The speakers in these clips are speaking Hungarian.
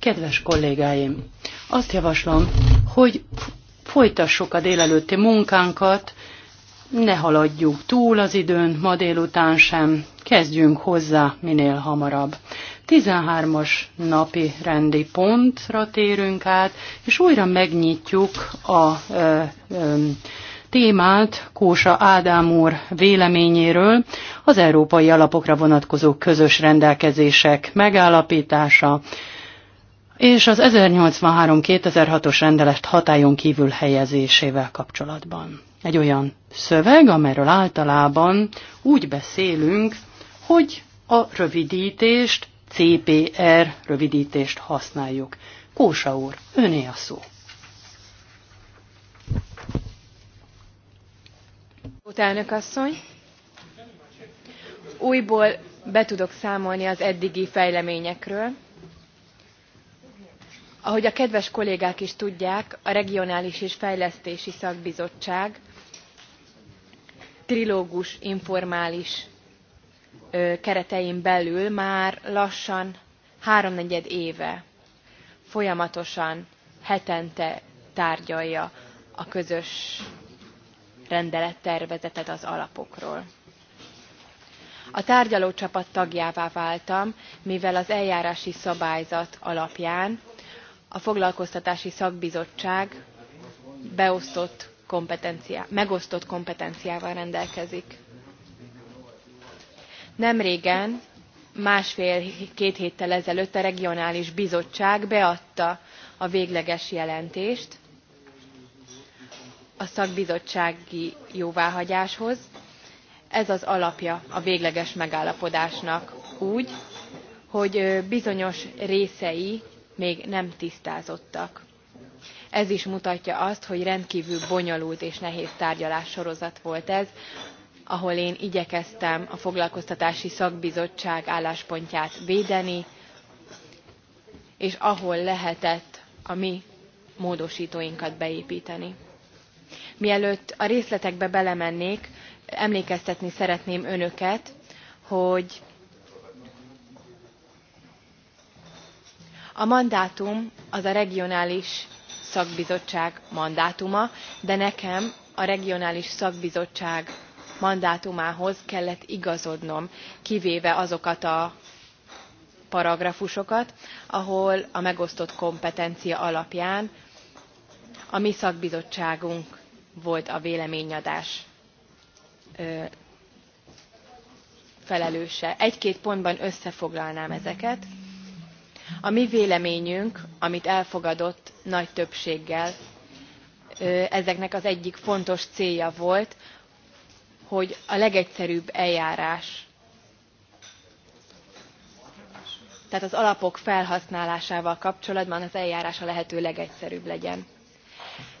Kedves kollégáim, azt javaslom, hogy folytassuk a délelőtti munkánkat, ne haladjuk túl az időn ma délután sem, kezdjünk hozzá minél hamarabb. 13-as napi rendi pontra térünk át, és újra megnyitjuk a ö, ö, témát Kósa Ádám úr véleményéről, az európai alapokra vonatkozó közös rendelkezések megállapítása, és az 1083-2006-os rendelet hatályon kívül helyezésével kapcsolatban. Egy olyan szöveg, amelyről általában úgy beszélünk, hogy a rövidítést, CPR rövidítést használjuk. Kósa úr, öné a szó. Elnök asszony, újból be tudok számolni az eddigi fejleményekről. Ahogy a kedves kollégák is tudják, a Regionális és Fejlesztési Szakbizottság trilógus informális keretein belül már lassan háromnegyed éve folyamatosan hetente tárgyalja a közös rendelettervezetet az alapokról. A tárgyalócsapat tagjává váltam, mivel az eljárási szabályzat alapján a foglalkoztatási szakbizottság beosztott kompetenciá, megosztott kompetenciával rendelkezik. Nemrégen, másfél-két héttel ezelőtt a regionális bizottság beadta a végleges jelentést, a szakbizottsági jóváhagyáshoz. Ez az alapja a végleges megállapodásnak úgy, hogy bizonyos részei még nem tisztázottak. Ez is mutatja azt, hogy rendkívül bonyolult és nehéz tárgyalássorozat volt ez, ahol én igyekeztem a foglalkoztatási szakbizottság álláspontját védeni, és ahol lehetett a mi módosítóinkat beépíteni mielőtt a részletekbe belemennék emlékeztetni szeretném önöket hogy a mandátum az a regionális szakbizottság mandátuma de nekem a regionális szakbizottság mandátumához kellett igazodnom kivéve azokat a paragrafusokat ahol a megosztott kompetencia alapján a mi szakbizottságunk volt a véleményadás felelőse. Egy-két pontban összefoglalnám ezeket. A mi véleményünk, amit elfogadott nagy többséggel, ezeknek az egyik fontos célja volt, hogy a legegyszerűbb eljárás, tehát az alapok felhasználásával kapcsolatban az eljárás a lehető legegyszerűbb legyen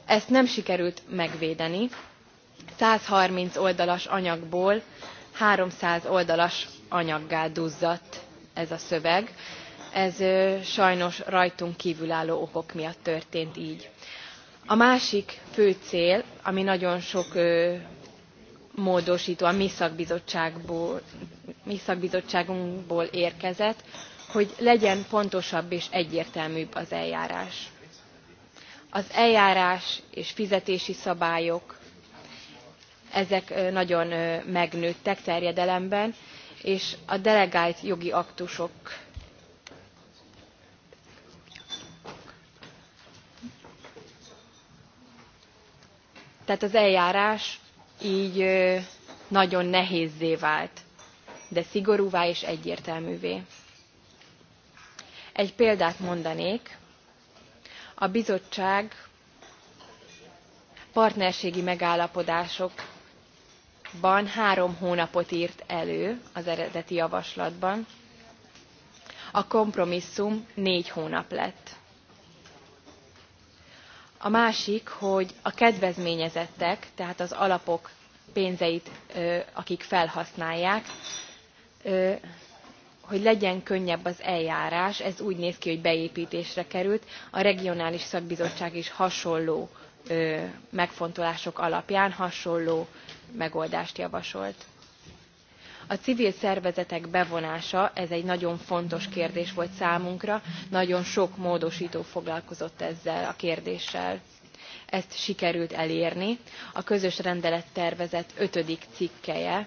ezt nem sikerült megvédeni. 130 oldalas anyagból 300 oldalas anyaggá duzzadt ez a szöveg. Ez sajnos rajtunk kívülálló okok miatt történt így. A másik fő cél, ami nagyon sok módosító a mi, szakbizottságból, mi szakbizottságunkból érkezett, hogy legyen pontosabb és egyértelműbb az eljárás az eljárás és fizetési szabályok ezek nagyon megnőttek terjedelemben és a delegált jogi aktusok tehát az eljárás így nagyon nehézzé vált, de szigorúvá és egyértelművé. Egy példát mondanék, a bizottság partnerségi megállapodásokban három hónapot írt elő az eredeti javaslatban, a kompromisszum négy hónap lett. A másik, hogy a kedvezményezettek, tehát az alapok pénzeit, akik felhasználják, hogy legyen könnyebb az eljárás, ez úgy néz ki, hogy beépítésre került. A regionális szakbizottság is hasonló ö, megfontolások alapján hasonló megoldást javasolt. A civil szervezetek bevonása, ez egy nagyon fontos kérdés volt számunkra, nagyon sok módosító foglalkozott ezzel a kérdéssel. Ezt sikerült elérni. A közös rendelettervezet ötödik cikkeje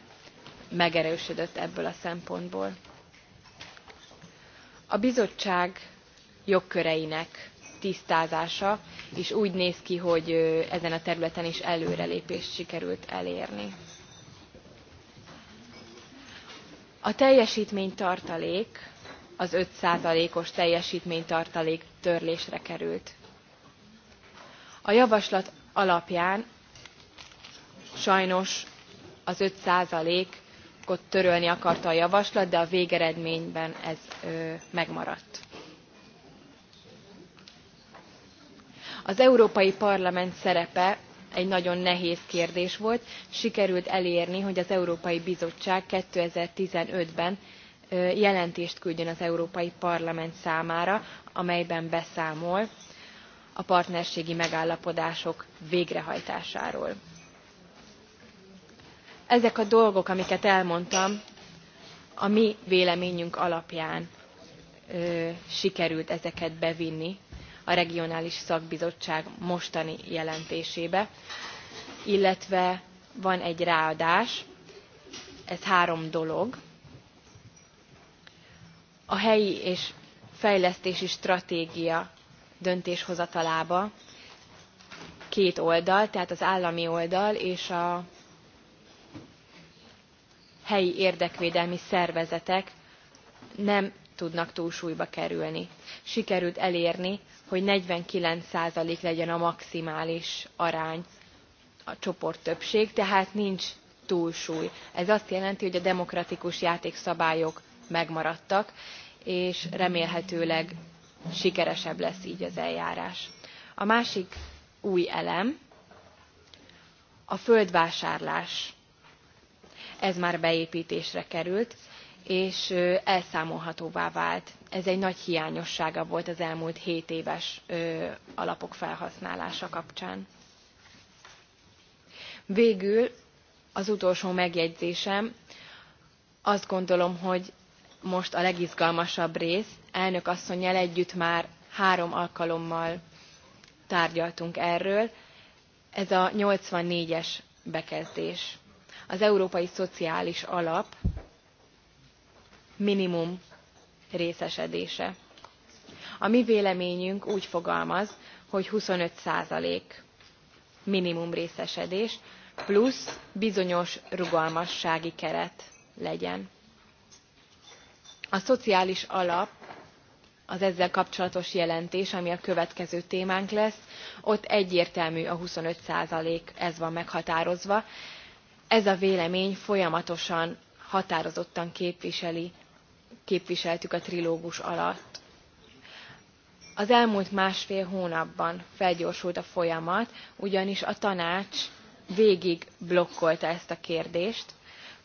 megerősödött ebből a szempontból a bizottság jogköreinek tisztázása és úgy néz ki hogy ezen a területen is előrelépést sikerült elérni. a teljestménytartalék az five os teljestménytartalék törlésre került. a javaslat alapján sajnos az five pontot törölni akarta a javaslat, de a végeredményben ez megmaradt. Az Európai Parlament szerepe egy nagyon nehéz kérdés volt. Sikerült elérni, hogy az Európai Bizottság 2015-ben jelentést küldjön az Európai Parlament számára, amelyben beszámol a partnerségi megállapodások végrehajtásáról ezek a dolgok amiket elmondtam a mi véleményünk alapján ö, sikerült ezeket bevinni a regionális szakbizottság mostani jelentésébe illetve van egy ráadás ez három dolog a helyi és fejlesztési stratégia döntéshozatalába két oldal tehát az állami oldal és a helyi érdekvédelmi szervezetek nem tudnak túlsúlyba kerülni. Sikerült elérni, hogy 49% legyen a maximális arány a csoport többség, tehát nincs túlsúly. Ez azt jelenti, hogy a demokratikus játékszabályok megmaradtak, és remélhetőleg sikeresebb lesz így az eljárás. A másik új elem a földvásárlás ez már beépítésre került, és elszámolhatóvá vált. Ez egy nagy hiányossága volt az elmúlt 7 éves alapok felhasználása kapcsán. Végül az utolsó megjegyzésem, azt gondolom, hogy most a legizgalmasabb rész. Elnök asszonyjal együtt már három alkalommal tárgyaltunk erről. Ez a 84-es bekezdés az európai szociális alap minimum részesedése. A mi véleményünk úgy fogalmaz, hogy 25% minimum részesedés, plusz bizonyos rugalmassági keret legyen. A szociális alap, az ezzel kapcsolatos jelentés, ami a következő témánk lesz, ott egyértelmű a 25 five ez van meghatározva, ez a vélemény folyamatosan határozottan képviseli, képviseltük a trilógus alatt. Az elmúlt másfél hónapban felgyorsult a folyamat, ugyanis a tanács végig blokkolta ezt a kérdést,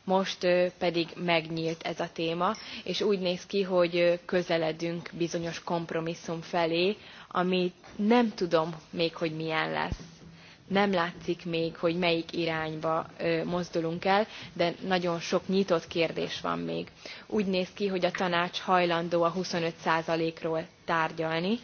most pedig megnyílt ez a téma, és úgy néz ki, hogy közeledünk bizonyos kompromisszum felé, ami nem tudom még, hogy milyen lesz nem látszik még, hogy melyik irányba mozdulunk el, de nagyon sok nyitott kérdés van még. Úgy néz ki, hogy a tanács hajlandó a 25%-ról tárgyalni,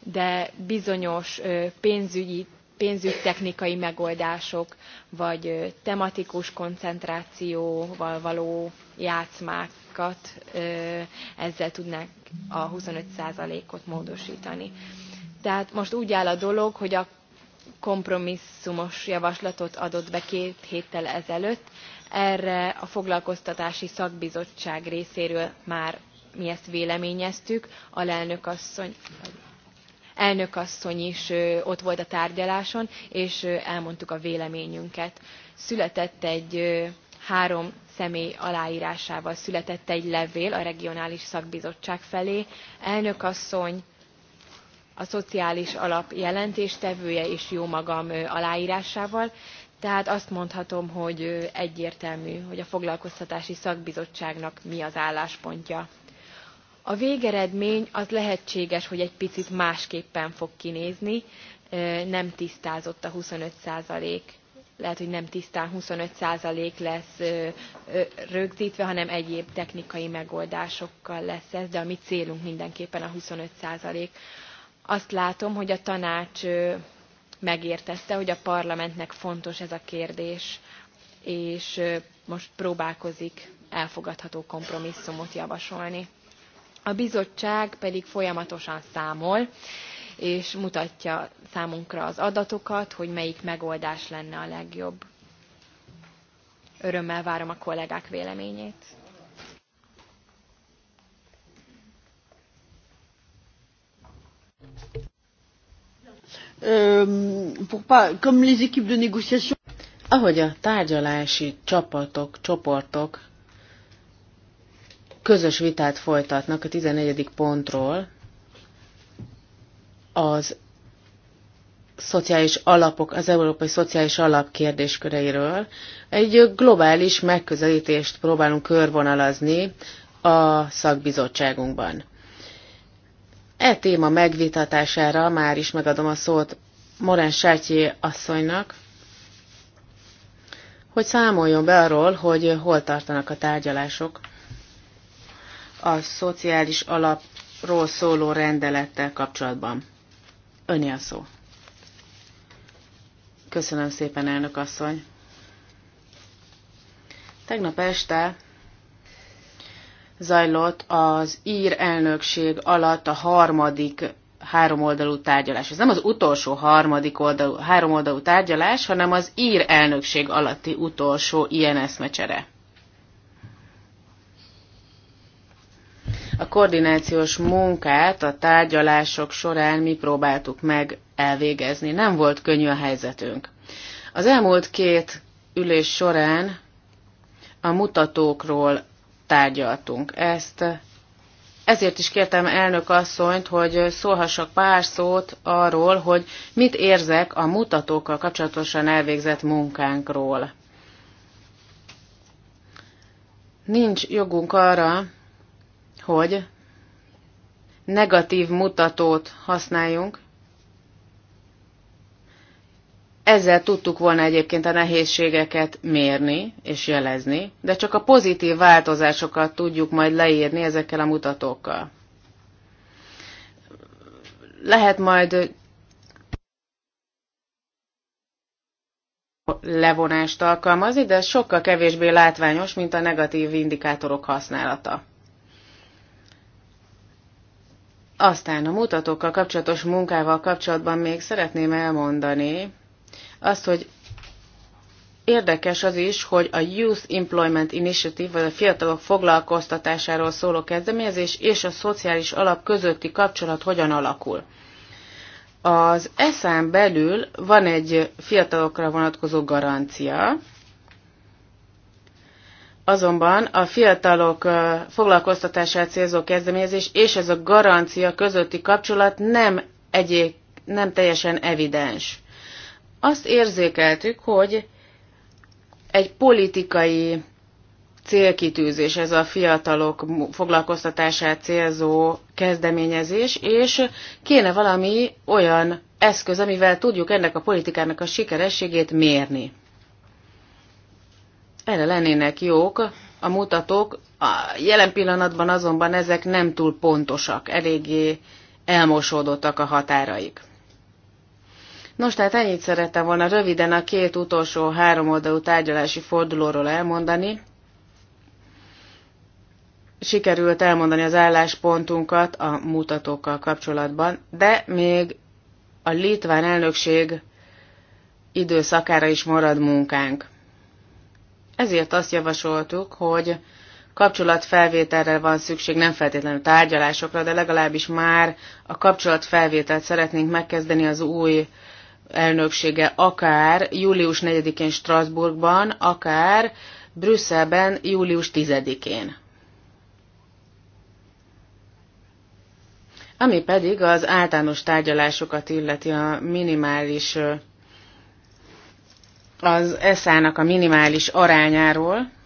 de bizonyos pénzügyi pénzügytechnikai megoldások, vagy tematikus koncentrációval való játszmákat ezzel tudnák a 25%-ot módosítani. Tehát most úgy áll a dolog, hogy a kompromisszumos javaslatot adott be két héttel ezelőtt. Erre a foglalkoztatási szakbizottság részéről már mi ezt véleményeztük, alelnök asszony, elnök asszony is ott volt a tárgyaláson, és elmondtuk a véleményünket. Született egy három személy aláírásával született egy levél a regionális szakbizottság felé. Elnök asszony, a szociális alap jelentéstevője és jómagam alárásával tehát azt mondhatom hogy egyértelmű hogy a foglalkoztatási szakbizottságnak mi az álláspontja. a végeredmény az lehetséges hogy egy picit másképpen fog kinézni nem tisztázott a twenty five lehet, hogy nem tisztán 25% lesz rögzítve, hanem egyéb technikai megoldásokkal lesz ez, de a mi célunk mindenképpen a 25% azt látom, hogy a tanács megértette, hogy a parlamentnek fontos ez a kérdés, és most próbálkozik elfogadható kompromisszumot javasolni. A bizottság pedig folyamatosan számol, és mutatja számunkra az adatokat, hogy melyik megoldás lenne a legjobb. Örömmel várom a kollégák véleményét. Euh, Ahogy a tárgyalási csapatok, csoportok közös vitát folytatnak a 14. pontról, az szociális alapok, az európai szociális alap kérdésköreiről. Egy globális megközelítést próbálunk körvonalazni a szakbizottságunkban. E téma megvitatására már is megadom a szót Morán Sátyé asszonynak, hogy számoljon be arról, hogy hol tartanak a tárgyalások a szociális alapról szóló rendelettel kapcsolatban. Öné a szó. Köszönöm szépen, elnök asszony. Tegnap este zajlott az ír elnökség alatt a harmadik háromoldalú tárgyalás. Ez nem az utolsó harmadik oldalú, háromoldalú tárgyalás, hanem az ír elnökség alatti utolsó ilyen eszmecsere. A koordinációs munkát a tárgyalások során mi próbáltuk meg elvégezni. Nem volt könnyű a helyzetünk. Az elmúlt két ülés során a mutatókról tárgyaltunk. Ezt ezért is kértem elnök asszonyt, hogy szólhassak pár szót arról, hogy mit érzek a mutatókkal kapcsolatosan elvégzett munkánkról. Nincs jogunk arra, hogy negatív mutatót használjunk, ezzel tudtuk volna egyébként a nehézségeket mérni és jelezni, de csak a pozitív változásokat tudjuk majd leírni ezekkel a mutatókkal. Lehet majd levonást alkalmazni, de ez sokkal kevésbé látványos, mint a negatív indikátorok használata. Aztán a mutatókkal kapcsolatos munkával kapcsolatban még szeretném elmondani, az, hogy érdekes az is, hogy a Youth Employment Initiative, vagy a fiatalok foglalkoztatásáról szóló kezdeményezés és a szociális alap közötti kapcsolat hogyan alakul. Az eszán belül van egy fiatalokra vonatkozó garancia, azonban a fiatalok foglalkoztatását célzó kezdeményezés és ez a garancia közötti kapcsolat nem egyéb, nem teljesen evidens azt érzékeltük, hogy egy politikai célkitűzés ez a fiatalok foglalkoztatását célzó kezdeményezés, és kéne valami olyan eszköz, amivel tudjuk ennek a politikának a sikerességét mérni. Erre lennének jók a mutatók, a jelen pillanatban azonban ezek nem túl pontosak, eléggé elmosódottak a határaik. Nos, tehát ennyit szerettem volna röviden a két utolsó háromoldalú tárgyalási fordulóról elmondani. Sikerült elmondani az álláspontunkat a mutatókkal kapcsolatban, de még a litván elnökség időszakára is marad munkánk. Ezért azt javasoltuk, hogy kapcsolatfelvételre van szükség, nem feltétlenül tárgyalásokra, de legalábbis már a kapcsolatfelvételt szeretnénk megkezdeni az új elnöksége akár július 4-én Strasbourgban, akár Brüsszelben július 10-én. Ami pedig az általános tárgyalásokat illeti a minimális, az eszának a minimális arányáról,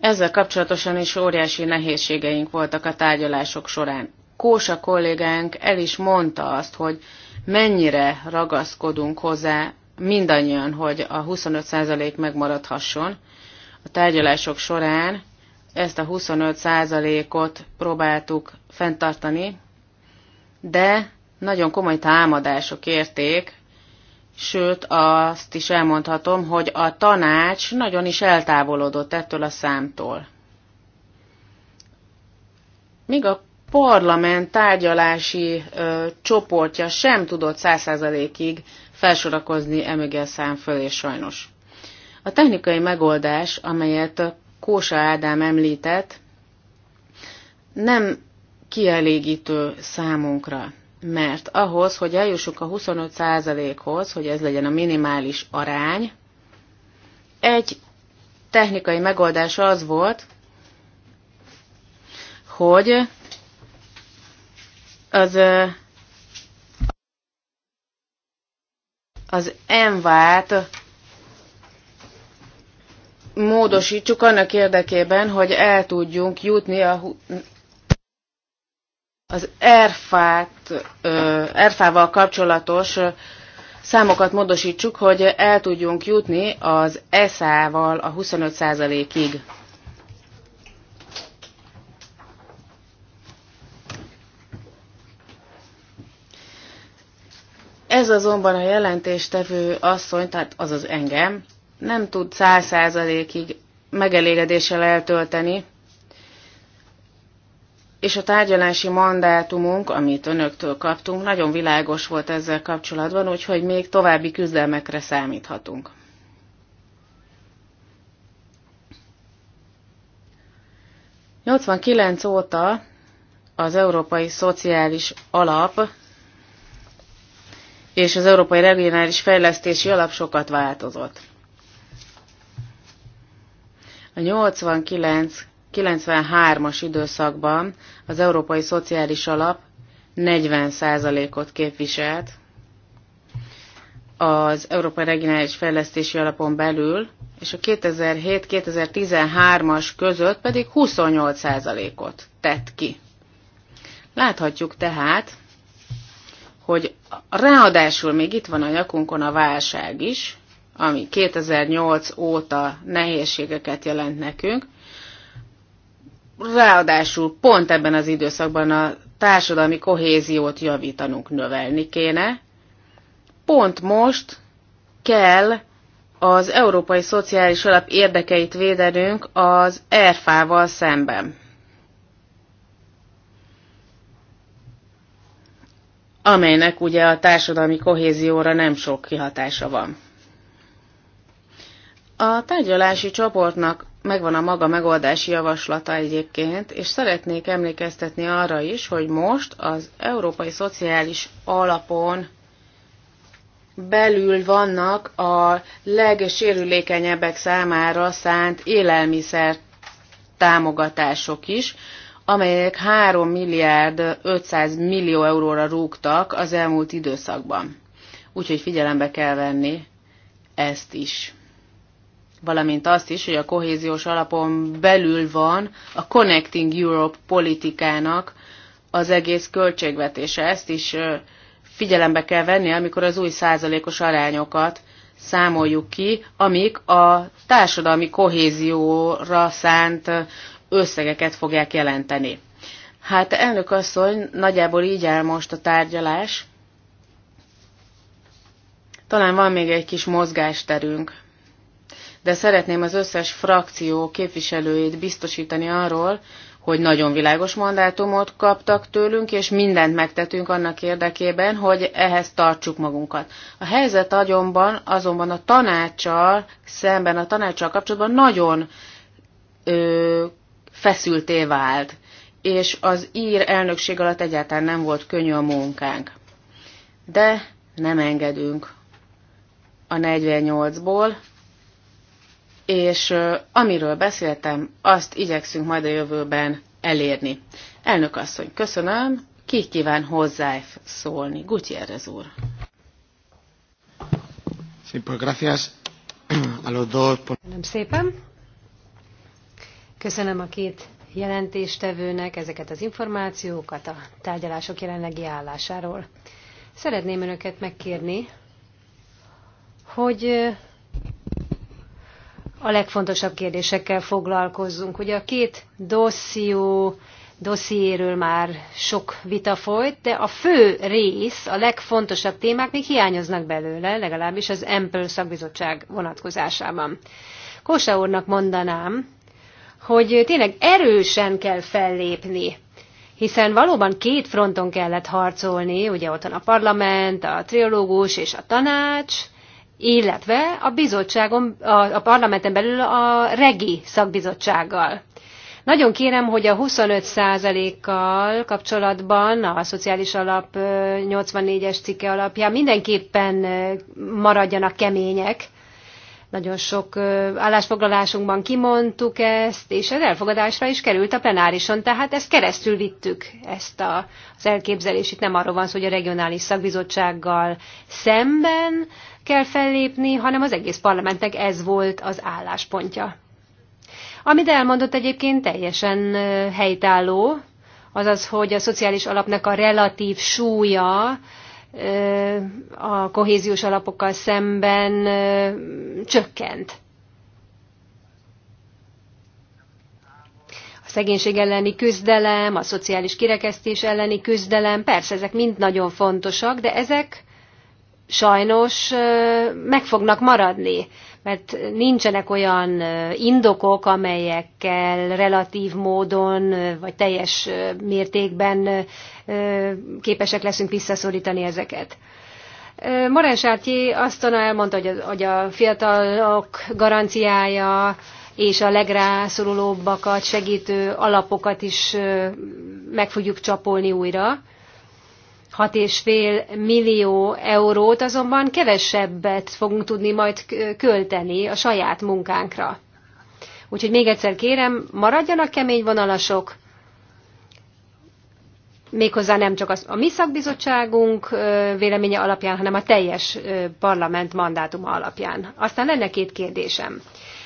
Ezzel kapcsolatosan is óriási nehézségeink voltak a tárgyalások során. Kósa kollégánk el is mondta azt, hogy mennyire ragaszkodunk hozzá mindannyian, hogy a 25% megmaradhasson. A tárgyalások során ezt a 25%-ot próbáltuk fenntartani, de nagyon komoly támadások érték, sőt azt is elmondhatom, hogy a tanács nagyon is eltávolodott ettől a számtól. Míg a parlament tárgyalási ö, csoportja sem tudott százszázalékig felsorakozni emögel szám fölé sajnos. A technikai megoldás, amelyet Kósa Ádám említett, nem kielégítő számunkra, mert ahhoz, hogy eljussunk a 25%-hoz, hogy ez legyen a minimális arány, egy technikai megoldás az volt, hogy az az envát módosítsuk annak érdekében, hogy el tudjunk jutni a, az erfával kapcsolatos számokat módosítsuk, hogy el tudjunk jutni az eszával a 25%-ig. Ez azonban a jelentéstevő asszony, tehát az az engem, nem tud száz százalékig megelégedéssel eltölteni, és a tárgyalási mandátumunk, amit önöktől kaptunk, nagyon világos volt ezzel kapcsolatban, úgyhogy még további küzdelmekre számíthatunk. Nyolcvankilenc óta az Európai Szociális Alap és az Európai Regionális Fejlesztési Alap sokat változott. A 89-93-as időszakban az Európai Szociális Alap 40%-ot képviselt az Európai Regionális Fejlesztési Alapon belül, és a 2007-2013-as között pedig 28%-ot tett ki. Láthatjuk tehát, hogy ráadásul még itt van a nyakunkon a válság is, ami 2008 óta nehézségeket jelent nekünk, ráadásul pont ebben az időszakban a társadalmi kohéziót javítanunk, növelni kéne. Pont most kell az európai szociális alap érdekeit védenünk az ERFA-val szemben. amelynek ugye a társadalmi kohézióra nem sok kihatása van. A tárgyalási csoportnak megvan a maga megoldási javaslata egyébként, és szeretnék emlékeztetni arra is, hogy most az Európai Szociális Alapon belül vannak a legsérülékenyebbek számára szánt élelmiszer támogatások is, amelyek 3 milliárd 500 millió euróra rúgtak az elmúlt időszakban. Úgyhogy figyelembe kell venni ezt is. Valamint azt is, hogy a kohéziós alapon belül van a Connecting Europe politikának az egész költségvetése. Ezt is figyelembe kell venni, amikor az új százalékos arányokat számoljuk ki, amik a társadalmi kohézióra szánt összegeket fogják jelenteni. Hát elnök asszony, nagyjából így áll most a tárgyalás. Talán van még egy kis mozgásterünk, de szeretném az összes frakció képviselőjét biztosítani arról, hogy nagyon világos mandátumot kaptak tőlünk, és mindent megtettünk annak érdekében, hogy ehhez tartsuk magunkat. A helyzet agyonban azonban a tanácssal szemben, a tanácssal kapcsolatban nagyon ö, feszülté vált, és az ír elnökség alatt egyáltalán nem volt könnyű a munkánk. De nem engedünk a 48-ból, és amiről beszéltem, azt igyekszünk majd a jövőben elérni. Elnök asszony, köszönöm, ki kíván hozzá szólni? Gutierrez úr. Köszönöm szépen. Köszönöm a két jelentéstevőnek ezeket az információkat a tárgyalások jelenlegi állásáról. Szeretném önöket megkérni, hogy eh, a legfontosabb kérdésekkel foglalkozzunk. Ugye a két dosszió dossziéről már sok vita folyt, de a fő rész, a legfontosabb témák még hiányoznak belőle, legalábbis az Ample szakbizottság vonatkozásában. Kósa úrnak mondanám, hogy tényleg erősen kell fellépni, hiszen valóban két fronton kellett harcolni, ugye ott van a parlament, a triológus és a tanács, illetve a bizottságon, a, a parlamenten belül a regi szakbizottsággal. Nagyon kérem, hogy a 25%-kal kapcsolatban a szociális alap 84-es cikke alapján mindenképpen maradjanak kemények, nagyon sok állásfoglalásunkban kimondtuk ezt, és az elfogadásra is került a plenárison, tehát ezt keresztül vittük, ezt a, az elképzelést. Itt nem arról van szó, hogy a regionális szakbizottsággal szemben kell fellépni, hanem az egész parlamentnek ez volt az álláspontja. Amit elmondott egyébként teljesen helytálló, azaz, hogy a szociális alapnak a relatív súlya a kohéziós alapokkal szemben csökkent. A szegénység elleni küzdelem, a szociális kirekesztés elleni küzdelem, persze ezek mind nagyon fontosak, de ezek sajnos meg fognak maradni mert nincsenek olyan indokok, amelyekkel relatív módon vagy teljes mértékben képesek leszünk visszaszorítani ezeket. Morán Sártyi azt elmondta, hogy a, hogy a fiatalok garanciája és a legrászorulóbbakat segítő alapokat is meg fogjuk csapolni újra. 6,5 millió eurót azonban kevesebbet fogunk tudni majd költeni a saját munkánkra. Úgyhogy még egyszer kérem, maradjanak kemény vonalasok, méghozzá nem csak az, a mi szakbizottságunk véleménye alapján, hanem a teljes parlament mandátuma alapján. Aztán lenne két kérdésem.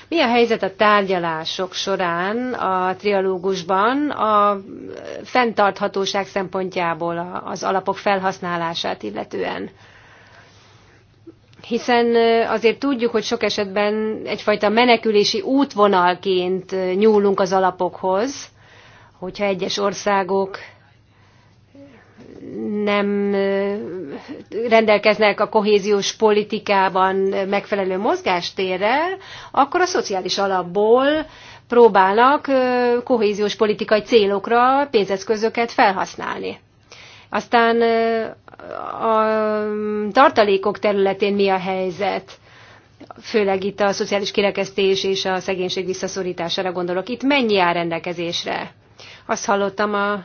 Mi a helyzet a tárgyalások során a trialógusban a fenntarthatóság szempontjából az alapok felhasználását illetően? Hiszen azért tudjuk, hogy sok esetben egyfajta menekülési útvonalként nyúlunk az alapokhoz, hogyha egyes országok nem rendelkeznek a kohéziós politikában megfelelő mozgástérrel, akkor a szociális alapból próbálnak kohéziós politikai célokra pénzeszközöket felhasználni. Aztán a tartalékok területén mi a helyzet? Főleg itt a szociális kirekesztés és a szegénység visszaszorítására gondolok. Itt mennyi áll rendelkezésre? Azt hallottam a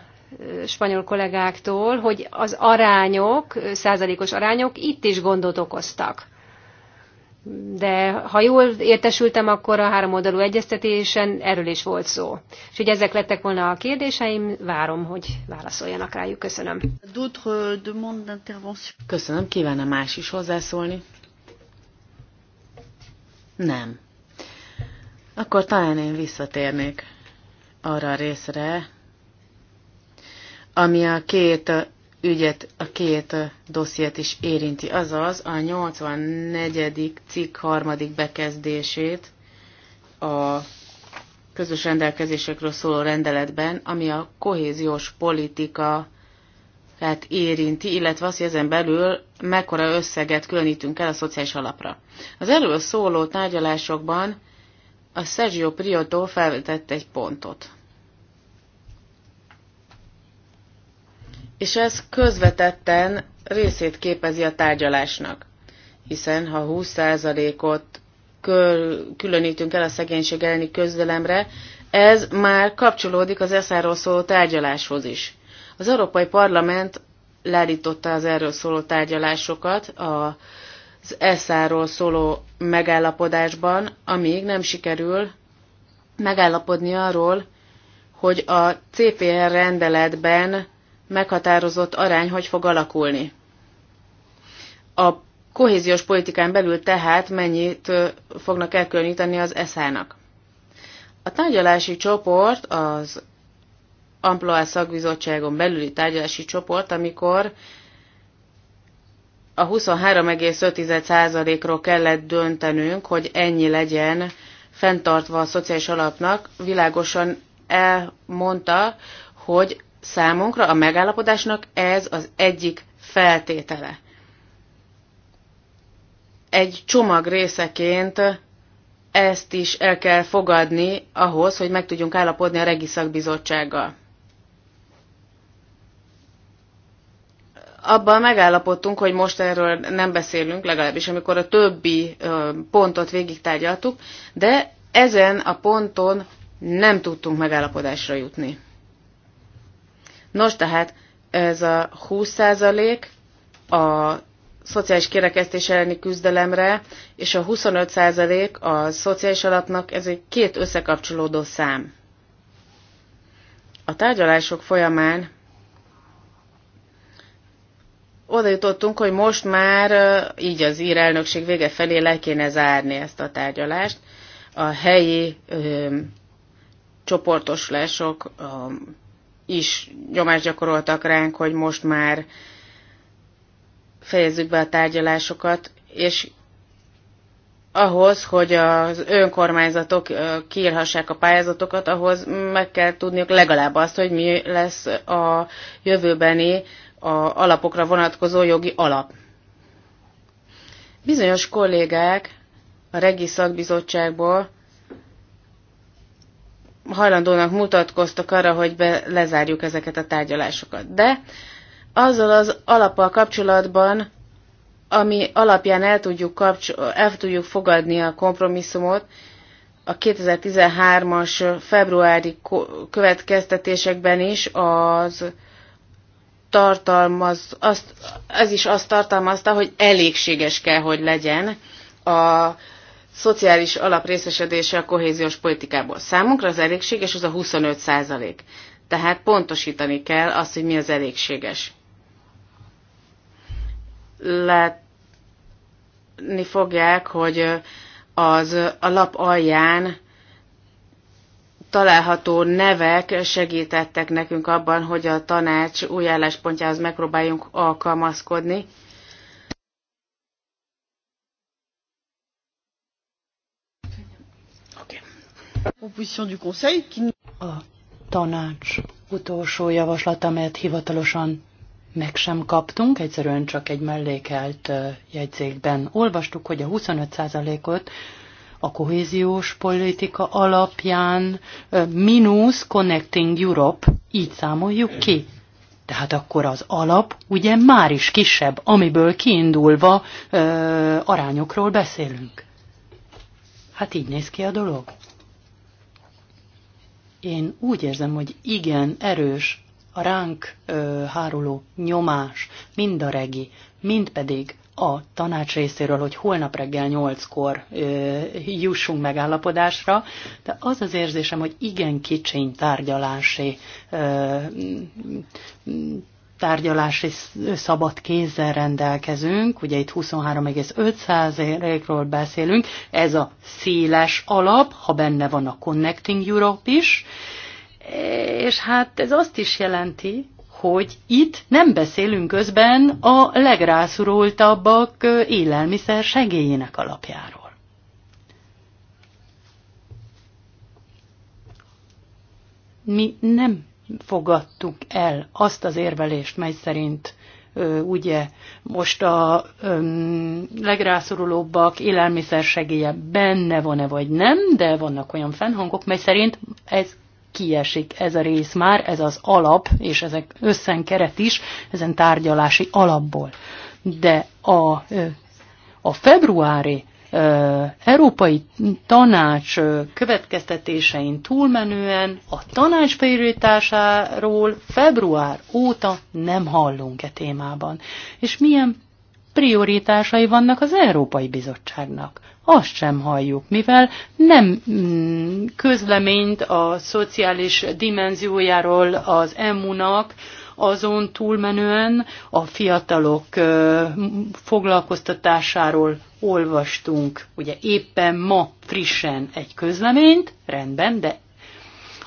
spanyol kollégáktól, hogy az arányok, százalékos arányok itt is gondot okoztak. De ha jól értesültem, akkor a három oldalú egyeztetésen erről is volt szó. És hogy ezek lettek volna a kérdéseim, várom, hogy válaszoljanak rájuk. Köszönöm. Köszönöm, kívánna más is hozzászólni? Nem. Akkor talán én visszatérnék arra a részre, ami a két ügyet, a két dossziét is érinti, azaz a 84. cikk harmadik bekezdését a közös rendelkezésekről szóló rendeletben, ami a kohéziós politika tehát érinti, illetve azt, hogy ezen belül mekkora összeget különítünk el a szociális alapra. Az erről szóló tárgyalásokban a Sergio Prioto felvetett egy pontot. és ez közvetetten részét képezi a tárgyalásnak. Hiszen ha 20%-ot különítünk el a szegénység elleni közdelemre, ez már kapcsolódik az eszáról szóló tárgyaláshoz is. Az Európai Parlament leállította az erről szóló tárgyalásokat az eszáról szóló megállapodásban, amíg nem sikerül megállapodni arról, hogy a CPR rendeletben meghatározott arány hogy fog alakulni. A kohéziós politikán belül tehát mennyit fognak elkülöníteni az ESZÁ-nak. A tárgyalási csoport, az Amploá szakbizottságon belüli tárgyalási csoport, amikor a 23,5%-ról kellett döntenünk, hogy ennyi legyen fenntartva a szociális alapnak, világosan elmondta, hogy Számunkra a megállapodásnak ez az egyik feltétele. Egy csomag részeként ezt is el kell fogadni ahhoz, hogy meg tudjunk állapodni a Regiszakbizottsággal. abban megállapodtunk, hogy most erről nem beszélünk, legalábbis amikor a többi pontot végigtárgyaltuk, de ezen a ponton nem tudtunk megállapodásra jutni. Nos, tehát ez a 20% a szociális kirekesztés elleni küzdelemre, és a 25% a szociális alapnak, ez egy két összekapcsolódó szám. A tárgyalások folyamán oda jutottunk, hogy most már így az ír elnökség vége felé le kéne zárni ezt a tárgyalást. A helyi ö, csoportoslások, a is nyomást gyakoroltak ránk, hogy most már fejezzük be a tárgyalásokat, és ahhoz, hogy az önkormányzatok kiírhassák a pályázatokat, ahhoz meg kell tudniuk legalább azt, hogy mi lesz a jövőbeni a alapokra vonatkozó jogi alap. Bizonyos kollégák a Regi Szakbizottságból hajlandónak mutatkoztak arra, hogy be, lezárjuk ezeket a tárgyalásokat. De azzal az alappal kapcsolatban, ami alapján el tudjuk, kapcsol, el tudjuk fogadni a kompromisszumot, a 2013-as februári következtetésekben is az tartalmaz, azt, ez is azt tartalmazta, hogy elégséges kell, hogy legyen a szociális alaprészesedése a kohéziós politikából. Számunkra az elégséges az a 25 százalék. Tehát pontosítani kell azt, hogy mi az elégséges. Látni fogják, hogy az alap alján található nevek segítettek nekünk abban, hogy a tanács új álláspontjához megpróbáljunk alkalmazkodni A tanács utolsó javaslata, amelyet hivatalosan meg sem kaptunk, egyszerűen csak egy mellékelt jegyzékben olvastuk, hogy a 25%-ot a kohéziós politika alapján mínusz Connecting Europe, így számoljuk ki. Tehát akkor az alap ugye már is kisebb, amiből kiindulva ö, arányokról beszélünk. Hát így néz ki a dolog. Én úgy érzem, hogy igen, erős a ránk ö, háruló nyomás, mind a regi, mind pedig a tanács részéről, hogy holnap reggel nyolckor jussunk megállapodásra, de az az érzésem, hogy igen kicsiny tárgyalási ö, tárgyalási szabad kézzel rendelkezünk, ugye itt 23,5%-ról beszélünk, ez a széles alap, ha benne van a Connecting Europe is, és hát ez azt is jelenti, hogy itt nem beszélünk közben a legrászorultabbak élelmiszer segélyének alapjáról. Mi nem fogadtuk el azt az érvelést, mely szerint ugye most a um, legrászorulóbbak segélye benne van-e vagy nem, de vannak olyan fennhangok, mely szerint ez kiesik ez a rész már, ez az alap, és ezek összenkeret is, ezen tárgyalási alapból. De a, a februári Európai Tanács következtetésein túlmenően a tanács prioritásáról február óta nem hallunk e témában. És milyen prioritásai vannak az Európai Bizottságnak? Azt sem halljuk, mivel nem mm, közleményt a szociális dimenziójáról az EMU-nak, azon túlmenően a fiatalok foglalkoztatásáról olvastunk, ugye éppen ma frissen egy közleményt, rendben, de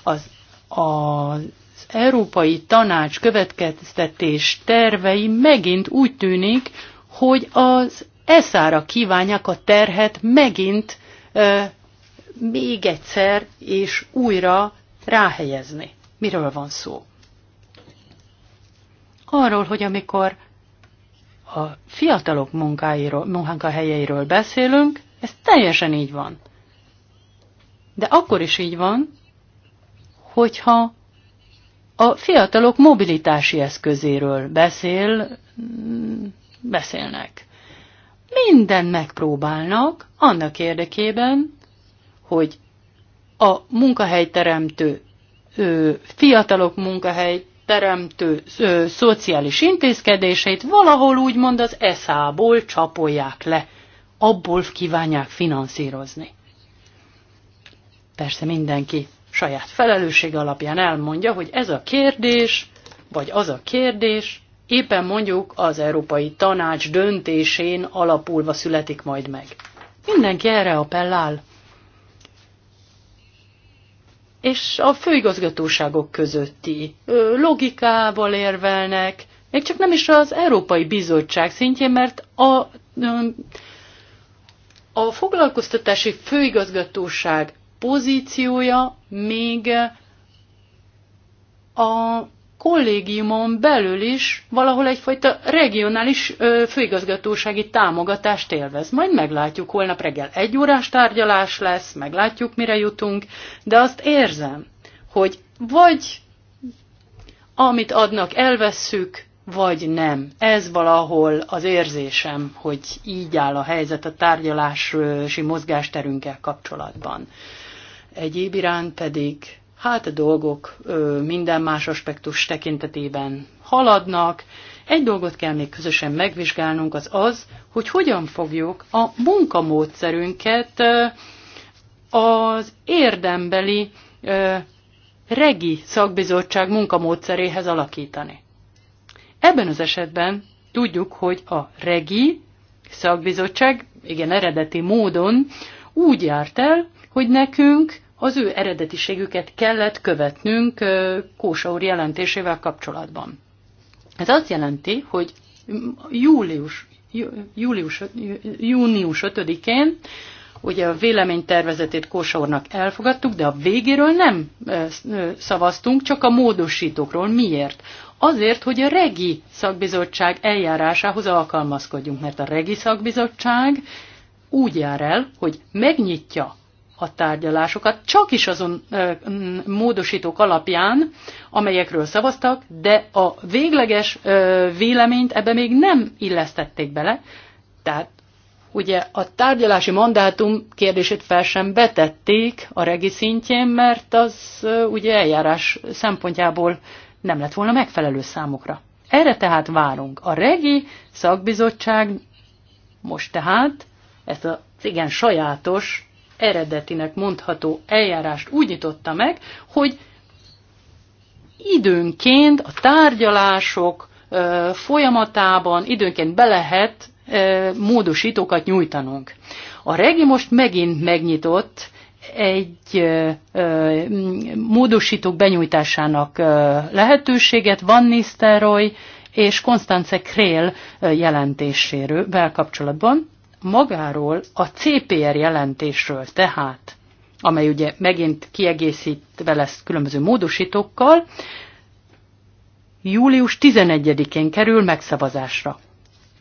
az, az Európai Tanács következtetés tervei megint úgy tűnik, hogy az eszára kívánják a terhet megint e, még egyszer és újra ráhelyezni. Miről van szó? arról, hogy amikor a fiatalok munkáiról, munkahelyeiről beszélünk, ez teljesen így van. De akkor is így van, hogyha a fiatalok mobilitási eszközéről beszél, beszélnek. Minden megpróbálnak annak érdekében, hogy a munkahelyteremtő fiatalok munkahely teremtő ö, szociális intézkedéseit valahol úgymond az eszából csapolják le, abból kívánják finanszírozni. Persze mindenki saját felelősség alapján elmondja, hogy ez a kérdés, vagy az a kérdés éppen mondjuk az Európai Tanács döntésén alapulva születik majd meg. Mindenki erre appellál és a főigazgatóságok közötti logikával érvelnek, még csak nem is az Európai Bizottság szintjén, mert a, a foglalkoztatási főigazgatóság pozíciója még a kollégiumon belül is valahol egyfajta regionális ö, főigazgatósági támogatást élvez. Majd meglátjuk, holnap reggel egy órás tárgyalás lesz, meglátjuk, mire jutunk, de azt érzem, hogy vagy amit adnak, elvesszük, vagy nem. Ez valahol az érzésem, hogy így áll a helyzet a tárgyalási mozgásterünkkel kapcsolatban. Egyéb iránt pedig hát a dolgok minden más aspektus tekintetében haladnak. Egy dolgot kell még közösen megvizsgálnunk, az az, hogy hogyan fogjuk a munkamódszerünket az érdembeli regi szakbizottság munkamódszeréhez alakítani. Ebben az esetben tudjuk, hogy a regi szakbizottság, igen eredeti módon úgy járt el, hogy nekünk az ő eredetiségüket kellett követnünk Kósa úr jelentésével kapcsolatban. Ez azt jelenti, hogy július, július, június 5-én ugye a véleménytervezetét Kósa úrnak elfogadtuk, de a végéről nem szavaztunk, csak a módosítókról. Miért? Azért, hogy a regi szakbizottság eljárásához alkalmazkodjunk, mert a regi szakbizottság úgy jár el, hogy megnyitja a tárgyalásokat, csak is azon módosítók alapján, amelyekről szavaztak, de a végleges véleményt ebbe még nem illesztették bele. Tehát ugye a tárgyalási mandátum kérdését fel sem betették a regi szintjén, mert az ugye eljárás szempontjából nem lett volna megfelelő számukra. Erre tehát várunk. A regi szakbizottság most tehát ezt a igen sajátos eredetinek mondható eljárást úgy nyitotta meg, hogy időnként a tárgyalások folyamatában időnként be lehet módosítókat nyújtanunk. A regi most megint megnyitott egy módosítók benyújtásának lehetőséget Van Nisztelrooy és Konstance Krél jelentéséről kapcsolatban magáról a CPR jelentésről tehát, amely ugye megint kiegészítve lesz különböző módosítókkal, július 11-én kerül megszavazásra.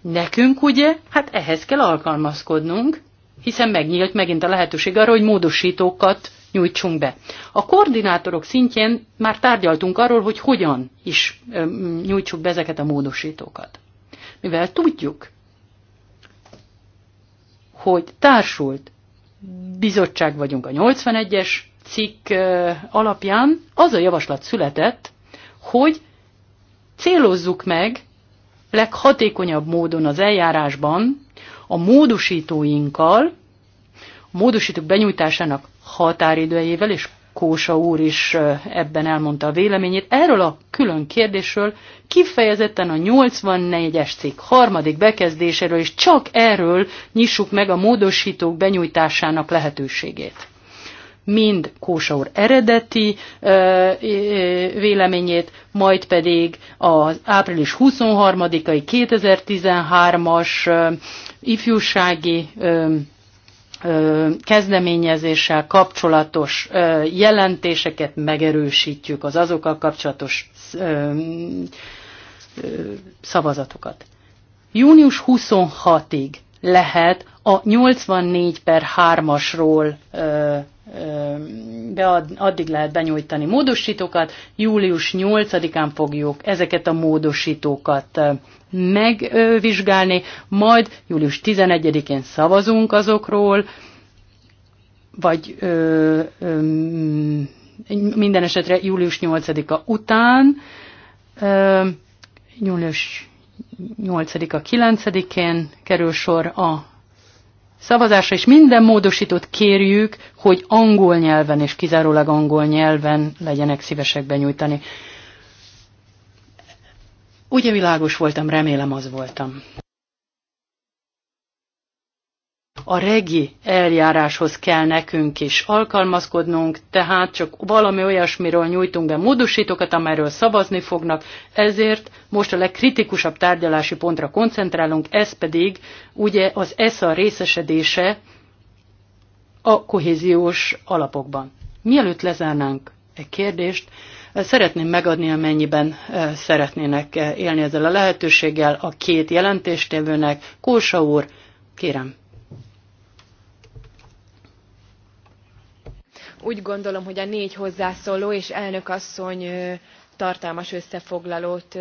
Nekünk ugye, hát ehhez kell alkalmazkodnunk, hiszen megnyílt megint a lehetőség arra, hogy módosítókat nyújtsunk be. A koordinátorok szintjén már tárgyaltunk arról, hogy hogyan is nyújtsuk be ezeket a módosítókat. Mivel tudjuk, hogy társult bizottság vagyunk a 81-es cikk alapján, az a javaslat született, hogy célozzuk meg leghatékonyabb módon az eljárásban a módosítóinkkal, a módosítók benyújtásának határidőjével és Kósa úr is ebben elmondta a véleményét. Erről a külön kérdésről kifejezetten a 84-es cikk harmadik bekezdéséről, és csak erről nyissuk meg a módosítók benyújtásának lehetőségét mind Kósa úr eredeti ö, ö, véleményét, majd pedig az április 23-ai 2013-as ifjúsági ö, kezdeményezéssel kapcsolatos jelentéseket megerősítjük, az azokkal kapcsolatos szavazatokat. Június 26-ig lehet a 84 per 3-asról be, addig lehet benyújtani módosítókat. Július 8-án fogjuk ezeket a módosítókat megvizsgálni, majd július 11-én szavazunk azokról, vagy ö, ö, minden esetre július 8-a után, ö, július 8-a 9-én kerül sor a szavazásra, és minden módosítót kérjük, hogy angol nyelven és kizárólag angol nyelven legyenek szívesek benyújtani. Ugye világos voltam, remélem az voltam a regi eljáráshoz kell nekünk is alkalmazkodnunk, tehát csak valami olyasmiről nyújtunk be módosítókat, amelyről szavazni fognak, ezért most a legkritikusabb tárgyalási pontra koncentrálunk, ez pedig ugye az ESZA részesedése a kohéziós alapokban. Mielőtt lezárnánk egy kérdést, Szeretném megadni, amennyiben szeretnének élni ezzel a lehetőséggel a két jelentéstevőnek. Kósa úr, kérem, úgy gondolom hogy a négy hozzászóló és elnök asszony tartalmas összefoglalót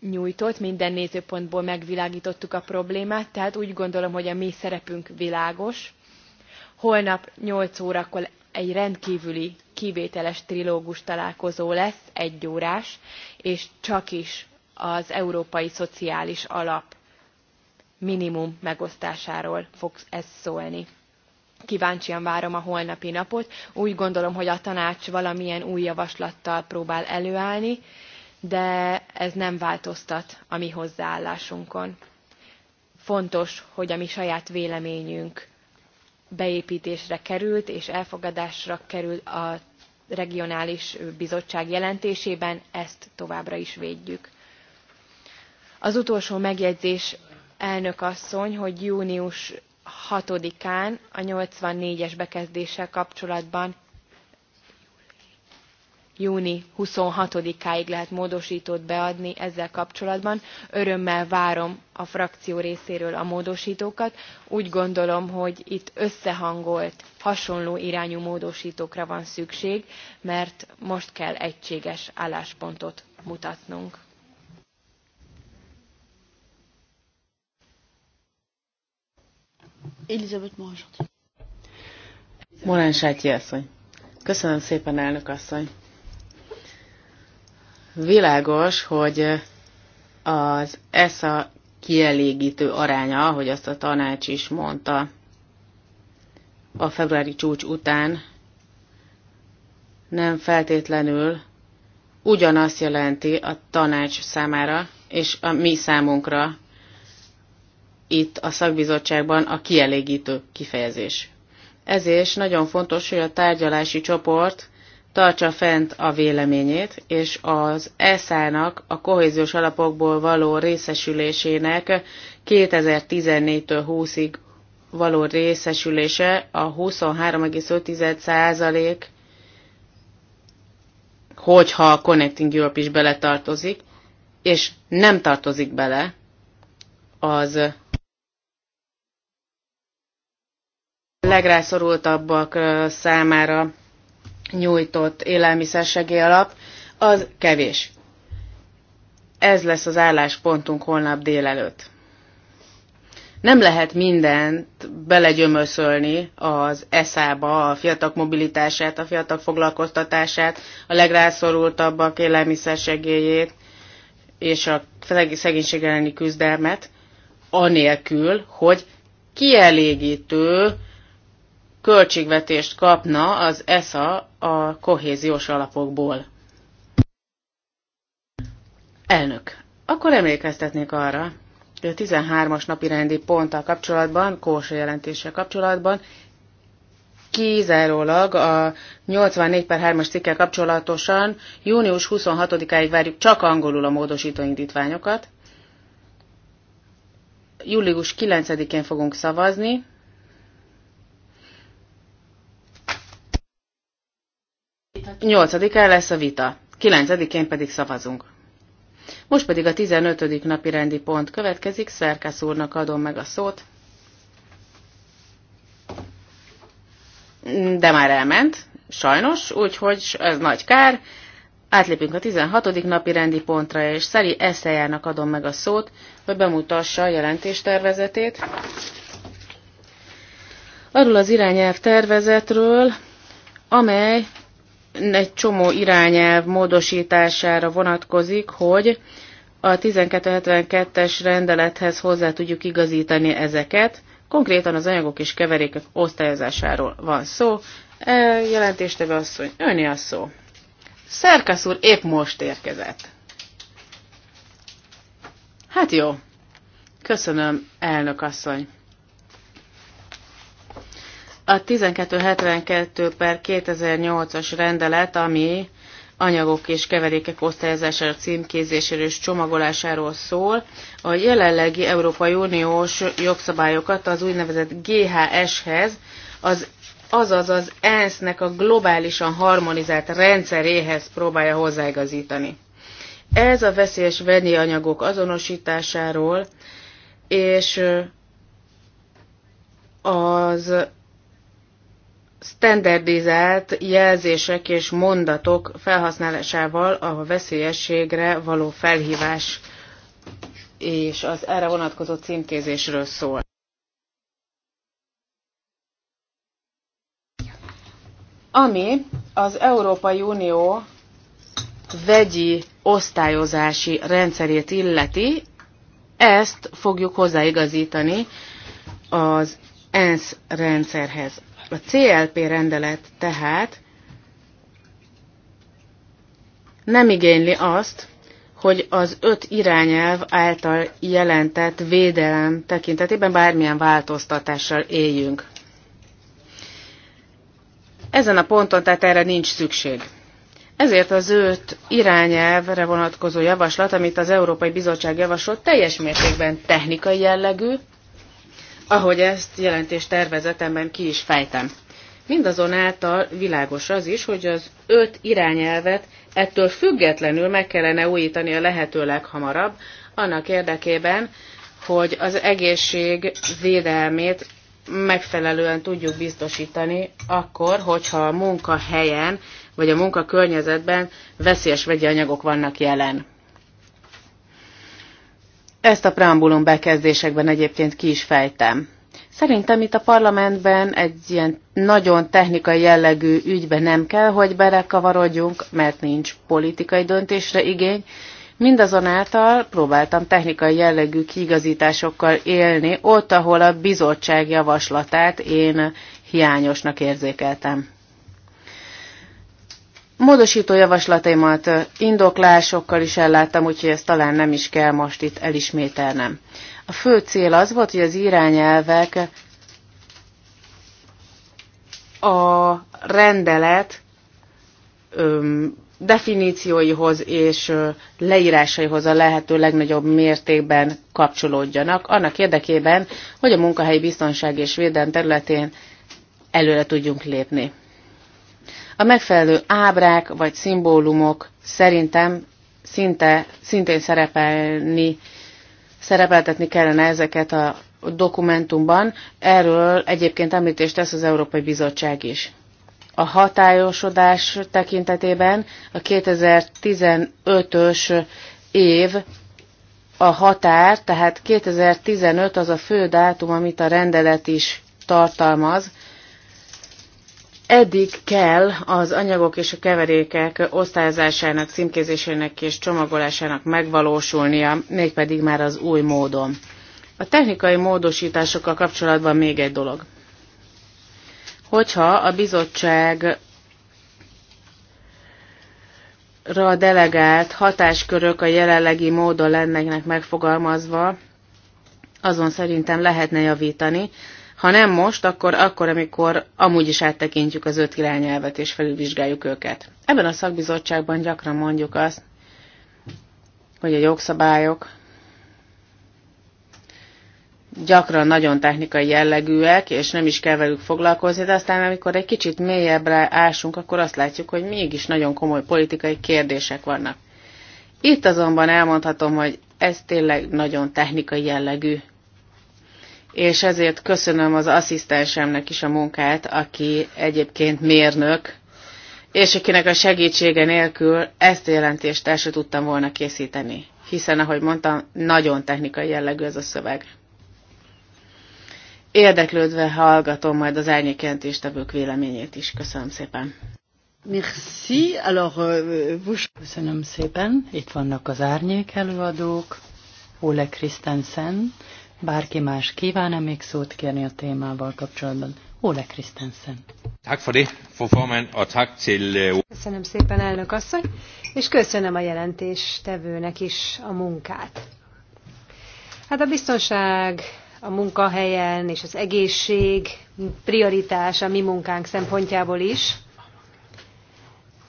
nyújtott minden nézőpontból megvilágtottuk a problémát tehát úgy gondolom hogy a mi szerepünk világos. holnap eight órakor egy rendkvüli kivételes trilógus találkozó lesz órás, és csakis az európai szociális alap minimum megosztásáról fog ez szólni kíváncsian várom a holnapi napot. Úgy gondolom, hogy a tanács valamilyen új javaslattal próbál előállni, de ez nem változtat a mi hozzáállásunkon. Fontos, hogy a mi saját véleményünk beépítésre került és elfogadásra került a regionális bizottság jelentésében, ezt továbbra is védjük. Az utolsó megjegyzés, elnök asszony, hogy június 6-án a 84-es bekezdéssel kapcsolatban júni 26-áig lehet módosítót beadni ezzel kapcsolatban. Örömmel várom a frakció részéről a módosítókat. Úgy gondolom, hogy itt összehangolt, hasonló irányú módosítókra van szükség, mert most kell egységes álláspontot mutatnunk. Elizabeth Morzsot. Morán-Sátyi asszony. Köszönöm szépen, elnök asszony. Világos, hogy az ESZA kielégítő aránya, ahogy azt a tanács is mondta, a februári csúcs után nem feltétlenül ugyanazt jelenti a tanács számára és a mi számunkra, itt a szakbizottságban a kielégítő kifejezés. Ezért nagyon fontos, hogy a tárgyalási csoport tartsa fent a véleményét, és az ESZÁ-nak a kohéziós alapokból való részesülésének 2014-től 20-ig való részesülése a 23,5% hogyha a Connecting Europe is beletartozik, és nem tartozik bele, az legrászorultabbak számára nyújtott élelmiszersegély alap, az kevés. Ez lesz az álláspontunk holnap délelőtt. Nem lehet mindent belegyömöszölni az eszába, a fiatal mobilitását, a fiatal foglalkoztatását, a legrászorultabbak élelmiszersegélyét és a szegénység elleni küzdelmet, anélkül, hogy kielégítő költségvetést kapna az ESA a kohéziós alapokból. Elnök, akkor emlékeztetnék arra, hogy a 13-as napi rendi ponttal kapcsolatban, Kósa jelentése kapcsolatban kizárólag a 84 per 3-as cikkel kapcsolatosan június 26-áig várjuk csak angolul a módosító indítványokat. Július 9-én fogunk szavazni, 8-án lesz a vita, 9-én pedig szavazunk. Most pedig a 15. napi rendi pont következik, Szerkász úrnak adom meg a szót. De már elment, sajnos, úgyhogy ez nagy kár. Átlépünk a 16. napi rendi pontra, és Szeri Eszejának adom meg a szót, hogy bemutassa a jelentéstervezetét. Arról az irányelv tervezetről, amely egy csomó irányelv módosítására vonatkozik, hogy a 1272-es rendelethez hozzá tudjuk igazítani ezeket. Konkrétan az anyagok és keverékek osztályozásáról van szó. E, jelentéstevő asszony, önni a szó. Szerkasz úr épp most érkezett. Hát jó. Köszönöm, elnök asszony. A 1272 per 2008-as rendelet, ami anyagok és keverékek osztályozására, címkézéséről és csomagolásáról szól. A jelenlegi Európai Uniós jogszabályokat az úgynevezett GHS-hez, az, azaz az ENSZ-nek a globálisan harmonizált rendszeréhez próbálja hozzáigazítani. Ez a veszélyes vegyi anyagok azonosításáról és az standardizált jelzések és mondatok felhasználásával a veszélyességre való felhívás és az erre vonatkozó címkézésről szól. Ami az Európai Unió vegyi osztályozási rendszerét illeti, ezt fogjuk hozzáigazítani az ENSZ rendszerhez. A CLP rendelet tehát nem igényli azt, hogy az öt irányelv által jelentett védelem tekintetében bármilyen változtatással éljünk. Ezen a ponton tehát erre nincs szükség. Ezért az öt irányelvre vonatkozó javaslat, amit az Európai Bizottság javasolt, teljes mértékben technikai jellegű, ahogy ezt jelentés tervezetemben ki is fejtem. Mindazonáltal világos az is, hogy az öt irányelvet ettől függetlenül meg kellene újítani a lehető leghamarabb, annak érdekében, hogy az egészség védelmét megfelelően tudjuk biztosítani akkor, hogyha a munkahelyen vagy a munkakörnyezetben veszélyes vegyi anyagok vannak jelen. Ezt a preambulum bekezdésekben egyébként ki is fejtem. Szerintem itt a parlamentben egy ilyen nagyon technikai jellegű ügybe nem kell, hogy belekavarodjunk, mert nincs politikai döntésre igény. Mindazonáltal próbáltam technikai jellegű kiigazításokkal élni, ott, ahol a bizottság javaslatát én hiányosnak érzékeltem. Módosító javaslataimat indoklásokkal is elláttam, úgyhogy ezt talán nem is kell most itt elismételnem. A fő cél az volt, hogy az irányelvek a rendelet öm, definícióihoz és leírásaihoz a lehető legnagyobb mértékben kapcsolódjanak, annak érdekében, hogy a munkahelyi biztonság és védelem területén előre tudjunk lépni. A megfelelő ábrák vagy szimbólumok szerintem szinte, szintén szerepelni, szerepeltetni kellene ezeket a dokumentumban. Erről egyébként említést tesz az Európai Bizottság is. A hatályosodás tekintetében a 2015-ös év a határ, tehát 2015 az a fő dátum, amit a rendelet is tartalmaz, eddig kell az anyagok és a keverékek osztályozásának, címkézésének és csomagolásának megvalósulnia, mégpedig már az új módon. A technikai módosításokkal kapcsolatban még egy dolog. Hogyha a bizottság a delegált hatáskörök a jelenlegi módon lennének megfogalmazva, azon szerintem lehetne javítani, ha nem most, akkor akkor, amikor amúgy is áttekintjük az öt irányelvet és felülvizsgáljuk őket. Ebben a szakbizottságban gyakran mondjuk azt, hogy a jogszabályok gyakran nagyon technikai jellegűek, és nem is kell velük foglalkozni, de aztán amikor egy kicsit mélyebbre ásunk, akkor azt látjuk, hogy mégis nagyon komoly politikai kérdések vannak. Itt azonban elmondhatom, hogy ez tényleg nagyon technikai jellegű és ezért köszönöm az asszisztensemnek is a munkát, aki egyébként mérnök, és akinek a segítsége nélkül ezt a jelentést el sem tudtam volna készíteni, hiszen, ahogy mondtam, nagyon technikai jellegű ez a szöveg. Érdeklődve hallgatom majd az árnyékjelentéstevők véleményét is. Köszönöm szépen. Merci. Alors, euh, vous... Köszönöm szépen. Itt vannak az árnyék előadók. Ole Christensen, Bárki más kíván-e még szót kérni a témával kapcsolatban? Ole Kristensen. for øh, Köszönöm szépen, elnök asszony, és köszönöm a jelentéstevőnek is a munkát. Hát a biztonság a munkahelyen és az egészség prioritás a mi munkánk szempontjából is,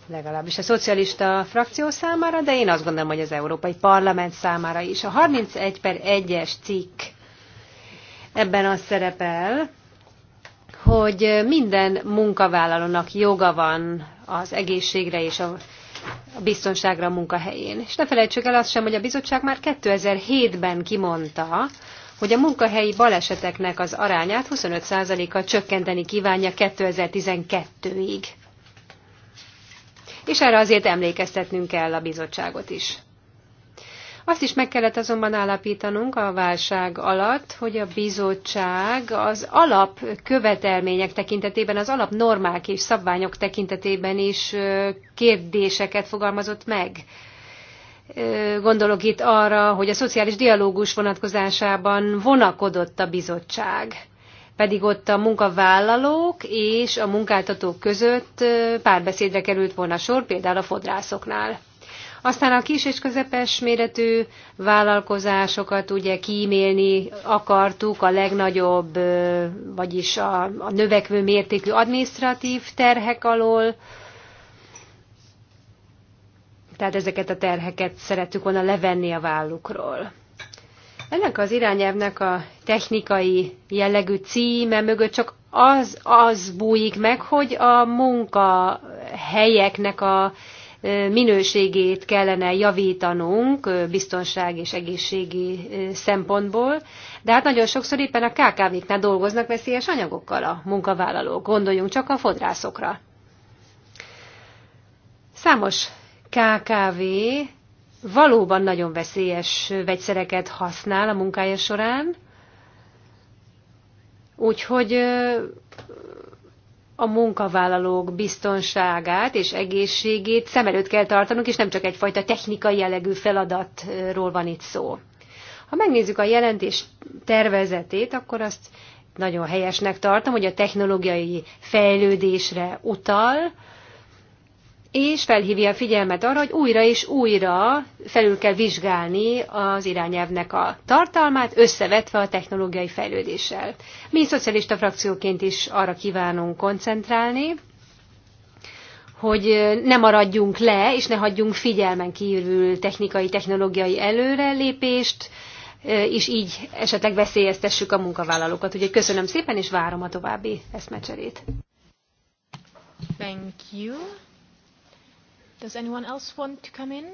legalábbis a szocialista frakció számára, de én azt gondolom, hogy az Európai Parlament számára is. A 31 per 1-es cikk Ebben az szerepel, hogy minden munkavállalónak joga van az egészségre és a biztonságra a munkahelyén. És ne felejtsük el azt sem, hogy a bizottság már 2007-ben kimondta, hogy a munkahelyi baleseteknek az arányát 25%-kal csökkenteni kívánja 2012-ig. És erre azért emlékeztetnünk kell a bizottságot is. Azt is meg kellett azonban állapítanunk a válság alatt, hogy a bizottság az alapkövetelmények tekintetében, az alapnormák és szabványok tekintetében is kérdéseket fogalmazott meg. Gondolok itt arra, hogy a szociális dialógus vonatkozásában vonakodott a bizottság pedig ott a munkavállalók és a munkáltatók között párbeszédre került volna sor, például a fodrászoknál. Aztán a kis és közepes méretű vállalkozásokat ugye kímélni akartuk a legnagyobb, vagyis a, a növekvő mértékű administratív terhek alól, tehát ezeket a terheket szerettük volna levenni a vállukról. Ennek az irányelvnek a technikai jellegű címe mögött csak az, az bújik meg, hogy a munkahelyeknek a minőségét kellene javítanunk biztonság és egészségi szempontból, de hát nagyon sokszor éppen a KKV-knál dolgoznak veszélyes anyagokkal a munkavállalók. Gondoljunk csak a fodrászokra. Számos KKV valóban nagyon veszélyes vegyszereket használ a munkája során, úgyhogy a munkavállalók biztonságát és egészségét szem előtt kell tartanunk, és nem csak egyfajta technikai jellegű feladatról van itt szó. Ha megnézzük a jelentés tervezetét, akkor azt nagyon helyesnek tartom, hogy a technológiai fejlődésre utal, és felhívja a figyelmet arra, hogy újra és újra felül kell vizsgálni az irányelvnek a tartalmát, összevetve a technológiai fejlődéssel. Mi szocialista frakcióként is arra kívánunk koncentrálni, hogy ne maradjunk le, és ne hagyjunk figyelmen kívül technikai, technológiai előrelépést, és így esetleg veszélyeztessük a munkavállalókat. Úgyhogy köszönöm szépen, és várom a további eszmecserét. Thank you. Does anyone else want to come in?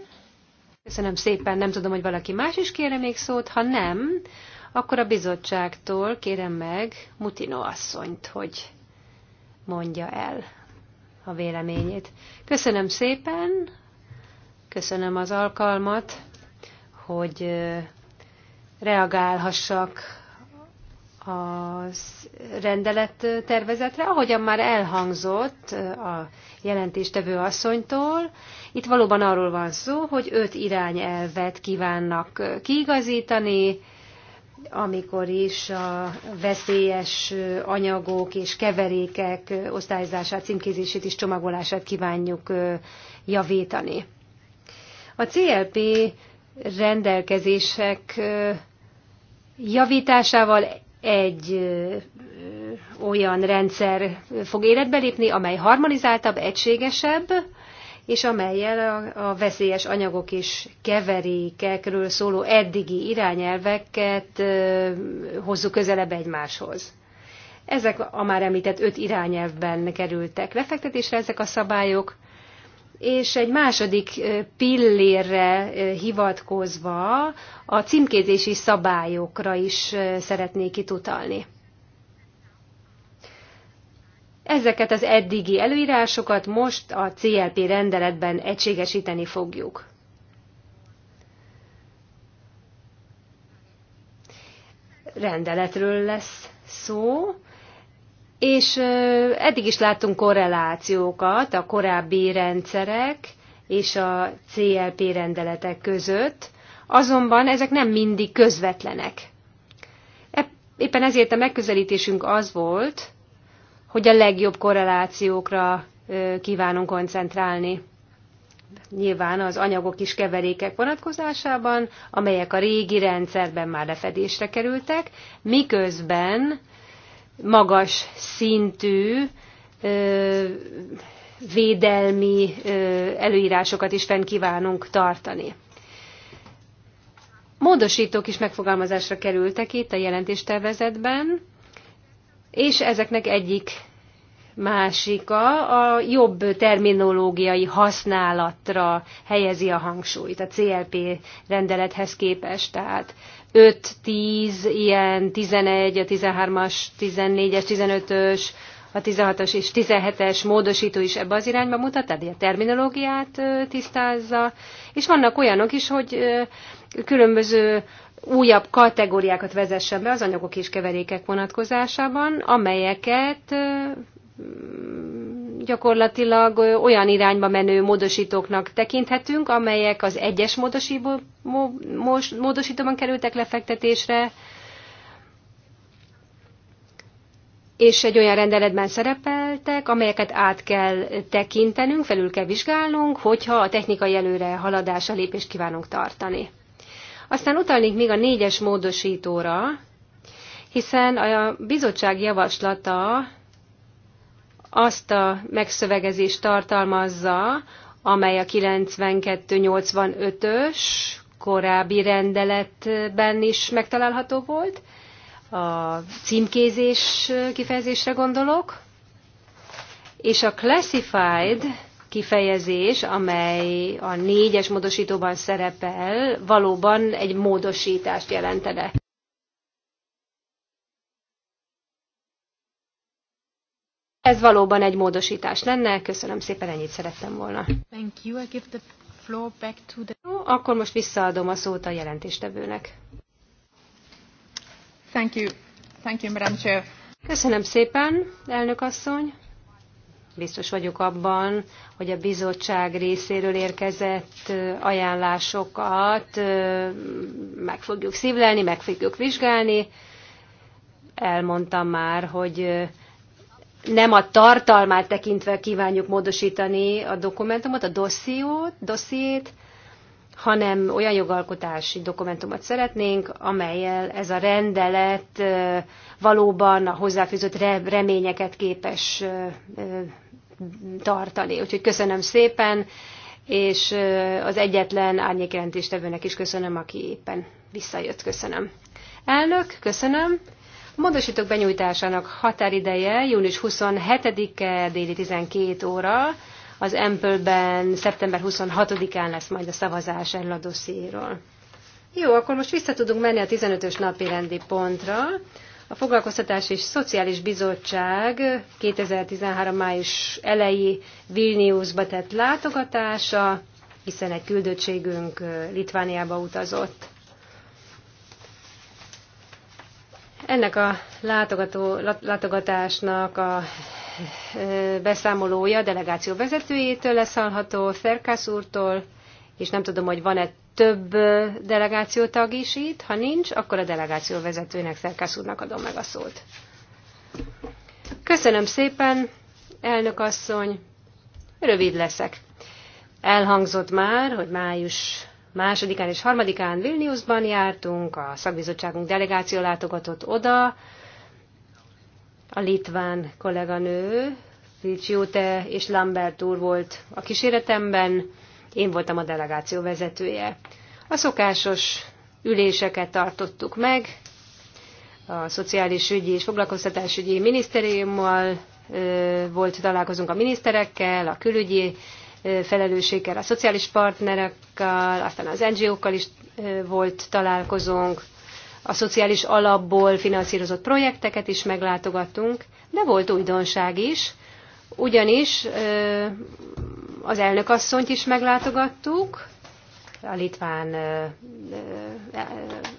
Köszönöm szépen, nem tudom, hogy valaki más is kére még szót. Ha nem, akkor a bizottságtól kérem meg Mutino asszonyt, hogy mondja el a véleményét. Köszönöm szépen, köszönöm az alkalmat, hogy reagálhassak a rendelet tervezetre, ahogyan már elhangzott a jelentéstevő asszonytól. Itt valóban arról van szó, hogy öt irányelvet kívánnak kiigazítani, amikor is a veszélyes anyagok és keverékek osztályzását, címkézését és csomagolását kívánjuk javítani. A CLP rendelkezések javításával egy olyan rendszer fog életbe lépni, amely harmonizáltabb, egységesebb, és amelyel a, a veszélyes anyagok és keverékekről szóló eddigi irányelveket ö, hozzuk közelebb egymáshoz. Ezek a már említett öt irányelvben kerültek lefektetésre ezek a szabályok, és egy második pillérre hivatkozva a címkézési szabályokra is szeretnék itt utalni. Ezeket az eddigi előírásokat most a CLP rendeletben egységesíteni fogjuk. Rendeletről lesz szó, és eddig is láttunk korrelációkat a korábbi rendszerek és a CLP rendeletek között, azonban ezek nem mindig közvetlenek. E, éppen ezért a megközelítésünk az volt, hogy a legjobb korrelációkra kívánunk koncentrálni. Nyilván az anyagok is keverékek vonatkozásában, amelyek a régi rendszerben már lefedésre kerültek, miközben magas szintű védelmi előírásokat is fenn kívánunk tartani. Módosítók is megfogalmazásra kerültek itt a jelentéstervezetben, és ezeknek egyik másika a jobb terminológiai használatra helyezi a hangsúlyt a CLP rendelethez képest. Tehát 5-10, ilyen 11, a 13-as, 14-es, 15-ös, a 16 as és 17-es módosító is ebbe az irányba mutat, tehát a terminológiát tisztázza, és vannak olyanok is, hogy különböző újabb kategóriákat vezessen be az anyagok és keverékek vonatkozásában, amelyeket gyakorlatilag olyan irányba menő módosítóknak tekinthetünk, amelyek az egyes módosítóban kerültek lefektetésre, és egy olyan rendeletben szerepeltek, amelyeket át kell tekintenünk, felül kell vizsgálnunk, hogyha a technikai előre haladása lépést kívánunk tartani. Aztán utalnék még a négyes módosítóra, hiszen a bizottság javaslata azt a megszövegezést tartalmazza, amely a 9285 ös korábbi rendeletben is megtalálható volt. A címkézés kifejezésre gondolok, és a classified kifejezés, amely a négyes módosítóban szerepel, valóban egy módosítást jelentene. Ez valóban egy módosítás lenne, köszönöm szépen, ennyit szerettem volna. Thank you. I give the floor back to the... No, akkor most visszaadom a szót a jelentéstevőnek. Thank you. Thank you, Madam Chair. Köszönöm szépen, elnök asszony. Biztos vagyok abban, hogy a bizottság részéről érkezett ajánlásokat meg fogjuk szívlelni, meg fogjuk vizsgálni. Elmondtam már, hogy nem a tartalmát tekintve kívánjuk módosítani a dokumentumot, a dossziót, dossziét, hanem olyan jogalkotási dokumentumot szeretnénk, amelyel ez a rendelet valóban a hozzáfűzött reményeket képes tartani. Úgyhogy köszönöm szépen, és az egyetlen árnyékjelentéstevőnek is köszönöm, aki éppen visszajött. Köszönöm. Elnök, köszönöm. Módosítók benyújtásának határideje június 27-e déli 12 óra, az Ample-ben szeptember 26-án lesz majd a szavazás erről a dossziéről. Jó, akkor most vissza tudunk menni a 15-ös napi rendi pontra. A Foglalkoztatás és Szociális Bizottság 2013. május elejé Vilniusba tett látogatása, hiszen egy küldöttségünk eh, Litvániába utazott. Ennek a látogató, látogatásnak a beszámolója delegáció vezetőjétől lesz hallható, Ferkász úrtól, és nem tudom, hogy van-e több delegációtag is itt. Ha nincs, akkor a delegáció vezetőnek, Ferkász úrnak adom meg a szót. Köszönöm szépen, elnök asszony. Rövid leszek. Elhangzott már, hogy május másodikán és harmadikán Vilniusban jártunk, a szakbizottságunk delegáció látogatott oda, a litván kolléganő, Filcsióte és Lambert úr volt a kíséretemben, én voltam a delegáció vezetője. A szokásos üléseket tartottuk meg, a Szociális Ügyi és Foglalkoztatásügyi Minisztériummal volt találkozunk a miniszterekkel, a külügyi felelősséggel, a szociális partnerekkel, aztán az NGO-kkal is volt találkozónk, a szociális alapból finanszírozott projekteket is meglátogattunk, de volt újdonság is, ugyanis az elnökasszonyt is meglátogattuk, a litván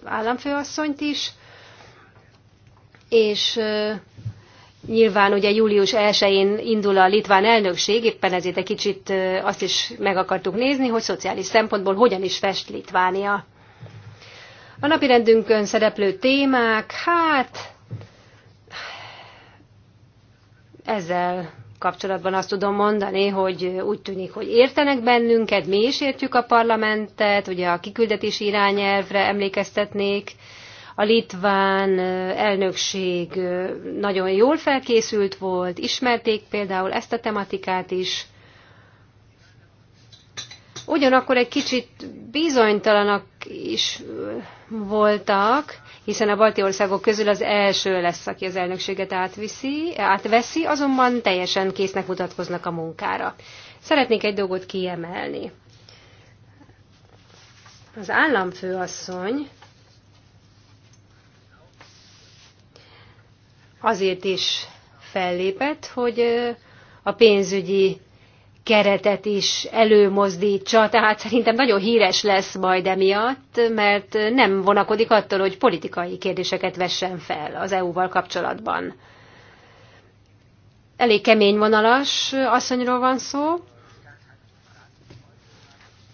államfőasszonyt is, és Nyilván ugye július 1-én indul a litván elnökség, éppen ezért egy kicsit azt is meg akartuk nézni, hogy szociális szempontból hogyan is fest Litvánia. A rendünkön szereplő témák, hát ezzel kapcsolatban azt tudom mondani, hogy úgy tűnik, hogy értenek bennünket, mi is értjük a parlamentet, ugye a kiküldetési irányelvre emlékeztetnék, a litván elnökség nagyon jól felkészült volt, ismerték például ezt a tematikát is. Ugyanakkor egy kicsit bizonytalanak is voltak, hiszen a balti országok közül az első lesz, aki az elnökséget átviszi, átveszi, azonban teljesen késznek mutatkoznak a munkára. Szeretnék egy dolgot kiemelni. Az államfőasszony azért is fellépett, hogy a pénzügyi keretet is előmozdítsa, tehát szerintem nagyon híres lesz majd emiatt, mert nem vonakodik attól, hogy politikai kérdéseket vessen fel az EU-val kapcsolatban. Elég kemény vonalas asszonyról van szó,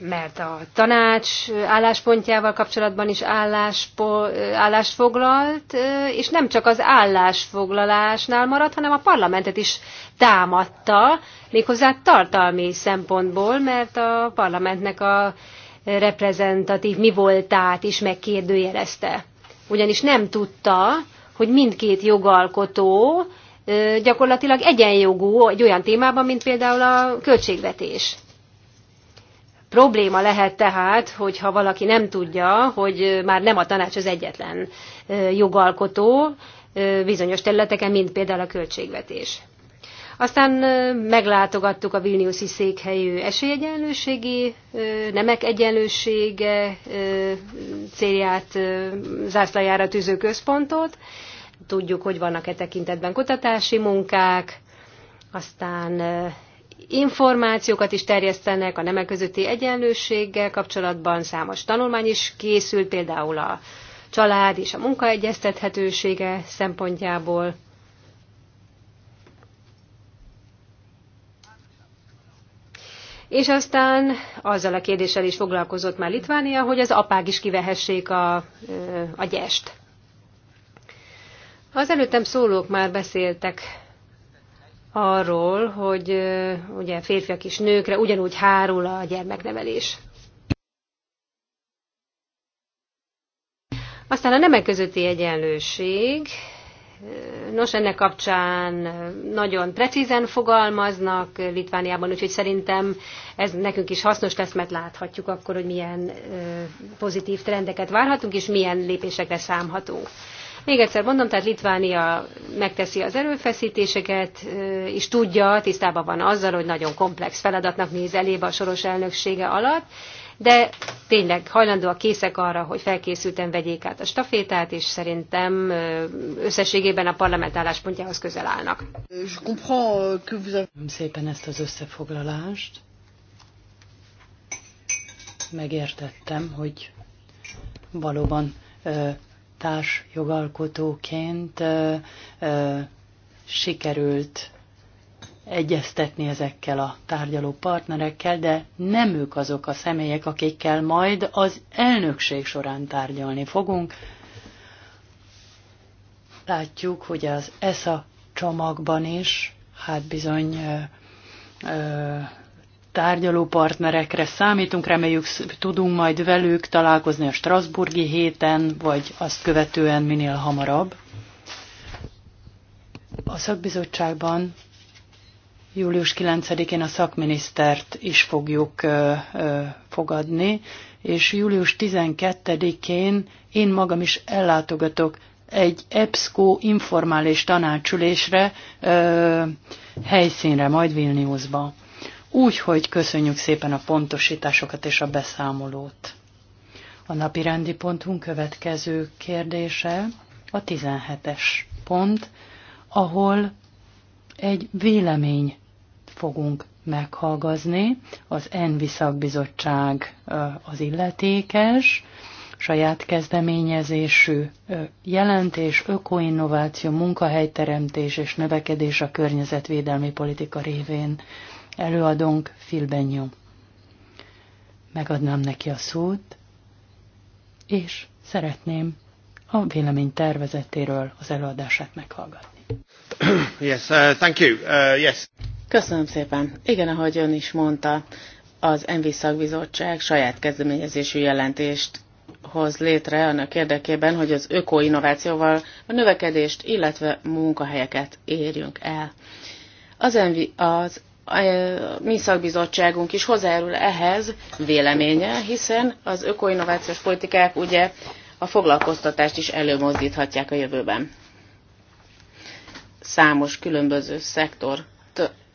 mert a tanács álláspontjával kapcsolatban is álláspo, állást foglalt, és nem csak az állásfoglalásnál maradt, hanem a parlamentet is támadta, méghozzá tartalmi szempontból, mert a parlamentnek a reprezentatív mi voltát is megkérdőjelezte. Ugyanis nem tudta, hogy mindkét jogalkotó gyakorlatilag egyenjogú egy olyan témában, mint például a költségvetés. Probléma lehet tehát, hogyha valaki nem tudja, hogy már nem a tanács az egyetlen jogalkotó bizonyos területeken, mint például a költségvetés. Aztán meglátogattuk a Vilniuszi székhelyű esélyegyenlőségi, nemek egyenlősége célját zászlajára tűző központot. Tudjuk, hogy vannak e tekintetben kutatási munkák, aztán információkat is terjesztenek a nemek közötti egyenlőséggel kapcsolatban. Számos tanulmány is készült, például a család és a munkaegyeztethetősége szempontjából. És aztán azzal a kérdéssel is foglalkozott már Litvánia, hogy az apák is kivehessék a, a gyest. Az előttem szólók már beszéltek arról, hogy ugye férfiak és nőkre ugyanúgy hárul a gyermeknevelés. Aztán a nemek közötti egyenlőség. Nos, ennek kapcsán nagyon precízen fogalmaznak Litvániában, úgyhogy szerintem ez nekünk is hasznos lesz, mert láthatjuk akkor, hogy milyen pozitív trendeket várhatunk, és milyen lépésekre számhatunk. Még egyszer mondom, tehát Litvánia megteszi az erőfeszítéseket, és tudja, tisztában van azzal, hogy nagyon komplex feladatnak néz elébe a soros elnöksége alatt, de tényleg hajlandóak készek arra, hogy felkészülten vegyék át a stafétát, és szerintem összességében a parlament álláspontjához közel állnak. Euh, szépen ezt az összefoglalást. Megértettem, hogy valóban társ jogalkotóként sikerült egyeztetni ezekkel a tárgyaló partnerekkel, de nem ők azok a személyek, akikkel majd az elnökség során tárgyalni fogunk. Látjuk, hogy az ESA csomagban is, hát bizony ö, ö, tárgyaló partnerekre számítunk, reméljük tudunk majd velük találkozni a Strasburgi héten, vagy azt követően minél hamarabb. A szakbizottságban július 9-én a szakminisztert is fogjuk ö, ö, fogadni, és július 12-én én magam is ellátogatok egy EBSCO informális tanácsülésre ö, helyszínre, majd Vilniusba. Úgyhogy köszönjük szépen a pontosításokat és a beszámolót. A napirendi pontunk következő kérdése a 17-es pont, ahol egy vélemény fogunk meghallgazni. Az ENVI szakbizottság az illetékes, saját kezdeményezésű jelentés, ökoinnováció, munkahelyteremtés és növekedés a környezetvédelmi politika révén előadónk Phil Benyó. Megadnám neki a szót, és szeretném a vélemény tervezetéről az előadását meghallgatni. Yes, uh, thank you. Uh, yes. Köszönöm szépen. Igen, ahogy ön is mondta, az MV szakbizottság saját kezdeményezésű jelentést hoz létre annak érdekében, hogy az ökoinnovációval a növekedést, illetve munkahelyeket érjünk el. Az, envi, az mi szakbizottságunk is hozzájárul ehhez véleménye, hiszen az ökoinnovációs politikák ugye a foglalkoztatást is előmozdíthatják a jövőben. Számos különböző szektor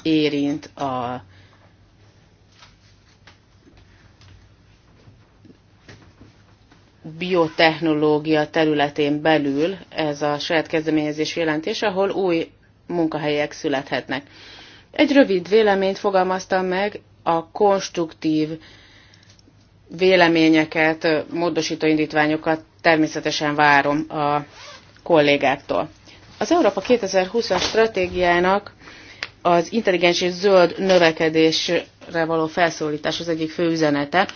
érint a biotechnológia területén belül ez a saját kezdeményezés jelentés, ahol új munkahelyek születhetnek. Egy rövid véleményt fogalmaztam meg a konstruktív véleményeket, módosító indítványokat természetesen várom a kollégáktól. Az Európa 2020-as stratégiának az intelligens és zöld növekedésre való felszólítás az egyik fő üzenete.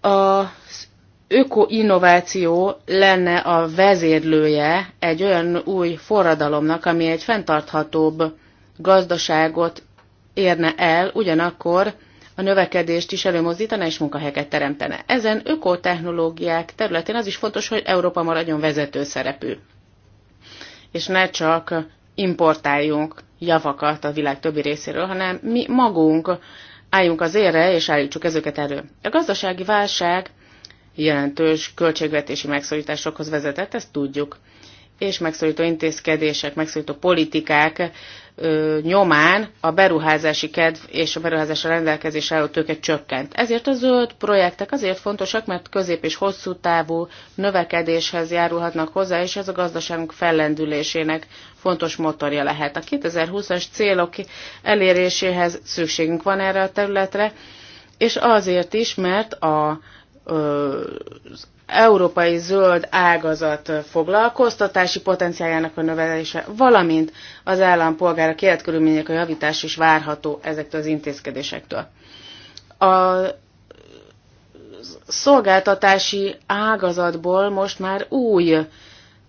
Az ökoinnováció lenne a vezérlője egy olyan új forradalomnak, ami egy fenntarthatóbb gazdaságot érne el, ugyanakkor a növekedést is előmozdítana és munkahelyeket teremtene. Ezen ökotechnológiák területén az is fontos, hogy Európa maradjon vezető szerepű, és ne csak importáljunk javakat a világ többi részéről, hanem mi magunk álljunk az érre, és állítsuk ezeket elő. A gazdasági válság jelentős költségvetési megszorításokhoz vezetett, ezt tudjuk, és megszorító intézkedések, megszorító politikák nyomán a beruházási kedv és a beruházásra rendelkezés álló tőke csökkent. Ezért a zöld projektek azért fontosak, mert közép és hosszú távú növekedéshez járulhatnak hozzá, és ez a gazdaságunk fellendülésének fontos motorja lehet. A 2020-as célok eléréséhez szükségünk van erre a területre, és azért is, mert a, az európai zöld ágazat foglalkoztatási potenciáljának a növelése, valamint az állampolgárok életkörülmények a javítás is várható ezektől az intézkedésektől. A szolgáltatási ágazatból most már új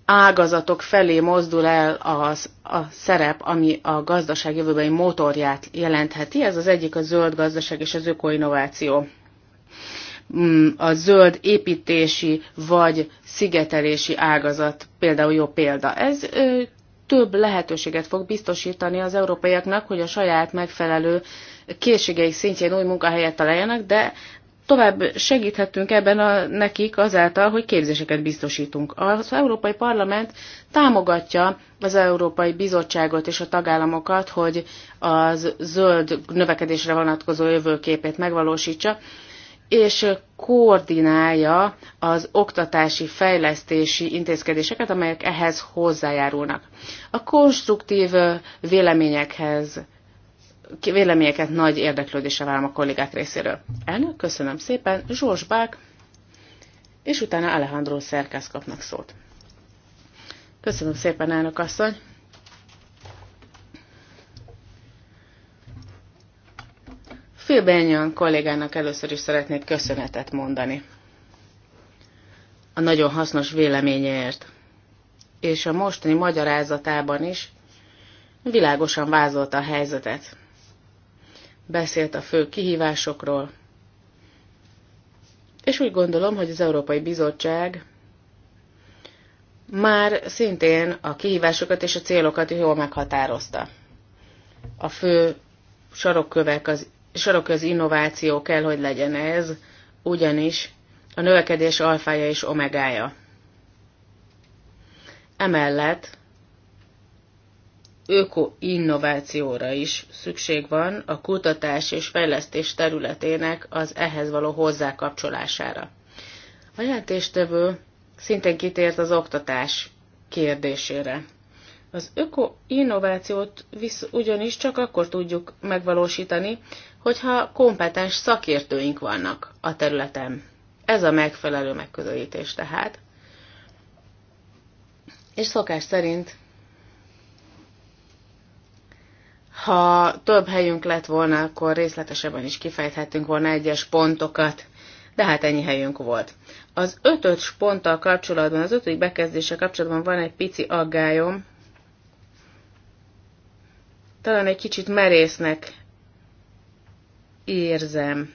ágazatok felé mozdul el az, a szerep, ami a gazdaság jövőbeni motorját jelentheti. Ez az egyik a zöld gazdaság és az ökoinnováció. Mm, a zöld építési vagy szigetelési ágazat például jó példa. Ez több lehetőséget fog biztosítani az európaiaknak, hogy a saját megfelelő készségeik szintjén új munkahelyet találjanak, de tovább segíthetünk ebben a, nekik azáltal, hogy képzéseket biztosítunk. Az Európai Parlament támogatja az Európai Bizottságot és a tagállamokat, hogy az zöld növekedésre vonatkozó jövőképét megvalósítsa, és koordinálja az oktatási fejlesztési intézkedéseket, amelyek ehhez hozzájárulnak. A konstruktív véleményekhez véleményeket nagy érdeklődésre várom a kollégák részéről. Elnök, köszönöm szépen, Zsors Bák, és utána Alejandro Szerkász kapnak szót. Köszönöm szépen, elnök asszony! Benyon kollégának először is szeretnék köszönetet mondani a nagyon hasznos véleményeért, és a mostani magyarázatában is világosan vázolta a helyzetet. Beszélt a fő kihívásokról, és úgy gondolom, hogy az Európai Bizottság már szintén a kihívásokat és a célokat jól meghatározta. A fő sarokkövek az sarokközi innováció kell, hogy legyen ez, ugyanis a növekedés alfája és omegája. Emellett öko-innovációra is szükség van a kutatás és fejlesztés területének az ehhez való hozzákapcsolására. A jelentéstevő szintén kitért az oktatás kérdésére. Az öko-innovációt ugyanis csak akkor tudjuk megvalósítani, hogyha kompetens szakértőink vannak a területen. Ez a megfelelő megközelítés tehát. És szokás szerint, ha több helyünk lett volna, akkor részletesebben is kifejthettünk volna egyes pontokat, de hát ennyi helyünk volt. Az ötöt ponttal kapcsolatban, az ötödik bekezdése kapcsolatban van egy pici aggályom, talán egy kicsit merésznek érzem.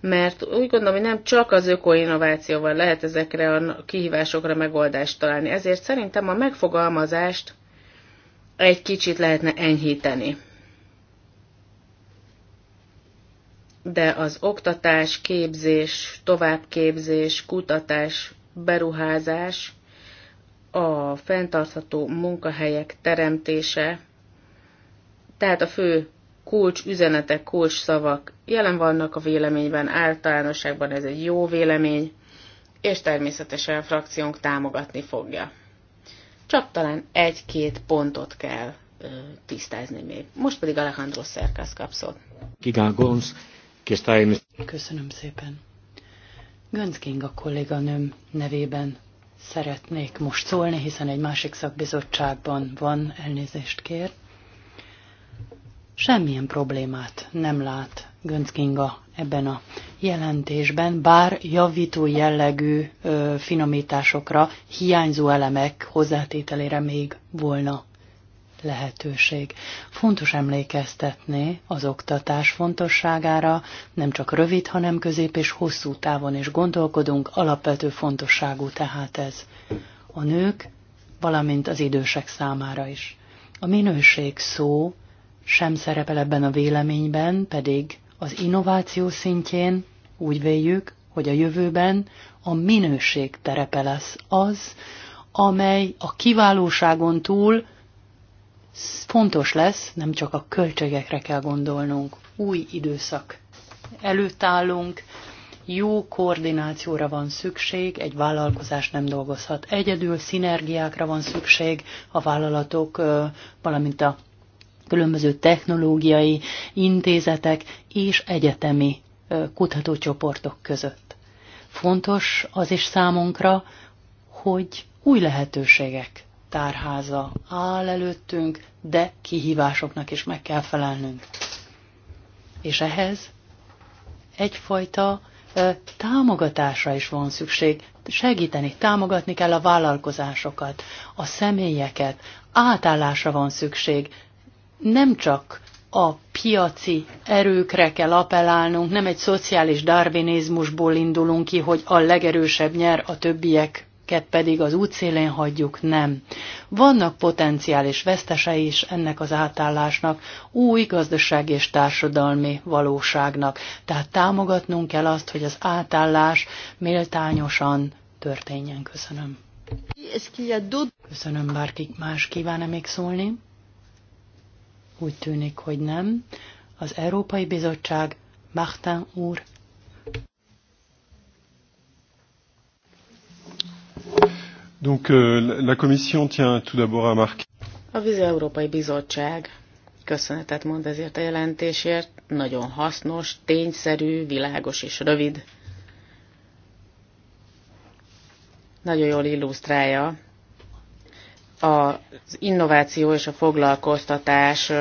Mert úgy gondolom, hogy nem csak az ökoinnovációval lehet ezekre a kihívásokra megoldást találni. Ezért szerintem a megfogalmazást egy kicsit lehetne enyhíteni. De az oktatás, képzés, továbbképzés, kutatás, beruházás, a fenntartható munkahelyek teremtése, tehát a fő kulcs üzenetek, kulcs szavak jelen vannak a véleményben, általánosságban ez egy jó vélemény, és természetesen a frakciónk támogatni fogja. Csak talán egy-két pontot kell ö, tisztázni még. Most pedig Alejandro Szerkász kapszott. Köszönöm szépen. Gönc a kolléganőm nevében szeretnék most szólni, hiszen egy másik szakbizottságban van, elnézést kért semmilyen problémát nem lát Gönc Kinga ebben a jelentésben, bár javító jellegű ö, finomításokra, hiányzó elemek hozzátételére még volna lehetőség. Fontos emlékeztetni az oktatás fontosságára, nem csak rövid, hanem közép és hosszú távon is gondolkodunk, alapvető fontosságú tehát ez. A nők, valamint az idősek számára is. A minőség szó sem szerepel ebben a véleményben, pedig az innováció szintjén úgy véljük, hogy a jövőben a minőség terepe lesz az, amely a kiválóságon túl fontos lesz, nem csak a költségekre kell gondolnunk. Új időszak előtt állunk, jó koordinációra van szükség, egy vállalkozás nem dolgozhat egyedül, szinergiákra van szükség a vállalatok, valamint a különböző technológiai intézetek és egyetemi kutatócsoportok között. Fontos az is számunkra, hogy új lehetőségek tárháza áll előttünk, de kihívásoknak is meg kell felelnünk. És ehhez egyfajta támogatásra is van szükség. Segíteni, támogatni kell a vállalkozásokat, a személyeket, átállásra van szükség, nem csak a piaci erőkre kell apelálnunk, nem egy szociális darvinizmusból indulunk ki, hogy a legerősebb nyer, a többieket pedig az útszélén hagyjuk, nem. Vannak potenciális vesztesei is ennek az átállásnak, új gazdaság és társadalmi valóságnak. Tehát támogatnunk kell azt, hogy az átállás méltányosan történjen. Köszönöm. Köszönöm, bárki más kívánna még szólni. Úgy tűnik, hogy nem. Az Európai Bizottság, Martin úr. Donc, euh, la commission tient tout d'abord à marquer. A Víz Európai Bizottság köszönetet mond ezért a jelentésért, nagyon hasznos, tényszerű, világos és rövid. Nagyon jól illusztrálja az innováció és a foglalkoztatás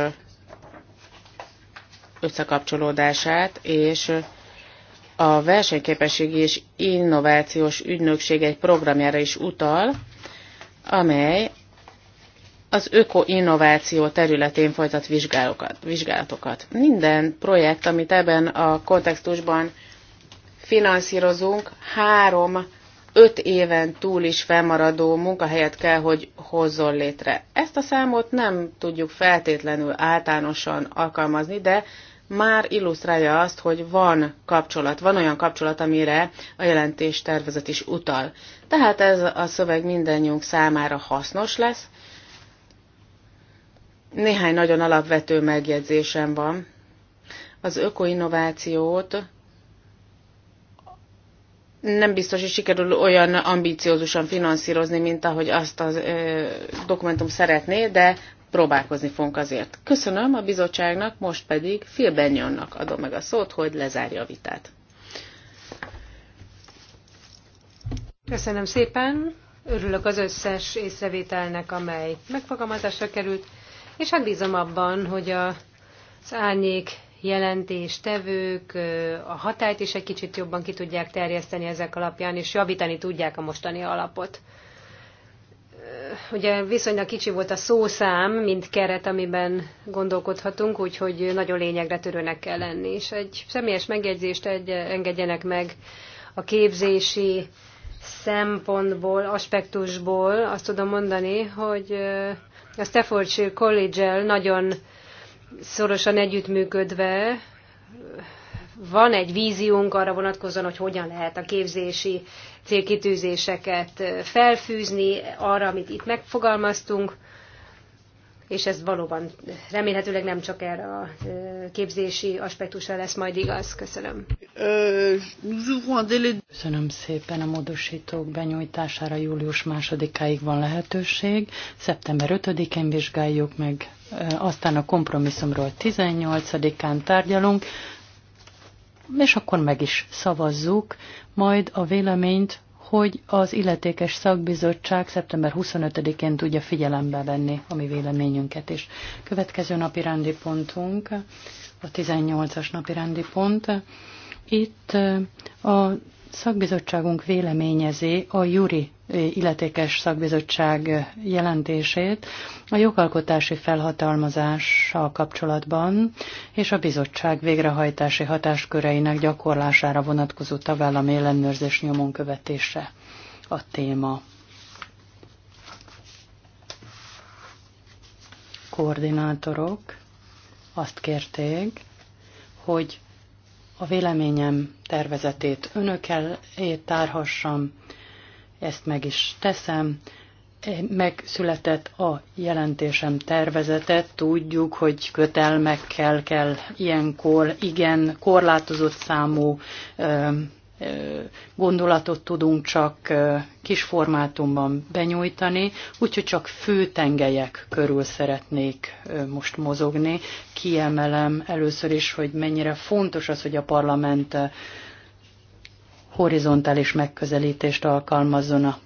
összekapcsolódását, és a versenyképességi és innovációs ügynökség egy programjára is utal, amely az öko-innováció területén folytat vizsgálatokat. Minden projekt, amit ebben a kontextusban finanszírozunk, három öt éven túl is felmaradó munkahelyet kell, hogy hozzon létre. Ezt a számot nem tudjuk feltétlenül általánosan alkalmazni, de már illusztrálja azt, hogy van kapcsolat, van olyan kapcsolat, amire a jelentés tervezet is utal. Tehát ez a szöveg mindannyiunk számára hasznos lesz. Néhány nagyon alapvető megjegyzésem van. Az ökoinnovációt nem biztos, hogy sikerül olyan ambíciózusan finanszírozni, mint ahogy azt a dokumentum szeretné, de próbálkozni fogunk azért. Köszönöm a bizottságnak, most pedig Phil Benyonnak adom meg a szót, hogy lezárja a vitát. Köszönöm szépen, örülök az összes észrevételnek, amely megfogalmazásra került, és hát bízom abban, hogy a, az árnyék jelentéstevők a hatályt is egy kicsit jobban ki tudják terjeszteni ezek alapján, és javítani tudják a mostani alapot. Ugye viszonylag kicsi volt a szószám, mint keret, amiben gondolkodhatunk, úgyhogy nagyon lényegre törőnek kell lenni. És egy személyes megjegyzést egy, engedjenek meg a képzési szempontból, aspektusból azt tudom mondani, hogy a Staffordshire College-el nagyon szorosan együttműködve van egy víziónk arra vonatkozóan, hogy hogyan lehet a képzési célkitűzéseket felfűzni arra, amit itt megfogalmaztunk, és ez valóban remélhetőleg nem csak erre a képzési aspektusra lesz majd igaz. Köszönöm. Köszönöm szépen a módosítók benyújtására július másodikáig van lehetőség. Szeptember 5-én vizsgáljuk meg, aztán a kompromisszumról 18-án tárgyalunk, és akkor meg is szavazzuk majd a véleményt hogy az illetékes szakbizottság szeptember 25-én tudja figyelembe venni a mi véleményünket is. Következő napi rendi pontunk, a 18-as napi rendi pont. Itt a szakbizottságunk véleményezi a Juri eh, illetékes szakbizottság eh, jelentését a jogalkotási felhatalmazással kapcsolatban és a bizottság végrehajtási hatásköreinek gyakorlására vonatkozó tagállami ellenőrzés nyomon követése a téma. Koordinátorok azt kérték, hogy a véleményem tervezetét önökkel tárhassam, ezt meg is teszem. Megszületett a jelentésem tervezetet, tudjuk, hogy kötelmekkel kell ilyenkor igen korlátozott számú gondolatot tudunk csak kis formátumban benyújtani, úgyhogy csak főtengelyek körül szeretnék most mozogni. Kiemelem először is, hogy mennyire fontos az, hogy a parlament horizontális megközelítést alkalmazzon a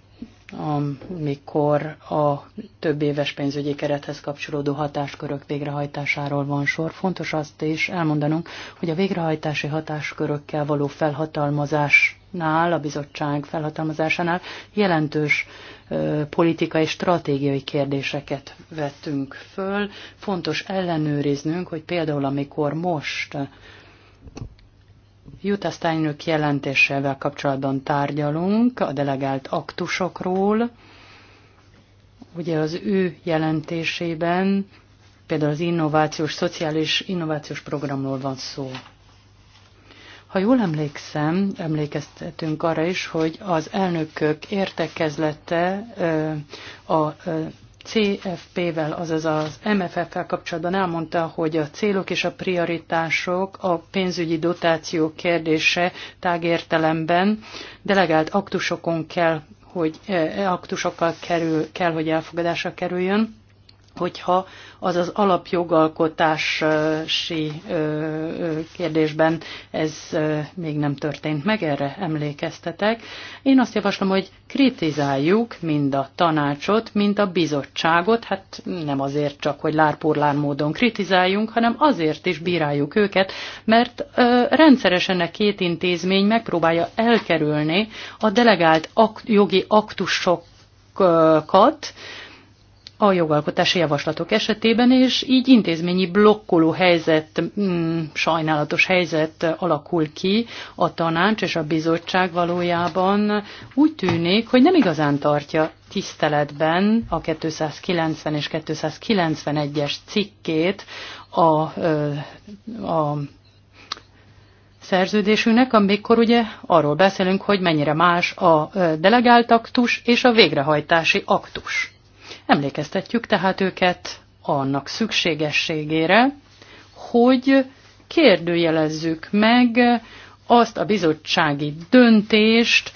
amikor a több éves pénzügyi kerethez kapcsolódó hatáskörök végrehajtásáról van sor. Fontos azt is elmondanunk, hogy a végrehajtási hatáskörökkel való felhatalmazásnál, a bizottság felhatalmazásánál jelentős politikai, és stratégiai kérdéseket vettünk föl. Fontos ellenőriznünk, hogy például amikor most Jutta Steinrück jelentésével kapcsolatban tárgyalunk a delegált aktusokról. Ugye az ő jelentésében például az innovációs, szociális innovációs programról van szó. Ha jól emlékszem, emlékeztetünk arra is, hogy az elnökök értekezlete a CFP-vel, azaz az MFF-vel kapcsolatban elmondta, hogy a célok és a prioritások a pénzügyi dotáció kérdése tágértelemben delegált aktusokon kell, hogy eh, aktusokkal kerül, kell, hogy elfogadásra kerüljön hogyha az az alapjogalkotási kérdésben ez még nem történt meg, erre emlékeztetek. Én azt javaslom, hogy kritizáljuk mind a tanácsot, mind a bizottságot, hát nem azért csak, hogy lárpurlán módon kritizáljunk, hanem azért is bíráljuk őket, mert rendszeresen a két intézmény megpróbálja elkerülni a delegált jogi aktusokat, a jogalkotási javaslatok esetében, és így intézményi blokkoló helyzet, mm, sajnálatos helyzet alakul ki a tanács és a bizottság valójában úgy tűnik, hogy nem igazán tartja tiszteletben a 290 és 291-es cikkét a, a szerződésünknek, amikor ugye arról beszélünk, hogy mennyire más a delegált aktus és a végrehajtási aktus. Emlékeztetjük tehát őket annak szükségességére, hogy kérdőjelezzük meg azt a bizottsági döntést,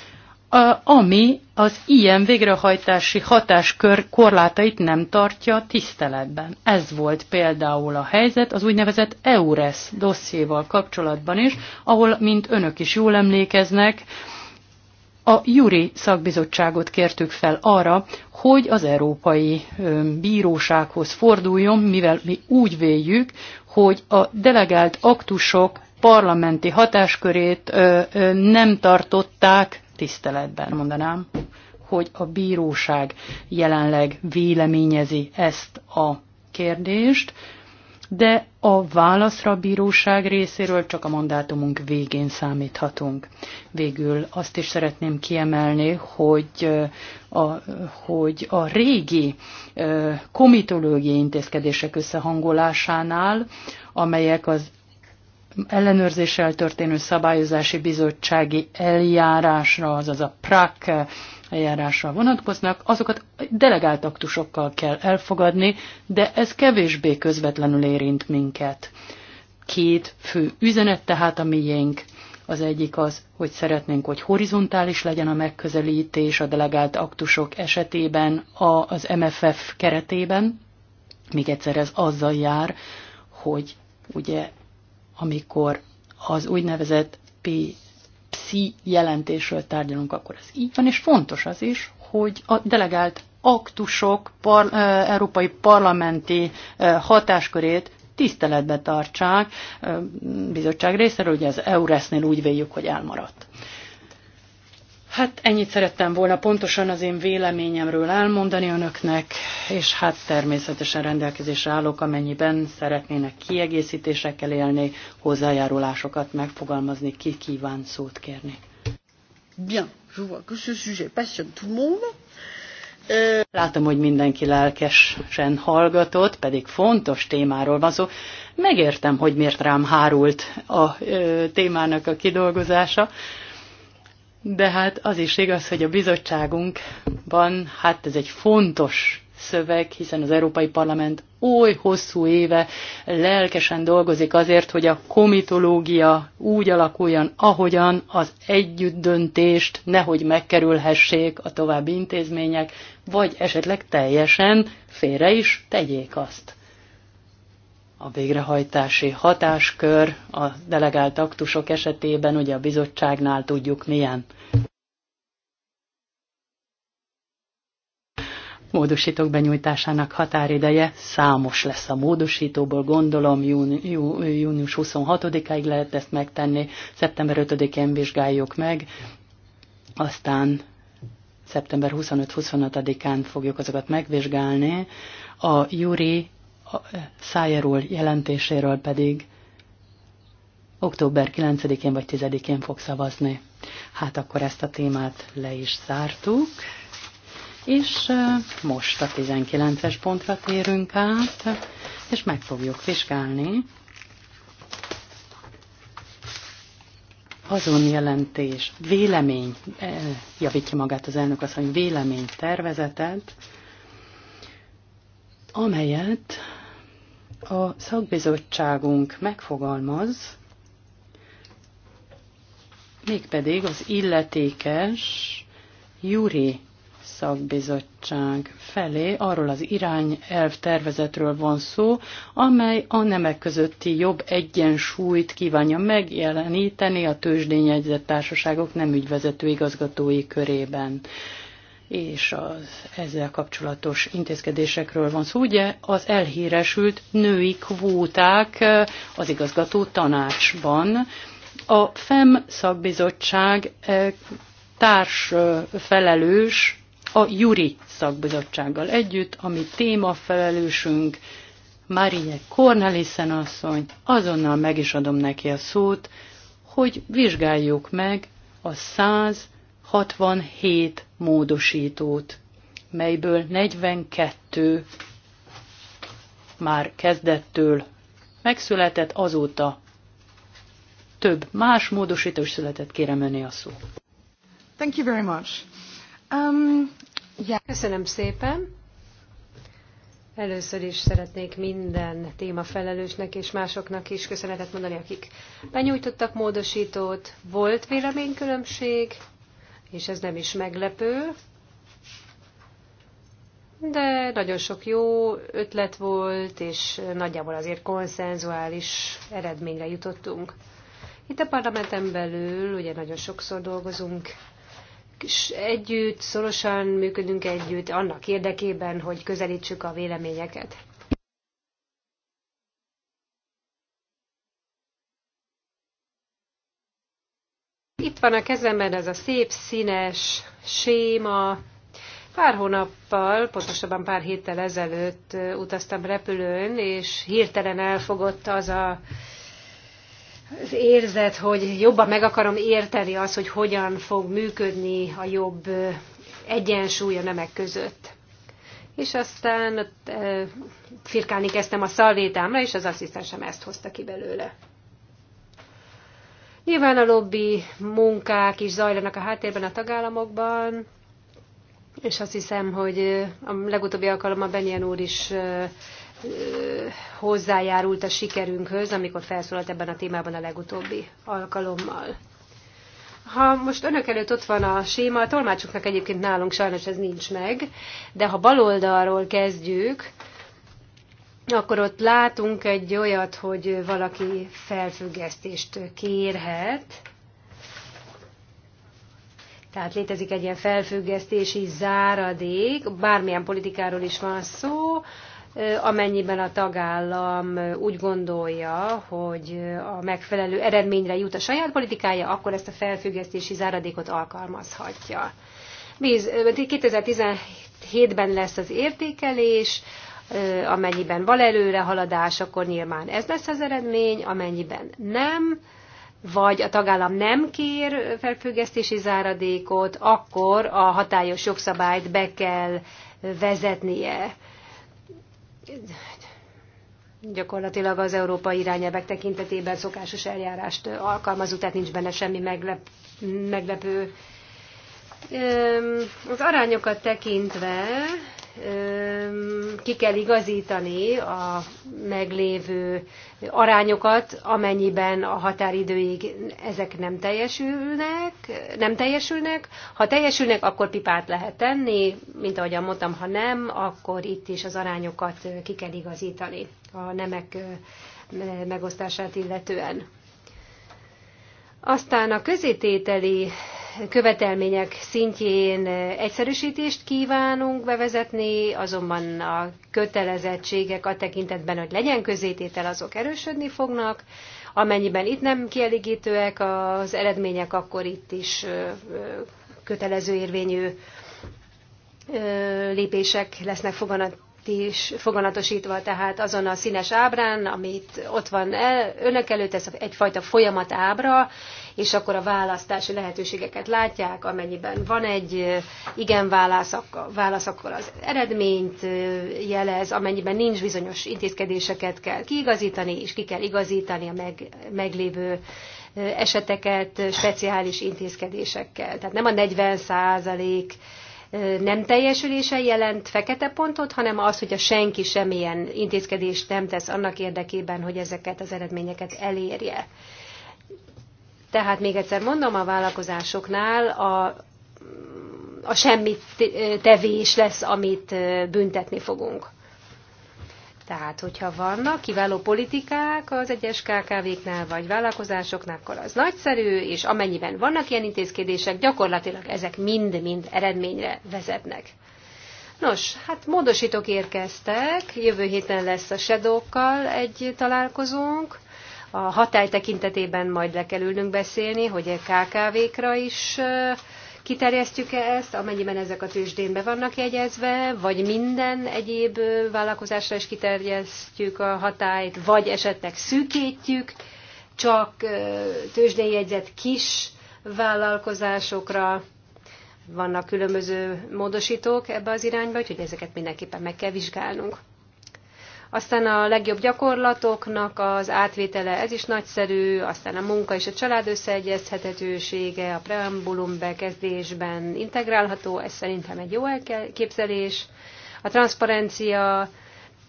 ami az ilyen végrehajtási hatáskör korlátait nem tartja tiszteletben. Ez volt például a helyzet az úgynevezett EURES dossziéval kapcsolatban is, ahol, mint önök is jól emlékeznek, a Juri szakbizottságot kértük fel arra, hogy az Európai Bírósághoz forduljon, mivel mi úgy véljük, hogy a delegált aktusok parlamenti hatáskörét nem tartották tiszteletben, mondanám, hogy a bíróság jelenleg véleményezi ezt a kérdést de a válaszra a bíróság részéről csak a mandátumunk végén számíthatunk. Végül azt is szeretném kiemelni, hogy a, hogy a régi komitológiai intézkedések összehangolásánál, amelyek az ellenőrzéssel történő szabályozási bizottsági eljárásra, azaz a PRAC eljárásra vonatkoznak, azokat delegált aktusokkal kell elfogadni, de ez kevésbé közvetlenül érint minket. Két fő üzenet tehát a miénk. Az egyik az, hogy szeretnénk, hogy horizontális legyen a megközelítés a delegált aktusok esetében az MFF keretében. Még egyszer ez azzal jár, hogy ugye amikor az úgynevezett PSI jelentésről tárgyalunk, akkor ez így van, és fontos az is, hogy a delegált aktusok par, európai parlamenti hatáskörét tiszteletbe tartsák bizottság részéről, ugye az EURES-nél úgy véljük, hogy elmaradt. Hát ennyit szerettem volna pontosan az én véleményemről elmondani önöknek, és hát természetesen rendelkezésre állok, amennyiben szeretnének kiegészítésekkel élni, hozzájárulásokat megfogalmazni, ki kíván szót kérni. Bien, je vois que ce sujet passionne tout le monde. Euh, Látom, hogy mindenki lelkesen hallgatott, pedig fontos témáról van szó. Megértem, hogy miért rám hárult a ö, témának a kidolgozása. De hát az is igaz, hogy a bizottságunkban, hát ez egy fontos szöveg, hiszen az Európai Parlament oly hosszú éve lelkesen dolgozik azért, hogy a komitológia úgy alakuljon, ahogyan az együttdöntést nehogy megkerülhessék a további intézmények, vagy esetleg teljesen félre is tegyék azt a végrehajtási hatáskör a delegált aktusok esetében, ugye a bizottságnál tudjuk milyen. Módosítók benyújtásának határideje számos lesz a módosítóból, gondolom június 26-áig lehet ezt megtenni, szeptember 5-én vizsgáljuk meg, aztán szeptember 25-26-án fogjuk azokat megvizsgálni. A Júri Eh, Szájer úr jelentéséről pedig október 9-én vagy 10-én fog szavazni. Hát akkor ezt a témát le is zártuk, és eh, most a 19-es pontra térünk át, és meg fogjuk vizsgálni azon jelentés, vélemény, eh, javítja magát az elnök azt, hogy vélemény tervezetet, amelyet a szakbizottságunk megfogalmaz, mégpedig az illetékes Juri szakbizottság felé arról az irányelv tervezetről van szó, amely a nemek közötti jobb egyensúlyt kívánja megjeleníteni a tőzsdényegyzett társaságok nem ügyvezető igazgatói körében és az ezzel kapcsolatos intézkedésekről van szó. Ugye az elhíresült női kvóták az igazgató tanácsban. A FEM szakbizottság társ felelős a Juri szakbizottsággal együtt, ami témafelelősünk Marie Cornelissen asszony, azonnal meg is adom neki a szót, hogy vizsgáljuk meg a száz 67 módosítót, melyből 42 már kezdettől megszületett, azóta több más módosító is született. Kérem öné a szó. Thank you very much. Um, yeah. Köszönöm szépen. Először is szeretnék minden témafelelősnek és másoknak is köszönetet mondani, akik benyújtottak módosítót. Volt véleménykülönbség, és ez nem is meglepő, de nagyon sok jó ötlet volt, és nagyjából azért konszenzuális eredményre jutottunk. Itt a parlamenten belül ugye nagyon sokszor dolgozunk és együtt, szorosan működünk együtt annak érdekében, hogy közelítsük a véleményeket. van a kezemben ez a szép színes séma. Pár hónappal, pontosabban pár héttel ezelőtt utaztam repülőn, és hirtelen elfogott az a az érzet, hogy jobban meg akarom érteni azt, hogy hogyan fog működni a jobb egyensúly a nemek között. És aztán ott, e, firkálni kezdtem a szalvétámra, és az asszisztensem ezt hozta ki belőle. Nyilván a lobby munkák is zajlanak a háttérben a tagállamokban, és azt hiszem, hogy a legutóbbi alkalommal Benyen úr is hozzájárult a sikerünkhöz, amikor felszólalt ebben a témában a legutóbbi alkalommal. Ha most önök előtt ott van a séma, a tolmácsoknak egyébként nálunk sajnos ez nincs meg, de ha baloldalról kezdjük, akkor ott látunk egy olyat, hogy valaki felfüggesztést kérhet. Tehát létezik egy ilyen felfüggesztési záradék, bármilyen politikáról is van szó, amennyiben a tagállam úgy gondolja, hogy a megfelelő eredményre jut a saját politikája, akkor ezt a felfüggesztési záradékot alkalmazhatja. 2017-ben lesz az értékelés, amennyiben van előrehaladás, akkor nyilván ez lesz az eredmény, amennyiben nem, vagy a tagállam nem kér felfüggesztési záradékot, akkor a hatályos jogszabályt be kell vezetnie. Gyakorlatilag az európai irányelvek tekintetében szokásos eljárást alkalmazó, tehát nincs benne semmi meglep, meglepő. Az arányokat tekintve ki kell igazítani a meglévő arányokat, amennyiben a határidőig ezek nem teljesülnek, nem teljesülnek. Ha teljesülnek, akkor pipát lehet tenni, mint ahogyan mondtam, ha nem, akkor itt is az arányokat ki kell igazítani a nemek megosztását illetően. Aztán a közétételi követelmények szintjén egyszerűsítést kívánunk bevezetni, azonban a kötelezettségek a tekintetben, hogy legyen közététel, azok erősödni fognak. Amennyiben itt nem kielégítőek az eredmények, akkor itt is kötelező érvényű lépések lesznek foganat is foganatosítva, tehát azon a színes ábrán, amit ott van el, önök előtt, ez egyfajta folyamat ábra, és akkor a választási lehetőségeket látják, amennyiben van egy igen válasz, válasz akkor az eredményt jelez, amennyiben nincs bizonyos intézkedéseket kell kiigazítani, és ki kell igazítani a meg, meglévő eseteket speciális intézkedésekkel. Tehát nem a 40 százalék nem teljesülése jelent fekete pontot, hanem az, hogy a senki semmilyen intézkedést nem tesz annak érdekében, hogy ezeket az eredményeket elérje. Tehát még egyszer mondom, a vállalkozásoknál a, a semmit tevés lesz, amit büntetni fogunk. Tehát, hogyha vannak kiváló politikák az egyes KKV-knál vagy vállalkozásoknál, akkor az nagyszerű, és amennyiben vannak ilyen intézkedések, gyakorlatilag ezek mind-mind eredményre vezetnek. Nos, hát módosítók érkeztek, jövő héten lesz a shadow egy találkozónk, a hatály tekintetében majd le kell ülnünk beszélni, hogy a KKV-kra is kiterjesztjük-e ezt, amennyiben ezek a tőzsdén be vannak jegyezve, vagy minden egyéb vállalkozásra is kiterjesztjük a hatályt, vagy esetleg szűkítjük, csak tőzsdén jegyzett kis vállalkozásokra vannak különböző módosítók ebbe az irányba, úgyhogy ezeket mindenképpen meg kell vizsgálnunk. Aztán a legjobb gyakorlatoknak az átvétele, ez is nagyszerű, aztán a munka és a család összeegyezhetetősége, a preambulum bekezdésben integrálható, ez szerintem egy jó elképzelés. A transzparencia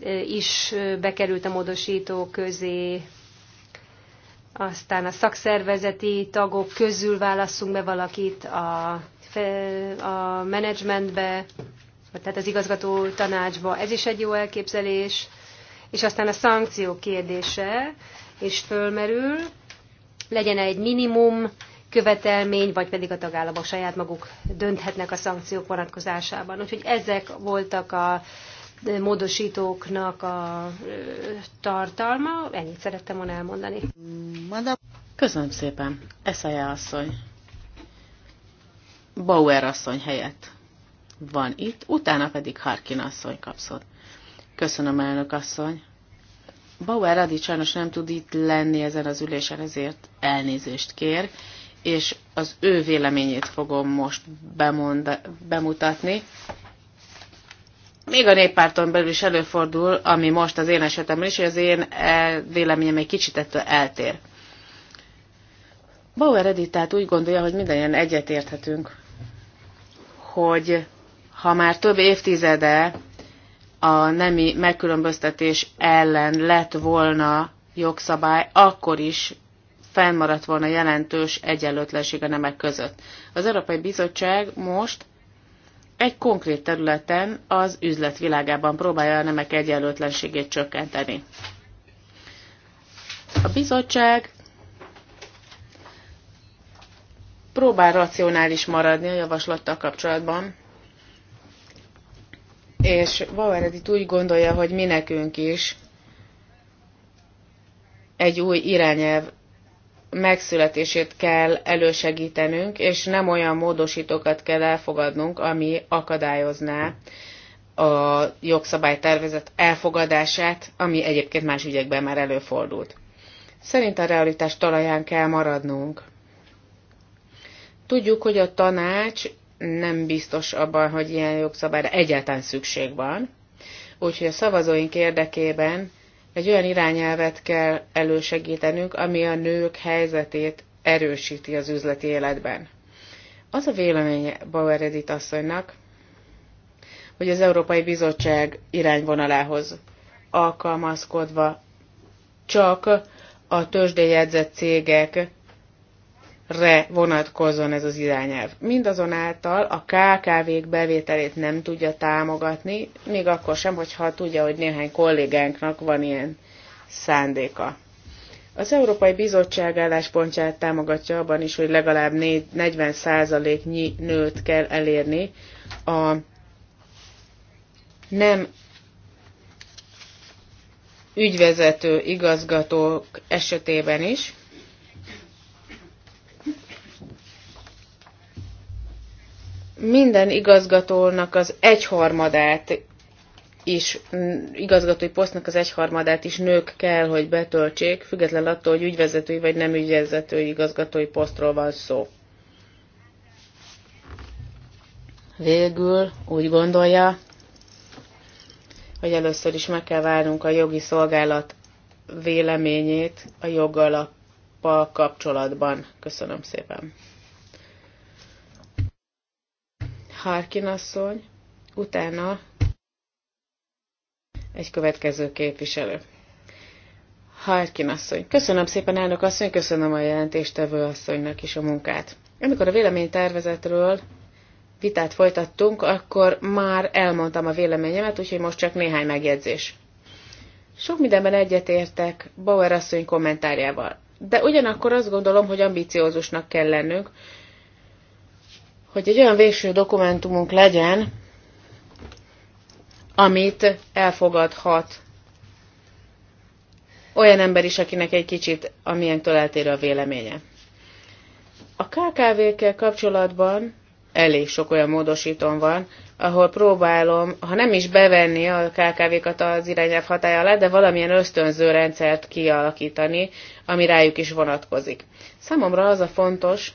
eh, is eh, bekerült a módosító közé, aztán a szakszervezeti tagok közül válasszunk be valakit a, a menedzsmentbe, tehát az igazgató tanácsba. Ez is egy jó elképzelés. És aztán a szankció kérdése is fölmerül, legyen -e egy minimum követelmény, vagy pedig a tagállamok saját maguk dönthetnek a szankciók vonatkozásában. Úgyhogy ezek voltak a módosítóknak a tartalma. Ennyit szerettem volna elmondani. Köszönöm szépen. Eszeje asszony. Bauer asszony helyett van itt, utána pedig Harkin asszony kapszott. Köszönöm, elnök asszony. Bauer Adi sajnos nem tud itt lenni ezen az ülésen, ezért elnézést kér, és az ő véleményét fogom most bemond, bemutatni. Még a néppárton belül is előfordul, ami most az én esetemben is, hogy az én e, véleményem egy kicsit ettől eltér. Bauer Edith tehát úgy gondolja, hogy mindannyian egyetérthetünk, hogy ha már több évtizede a nemi megkülönböztetés ellen lett volna jogszabály, akkor is fennmaradt volna jelentős egyenlőtlenség a nemek között. Az Európai Bizottság most egy konkrét területen az üzletvilágában próbálja a nemek egyenlőtlenségét csökkenteni. A bizottság próbál racionális maradni a javaslattal kapcsolatban, és Bauer úgy gondolja, hogy mi nekünk is egy új irányelv megszületését kell elősegítenünk, és nem olyan módosítókat kell elfogadnunk, ami akadályozná a jogszabálytervezet elfogadását, ami egyébként más ügyekben már előfordult. Szerint a realitás talaján kell maradnunk. Tudjuk, hogy a tanács nem biztos abban, hogy ilyen jogszabályra egyáltalán szükség van. Úgyhogy a szavazóink érdekében egy olyan irányelvet kell elősegítenünk, ami a nők helyzetét erősíti az üzleti életben. Az a véleménye Bauer Edith asszonynak, hogy az Európai Bizottság irányvonalához alkalmazkodva csak a tőzsdéjegyzett cégek re vonatkozzon ez az irányelv. Mindazonáltal a KKV-k bevételét nem tudja támogatni, még akkor sem, hogyha tudja, hogy néhány kollégánknak van ilyen szándéka. Az Európai Bizottság álláspontját támogatja abban is, hogy legalább 40%-nyi nőt kell elérni a nem ügyvezető igazgatók esetében is, minden igazgatónak az egyharmadát is, igazgatói posztnak az egyharmadát is nők kell, hogy betöltsék, független attól, hogy ügyvezetői vagy nem ügyvezetői igazgatói posztról van szó. Végül úgy gondolja, hogy először is meg kell várnunk a jogi szolgálat véleményét a jogalappal kapcsolatban. Köszönöm szépen! Harkin asszony, utána egy következő képviselő. Harkin asszony. Köszönöm szépen, elnök asszony, köszönöm a jelentéstevő asszonynak is a munkát. Amikor a véleménytervezetről vitát folytattunk, akkor már elmondtam a véleményemet, úgyhogy most csak néhány megjegyzés. Sok mindenben egyetértek Bauer asszony kommentárjával, de ugyanakkor azt gondolom, hogy ambiciózusnak kell lennünk, hogy egy olyan végső dokumentumunk legyen, amit elfogadhat olyan ember is, akinek egy kicsit amilyentől eltérő a véleménye. A KKV-kkel kapcsolatban elég sok olyan módosítón van, ahol próbálom, ha nem is bevenni a KKV-kat az irányelv hatája alá, de valamilyen ösztönző rendszert kialakítani, ami rájuk is vonatkozik. Számomra az a fontos,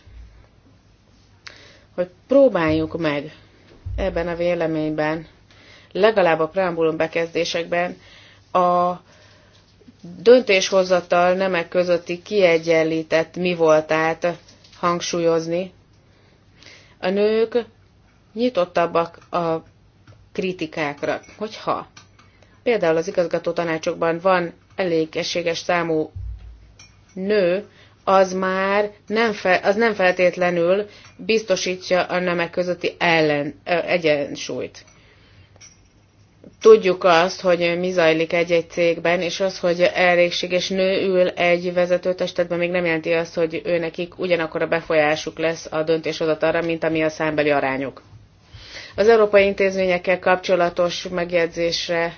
hogy próbáljuk meg ebben a véleményben, legalább a preambulum bekezdésekben a döntéshozatal nemek közötti kiegyenlített mi voltát hangsúlyozni. A nők nyitottabbak a kritikákra, hogyha például az igazgató tanácsokban van elégességes számú nő, az már nem, fe, az nem feltétlenül biztosítja a nemek közötti ellen, egyensúlyt. Tudjuk azt, hogy mi zajlik egy-egy cégben, és az, hogy elégséges nő ül egy vezetőtestetben, még nem jelenti azt, hogy őnekik ugyanakkor a befolyásuk lesz a arra, mint ami a számbeli arányuk. Az európai intézményekkel kapcsolatos megjegyzésre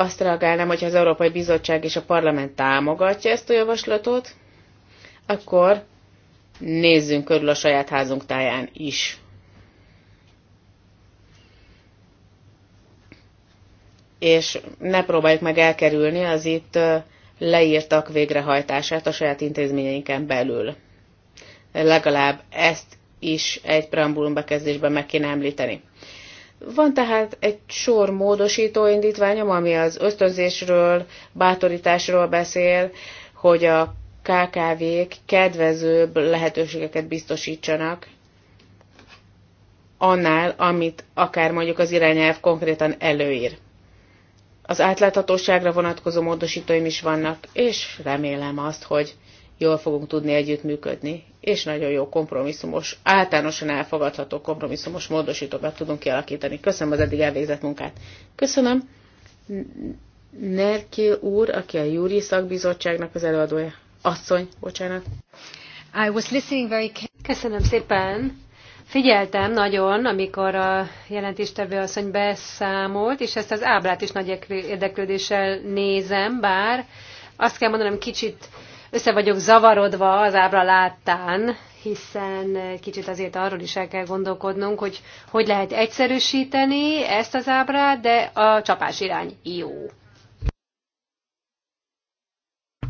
azt reagálnám, hogyha az Európai Bizottság és a Parlament támogatja ezt a javaslatot, akkor nézzünk körül a saját házunk táján is. És ne próbáljuk meg elkerülni az itt leírtak végrehajtását a saját intézményeinken belül. Legalább ezt is egy preambulum bekezdésben meg kéne említeni. Van tehát egy sor módosító indítványom, ami az ösztönzésről, bátorításról beszél, hogy a KKV-k kedvezőbb lehetőségeket biztosítsanak annál, amit akár mondjuk az irányelv konkrétan előír. Az átláthatóságra vonatkozó módosítóim is vannak, és remélem azt, hogy jól fogunk tudni együttműködni, és nagyon jó kompromisszumos, általánosan elfogadható kompromisszumos módosítókat tudunk kialakítani. Köszönöm az eddig elvégzett munkát. Köszönöm. Nerkil úr, aki a Júri Szakbizottságnak az előadója. Asszony, bocsánat. I was listening very Köszönöm szépen. Figyeltem nagyon, amikor a jelentéstevő asszony beszámolt, és ezt az ábrát is nagy érdeklődéssel nézem, bár azt kell mondanom, kicsit össze vagyok zavarodva az ábra láttán, hiszen kicsit azért arról is el kell gondolkodnunk, hogy hogy lehet egyszerűsíteni ezt az ábrát, de a csapás irány jó.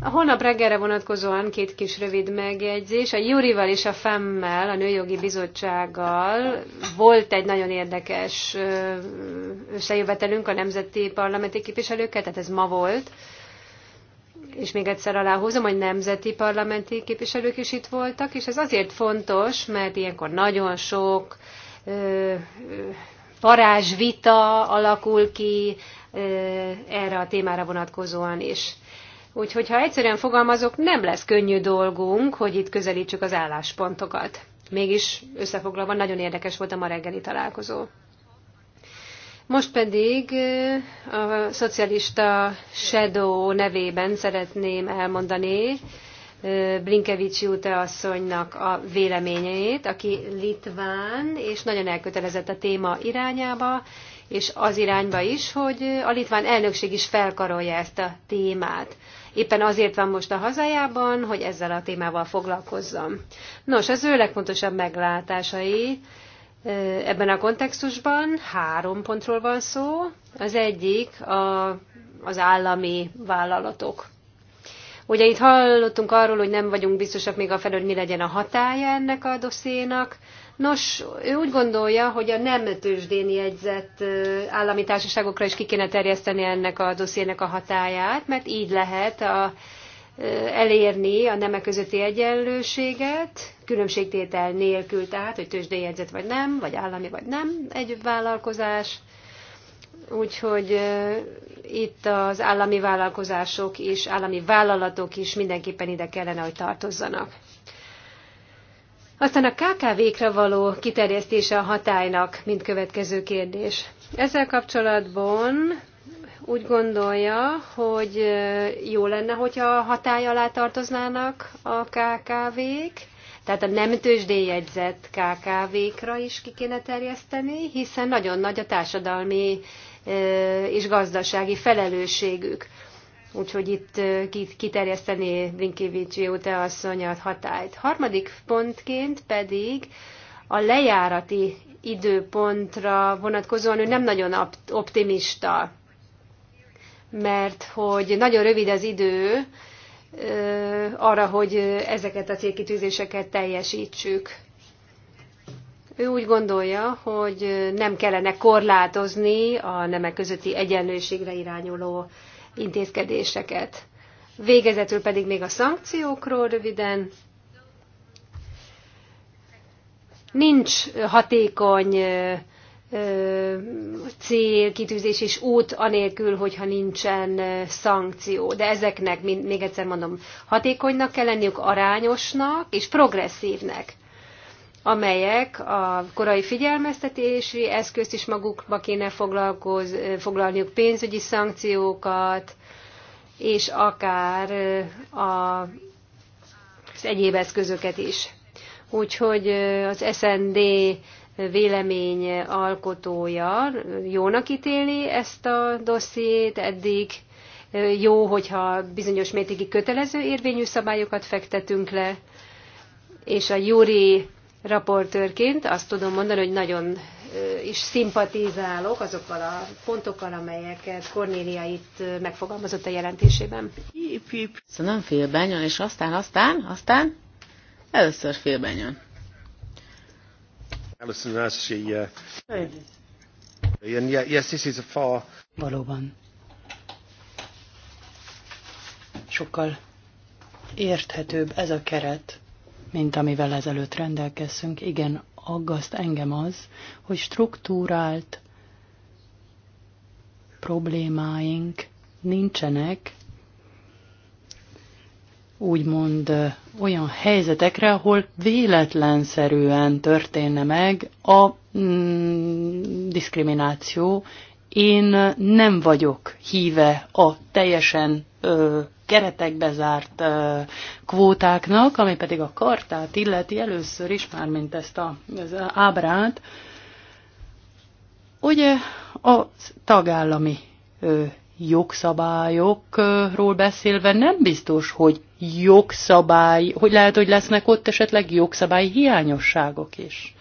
A holnap reggelre vonatkozóan két kis rövid megjegyzés. A Jurival és a Femmel, a Nőjogi Bizottsággal volt egy nagyon érdekes összejövetelünk a nemzeti parlamenti képviselőkkel, tehát ez ma volt és még egyszer aláhozom, hogy nemzeti parlamenti képviselők is itt voltak, és ez azért fontos, mert ilyenkor nagyon sok ö, varázsvita alakul ki ö, erre a témára vonatkozóan is. Úgyhogy ha egyszerűen fogalmazok, nem lesz könnyű dolgunk, hogy itt közelítsük az álláspontokat. Mégis összefoglalva nagyon érdekes volt a ma reggeli találkozó. Most pedig eh, a szocialista Shadow nevében szeretném elmondani eh, Blinkevics Júte asszonynak a véleményét, aki litván, és nagyon elkötelezett a téma irányába, és az irányba is, hogy a litván elnökség is felkarolja ezt a témát. Éppen azért van most a hazájában, hogy ezzel a témával foglalkozzam. Nos, az ő legfontosabb meglátásai Ebben a kontextusban három pontról van szó. Az egyik a, az állami vállalatok. Ugye itt hallottunk arról, hogy nem vagyunk biztosak még a fel, hogy mi legyen a hatája ennek a doszénak. Nos, ő úgy gondolja, hogy a nem tőzsdén jegyzett állami társaságokra is ki kéne terjeszteni ennek a dossziének a hatáját, mert így lehet a elérni a nemek közötti egyenlőséget, különbségtétel nélkül, tehát, hogy tőzsdéjegyzet vagy nem, vagy állami vagy nem egy vállalkozás. Úgyhogy itt az állami vállalkozások és állami vállalatok is mindenképpen ide kellene, hogy tartozzanak. Aztán a KKV-kra való kiterjesztése a hatálynak, mint következő kérdés. Ezzel kapcsolatban úgy gondolja, hogy jó lenne, hogyha a hatály alá tartoznának a KKV-k, tehát a nem tőzsdéjegyzett KKV-kra is ki kéne terjeszteni, hiszen nagyon nagy a társadalmi és gazdasági felelősségük. Úgyhogy itt kiterjeszteni Vinkivics Jóte asszony a hatályt. Harmadik pontként pedig a lejárati időpontra vonatkozóan ő nem nagyon optimista mert hogy nagyon rövid az idő arra, hogy ezeket a célkitűzéseket teljesítsük. Ő úgy gondolja, hogy nem kellene korlátozni a nemek közötti egyenlőségre irányuló intézkedéseket. Végezetül pedig még a szankciókról röviden. Nincs hatékony célkitűzés és út anélkül, hogyha nincsen szankció. De ezeknek, még egyszer mondom, hatékonynak kell lenniük, arányosnak és progresszívnek amelyek a korai figyelmeztetési eszközt is magukba kéne foglalkoz, foglalniuk pénzügyi szankciókat, és akár a, az egyéb eszközöket is. Úgyhogy az SND vélemény alkotója jónak ítéli ezt a dossziét eddig. Jó, hogyha bizonyos mértékig kötelező érvényű szabályokat fektetünk le, és a Júri raportőrként azt tudom mondani, hogy nagyon is szimpatizálok azokkal a pontokkal, amelyeket Cornélia itt megfogalmazott a jelentésében. Szóval nem félbenyon, és aztán, aztán, aztán először félbenyon. Alison Rási, yeah. Uh, and yeah, yes, this is a far... Valóban. Sokkal érthetőbb ez a keret, mint amivel ezelőtt rendelkeztünk. Igen, aggaszt engem az, hogy struktúrált problémáink nincsenek, úgymond olyan helyzetekre, ahol véletlenszerűen történne meg a mm, diszkrimináció. Én nem vagyok híve a teljesen ö, keretekbe zárt ö, kvótáknak, ami pedig a kartát illeti először is, mármint ezt a, az ábrát, ugye a tagállami ö, jogszabályokról beszélve nem biztos, hogy jogszabály, hogy lehet, hogy lesznek ott esetleg jogszabály hiányosságok is.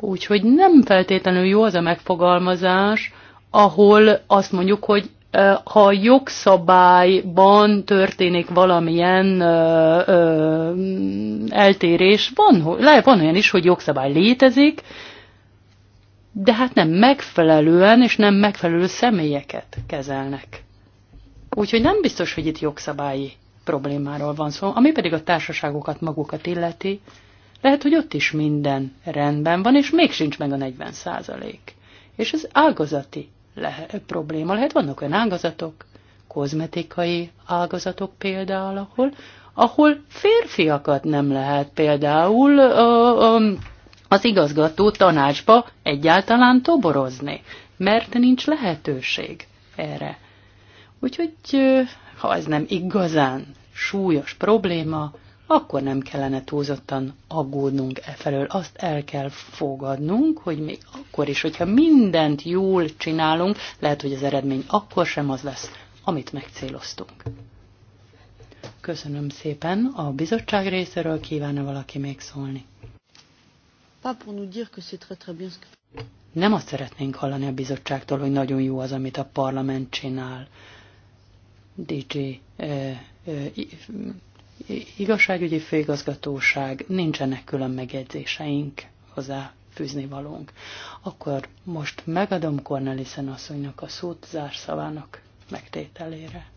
Úgyhogy nem feltétlenül jó az a megfogalmazás, ahol azt mondjuk, hogy ha jogszabályban történik valamilyen ö, ö, eltérés, van, van olyan is, hogy jogszabály létezik, de hát nem megfelelően és nem megfelelő személyeket kezelnek. Úgyhogy nem biztos, hogy itt jogszabályi problémáról van szó, ami pedig a társaságokat magukat illeti, lehet, hogy ott is minden rendben van, és még sincs meg a 40 százalék. És ez ágazati lehet, probléma lehet. Vannak olyan ágazatok, kozmetikai ágazatok például, ahol, ahol férfiakat nem lehet például ö, ö, az igazgató tanácsba egyáltalán toborozni, mert nincs lehetőség erre. Úgyhogy ha ez nem igazán súlyos probléma, akkor nem kellene túlzottan aggódnunk e felől. Azt el kell fogadnunk, hogy még akkor is, hogyha mindent jól csinálunk, lehet, hogy az eredmény akkor sem az lesz, amit megcéloztunk. Köszönöm szépen. A bizottság részéről kívánna valaki még szólni. Nem azt szeretnénk hallani a bizottságtól, hogy nagyon jó az, amit a parlament csinál. DJ eh, eh, igazságügyi főigazgatóság, nincsenek külön megjegyzéseink hozzá fűzni valónk. Akkor most megadom Cornelissen asszonynak a szót zárszavának megtételére.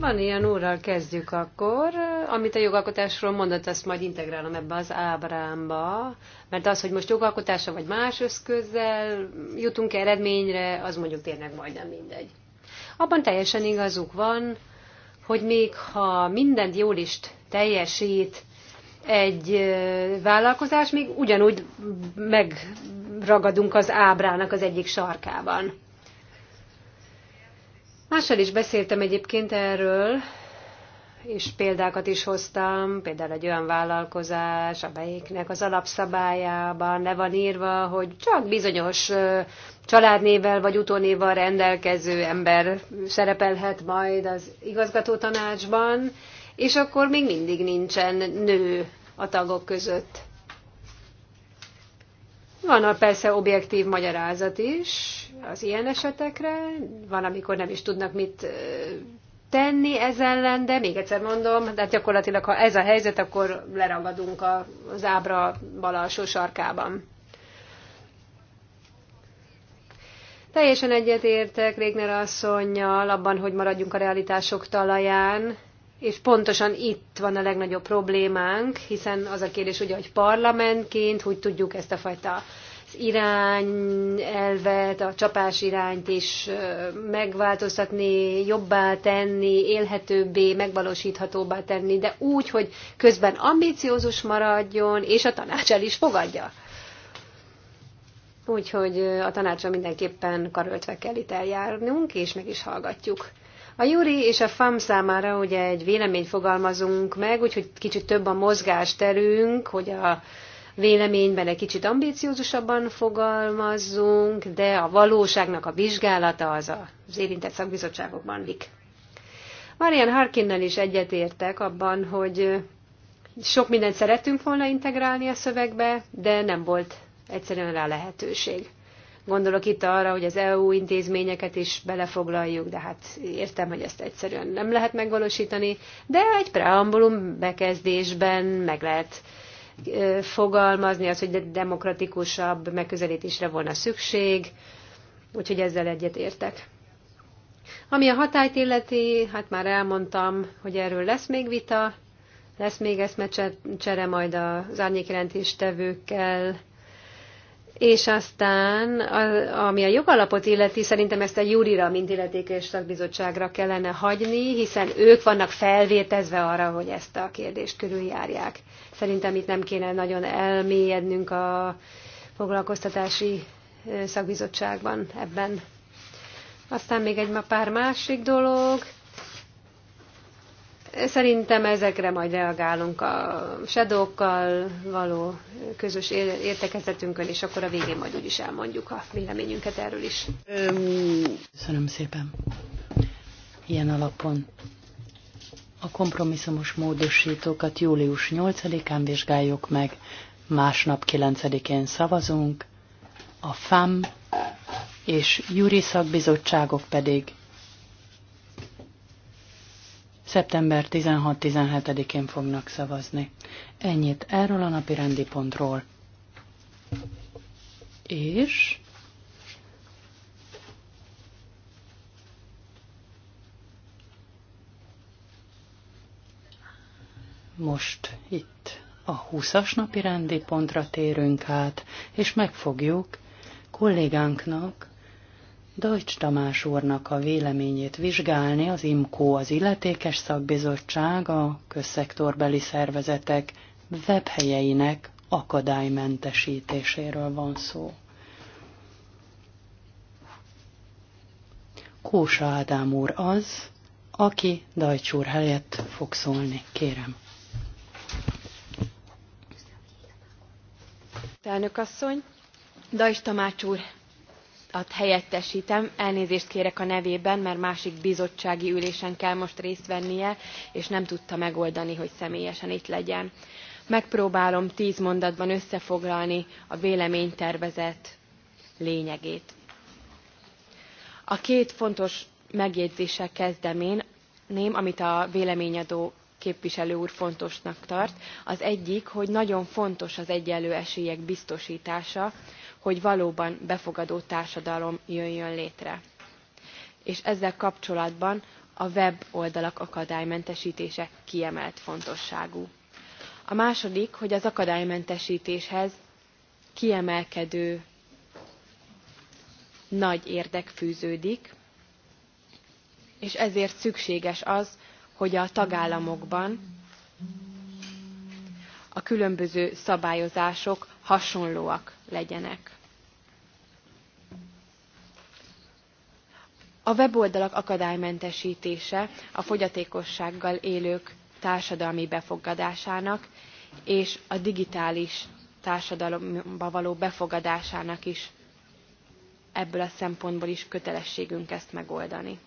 Van ilyen úrral kezdjük akkor. Amit a jogalkotásról mondott, azt majd integrálom ebbe az ábrámba. Mert az, hogy most jogalkotása vagy más összközzel jutunk eredményre, az mondjuk tényleg majdnem mindegy. Abban teljesen igazuk van, hogy még ha mindent jól is teljesít egy vállalkozás, még ugyanúgy megragadunk az ábrának az egyik sarkában Mással is beszéltem egyébként erről, és példákat is hoztam, például egy olyan vállalkozás, amelyiknek az alapszabályában le van írva, hogy csak bizonyos családnével vagy utónéval rendelkező ember szerepelhet majd az igazgató tanácsban, és akkor még mindig nincsen nő a tagok között. Van persze objektív magyarázat is az ilyen esetekre, van, amikor nem is tudnak mit tenni ez ellen, de még egyszer mondom, de hát gyakorlatilag, ha ez a helyzet, akkor leragadunk az ábra bal alsó sarkában. Teljesen egyetértek Régner asszonynal abban, hogy maradjunk a realitások talaján, és pontosan itt van a legnagyobb problémánk, hiszen az a kérdés, ugye, hogy parlamentként hogy tudjuk ezt a fajta az elvet, a csapás irányt is megváltoztatni, jobbá tenni, élhetőbbé, megvalósíthatóbbá tenni, de úgy, hogy közben ambiciózus maradjon, és a tanács el is fogadja. Úgyhogy a tanácsra mindenképpen karöltve kell itt eljárnunk, és meg is hallgatjuk. A Júri és a FAM számára ugye egy véleményt fogalmazunk meg, úgyhogy kicsit több a terünk, hogy a véleményben egy kicsit ambíciózusabban fogalmazzunk, de a valóságnak a vizsgálata az az érintett szakbizottságokban vik. Marian Harkinnel is egyetértek abban, hogy sok mindent szerettünk volna integrálni a szövegbe, de nem volt egyszerűen rá lehetőség. Gondolok itt arra, hogy az EU intézményeket is belefoglaljuk, de hát értem, hogy ezt egyszerűen nem lehet megvalósítani, de egy preambulum bekezdésben meg lehet fogalmazni az, hogy demokratikusabb megközelítésre volna szükség, úgyhogy ezzel egyet értek. Ami a hatályt illeti, hát már elmondtam, hogy erről lesz még vita, lesz még eszmecsere majd az árnyékjelentéstevőkkel, és aztán, ami a jogalapot illeti, szerintem ezt a júrira, mint illetékes szakbizottságra kellene hagyni, hiszen ők vannak felvétezve arra, hogy ezt a kérdést körüljárják. Szerintem itt nem kéne nagyon elmélyednünk a foglalkoztatási szakbizottságban ebben. Aztán még egy pár másik dolog. Szerintem ezekre majd reagálunk a sedókkal való közös értekezetünkön, és akkor a végén majd úgyis elmondjuk a véleményünket erről is. Köszönöm szépen. Ilyen alapon a kompromisszumos módosítókat július 8-án vizsgáljuk meg, másnap 9-én szavazunk, a FAM és Júri szakbizottságok pedig Szeptember 16-17-én fognak szavazni. Ennyit erről a napi rendi pontról. És most itt a 20-as napi rendi pontra térünk át, és megfogjuk kollégánknak, Deutsch Tamás úrnak a véleményét vizsgálni az IMKO, az illetékes szakbizottság, a közszektorbeli szervezetek webhelyeinek akadálymentesítéséről van szó. Kósa Ádám úr az, aki Dajcs úr helyett fog szólni. Kérem. Elnök asszony, Dajcs Tamács úr helyettestem elnézést kérek a nevében mert másik bizottsági ülésen kell most részt vennie és nem tudta megoldani hogy személyesen itt legyen. megpróbálom tz mondatban összefoglalni a véleménytervezet lényegét. a két fontos megjegyzéssel kezdeném amit a véleményadó képviselő úr fontosnak tart. az egyik hogy nagyon fontos az egyenlő esélyek biztostása hogy valóban befogadó társadalom jöjjön létre. És ezzel kapcsolatban a web oldalak akadálymentesítése kiemelt fontosságú. A második, hogy az akadálymentesítéshez kiemelkedő nagy érdek fűződik, és ezért szükséges az, hogy a tagállamokban a különböző szabályozások hasonlóak legyenek. A weboldalak akadálymentesítése a fogyatékossággal élők társadalmi befogadásának és a digitális társadalomba való befogadásának is ebből a szempontból is kötelességünk ezt megoldani.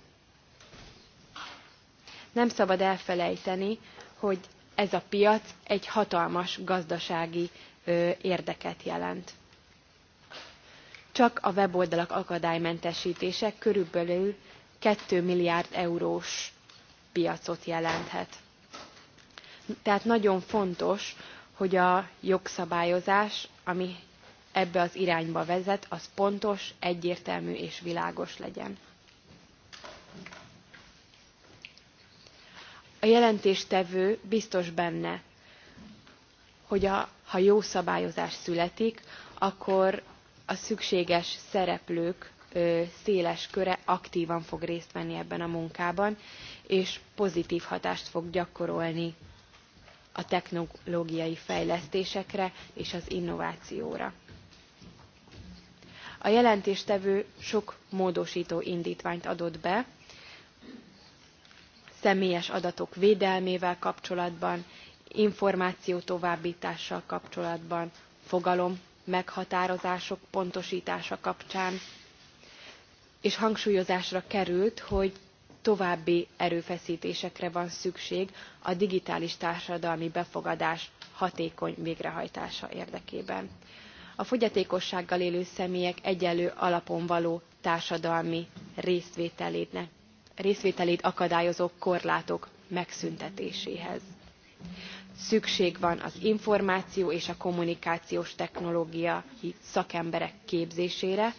Nem szabad elfelejteni, hogy ez a piac egy hatalmas gazdasági érdeket jelent csak a weboldalak akadálymentesítése körülbelül 2 milliárd eurós piacot jelenthet. Tehát nagyon fontos, hogy a jogszabályozás, ami ebbe az irányba vezet, az pontos, egyértelmű és világos legyen. A jelentéstevő biztos benne, hogy a, ha jó szabályozás születik, akkor a szükséges szereplők széles köre aktívan fog részt venni ebben a munkában, és pozitív hatást fog gyakorolni a technológiai fejlesztésekre és az innovációra. A jelentéstevő sok módosító indítványt adott be, személyes adatok védelmével kapcsolatban, információ továbbítással kapcsolatban, fogalom meghatározások pontosítása kapcsán, és hangsúlyozásra került, hogy további erőfeszítésekre van szükség a digitális társadalmi befogadás hatékony végrehajtása érdekében. A fogyatékossággal élő személyek egyenlő alapon való társadalmi részvételének, részvételét akadályozó korlátok megszüntetéséhez szükség van az információ és a kommunikációs technológiai szakemberek képzésére,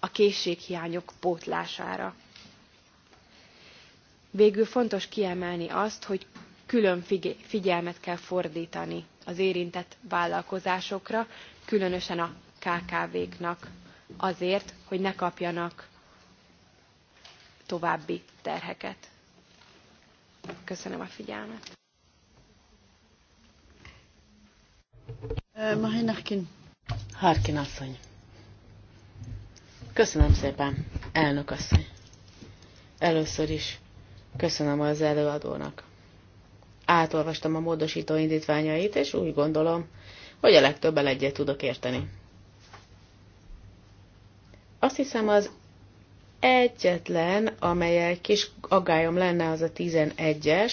a készséghiányok pótlására. Végül fontos kiemelni azt, hogy külön figyelmet kell fordítani az érintett vállalkozásokra, különösen a KKV-knak azért, hogy ne kapjanak további terheket. Köszönöm a figyelmet. Eh, Mahin Harkin. asszony. Köszönöm szépen, elnök asszony. Először is köszönöm az előadónak. Átolvastam a módosító indítványait, és úgy gondolom, hogy a legtöbbel egyet tudok érteni. Azt hiszem az egyetlen, egy kis aggályom lenne, az a 11-es,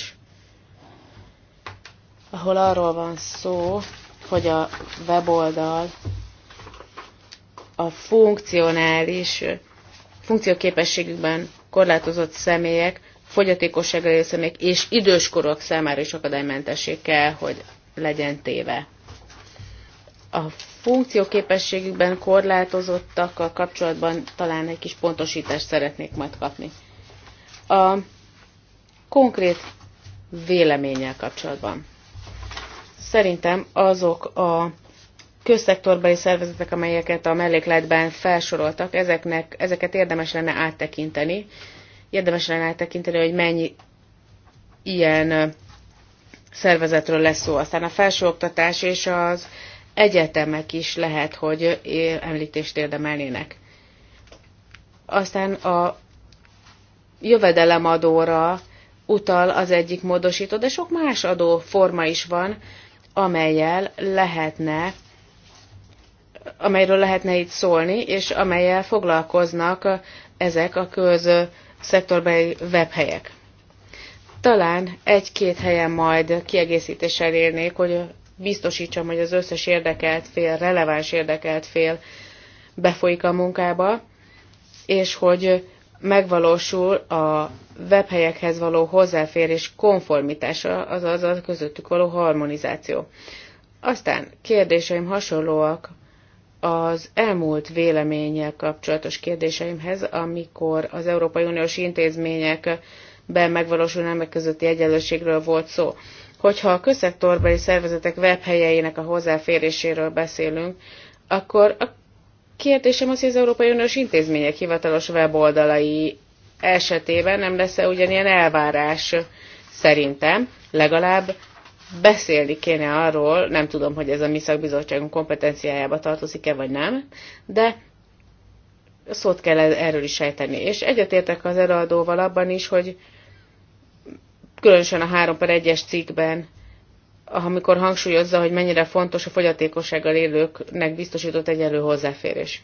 ahol arról van szó, hogy a weboldal a funkcionális funkcióképességükben korlátozott személyek, fogyatékossággal élő személyek és időskorok számára is akadálymentessé kell, hogy legyen téve. A funkcióképességükben korlátozottakkal kapcsolatban talán egy kis pontosítást szeretnék majd kapni. A konkrét véleménnyel kapcsolatban. Szerintem azok a közszektorbeli szervezetek, amelyeket a mellékletben felsoroltak, ezeknek, ezeket érdemes lenne áttekinteni. Érdemes lenne áttekinteni, hogy mennyi ilyen szervezetről lesz szó. Aztán a felsőoktatás és az egyetemek is lehet, hogy említést érdemelnének. Aztán a jövedelemadóra utal az egyik módosító, de sok más adóforma is van, amelyel lehetne amelyről lehetne itt szólni, és amelyel foglalkoznak ezek a közszektorbeli webhelyek. Talán egy-két helyen majd kiegészítéssel élnék, hogy biztosítsam, hogy az összes érdekelt fél, releváns érdekelt fél befolyik a munkába, és hogy megvalósul a webhelyekhez való hozzáférés konformitása, azaz a közöttük való harmonizáció. Aztán kérdéseim hasonlóak az elmúlt véleménnyel kapcsolatos kérdéseimhez, amikor az Európai Uniós intézményekben megvalósul nemek közötti egyenlőségről volt szó. Hogyha a közszektorbeli szervezetek webhelyeinek a hozzáféréséről beszélünk, akkor a kérdésem az, hogy az Európai Uniós intézmények hivatalos weboldalai esetében nem lesz-e ugyanilyen elvárás szerintem, legalább beszélni kéne arról, nem tudom, hogy ez a mi szakbizottságunk kompetenciájába tartozik-e, vagy nem, de szót kell er- erről is sejteni. És egyetértek az előadóval abban is, hogy különösen a 3 per 1-es cikkben, amikor hangsúlyozza, hogy mennyire fontos a fogyatékossággal élőknek biztosított egyenlő hozzáférés.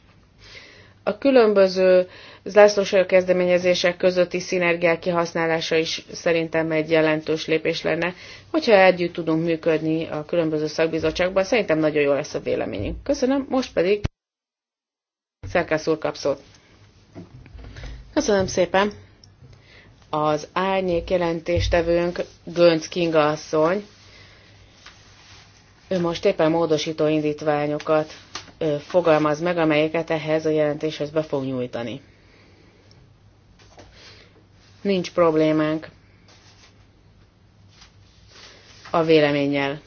A különböző zászlósajó kezdeményezések közötti szinergiák kihasználása is szerintem egy jelentős lépés lenne. Hogyha együtt tudunk működni a különböző szakbizottságban, szerintem nagyon jó lesz a véleményünk. Köszönöm, most pedig Szerkász úr kapszót. Köszönöm szépen. Az árnyék jelentéstevőnk Gönc Kinga asszony. Ő most éppen módosító indítványokat fogalmaz meg, amelyeket ehhez a jelentéshez be fog nyújtani. Nincs problémánk a véleménnyel.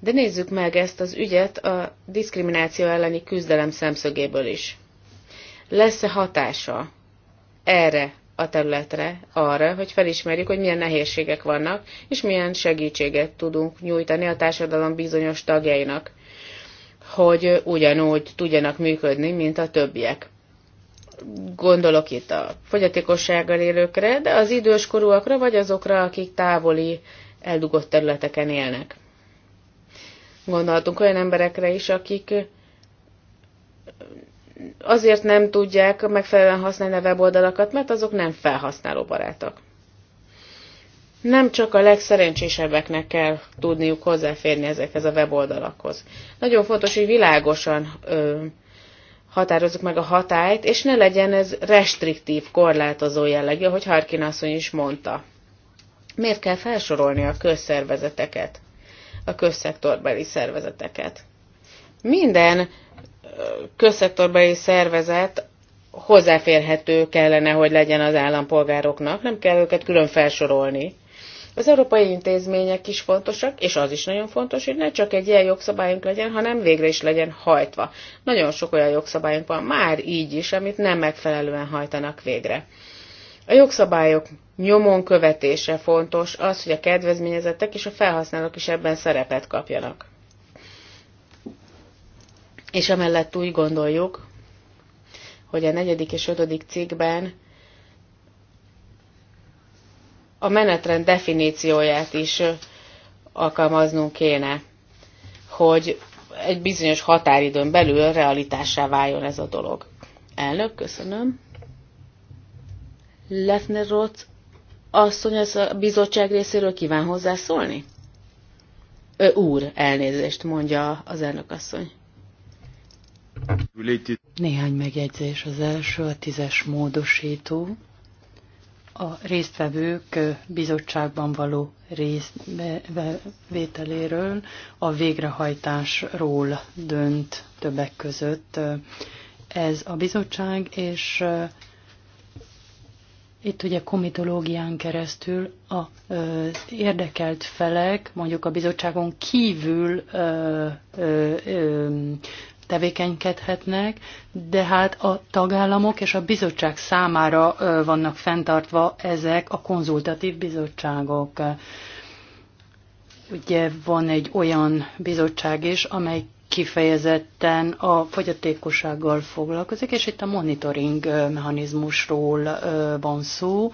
De nézzük meg ezt az ügyet a diszkrimináció elleni küzdelem szemszögéből is. Lesz-e hatása erre a területre, arra, hogy felismerjük, hogy milyen nehézségek vannak, és milyen segítséget tudunk nyújtani a társadalom bizonyos tagjainak hogy ugyanúgy tudjanak működni, mint a többiek. Gondolok itt a fogyatékossággal élőkre, de az időskorúakra vagy azokra, akik távoli, eldugott területeken élnek. Gondolhatunk olyan emberekre is, akik azért nem tudják megfelelően használni a weboldalakat, mert azok nem felhasználóbarátak nem csak a legszerencsésebbeknek kell tudniuk hozzáférni ezekhez a weboldalakhoz. Nagyon fontos, hogy világosan ö, határozzuk meg a hatályt, és ne legyen ez restriktív, korlátozó jellegű, ahogy Harkin asszony is mondta. Miért kell felsorolni a közszervezeteket, a közszektorbeli szervezeteket? Minden közszektorbeli szervezet hozzáférhető kellene, hogy legyen az állampolgároknak, nem kell őket külön felsorolni. Az európai intézmények is fontosak, és az is nagyon fontos, hogy ne csak egy ilyen jogszabályunk legyen, hanem végre is legyen hajtva. Nagyon sok olyan jogszabályunk van már így is, amit nem megfelelően hajtanak végre. A jogszabályok nyomon követése fontos, az, hogy a kedvezményezettek és a felhasználók is ebben szerepet kapjanak. És emellett úgy gondoljuk, hogy a negyedik és ötödik cikkben a menetrend definícióját is alkalmaznunk kéne, hogy egy bizonyos határidőn belül realitássá váljon ez a dolog. Elnök, köszönöm. Lefner Roth asszony az a bizottság részéről kíván hozzászólni? Ö, úr, elnézést mondja az elnök asszony. Néhány megjegyzés. Az első a tízes módosító a résztvevők bizottságban való részvételéről, a végrehajtásról dönt többek között ez a bizottság, és eh, itt ugye komitológián keresztül az eh, érdekelt felek, mondjuk a bizottságon kívül ö, ö, ö, tevékenykedhetnek, de hát a tagállamok és a bizottság számára vannak fenntartva ezek a konzultatív bizottságok. Ugye van egy olyan bizottság is, amely kifejezetten a fogyatékossággal foglalkozik, és itt a monitoring mechanizmusról van szó,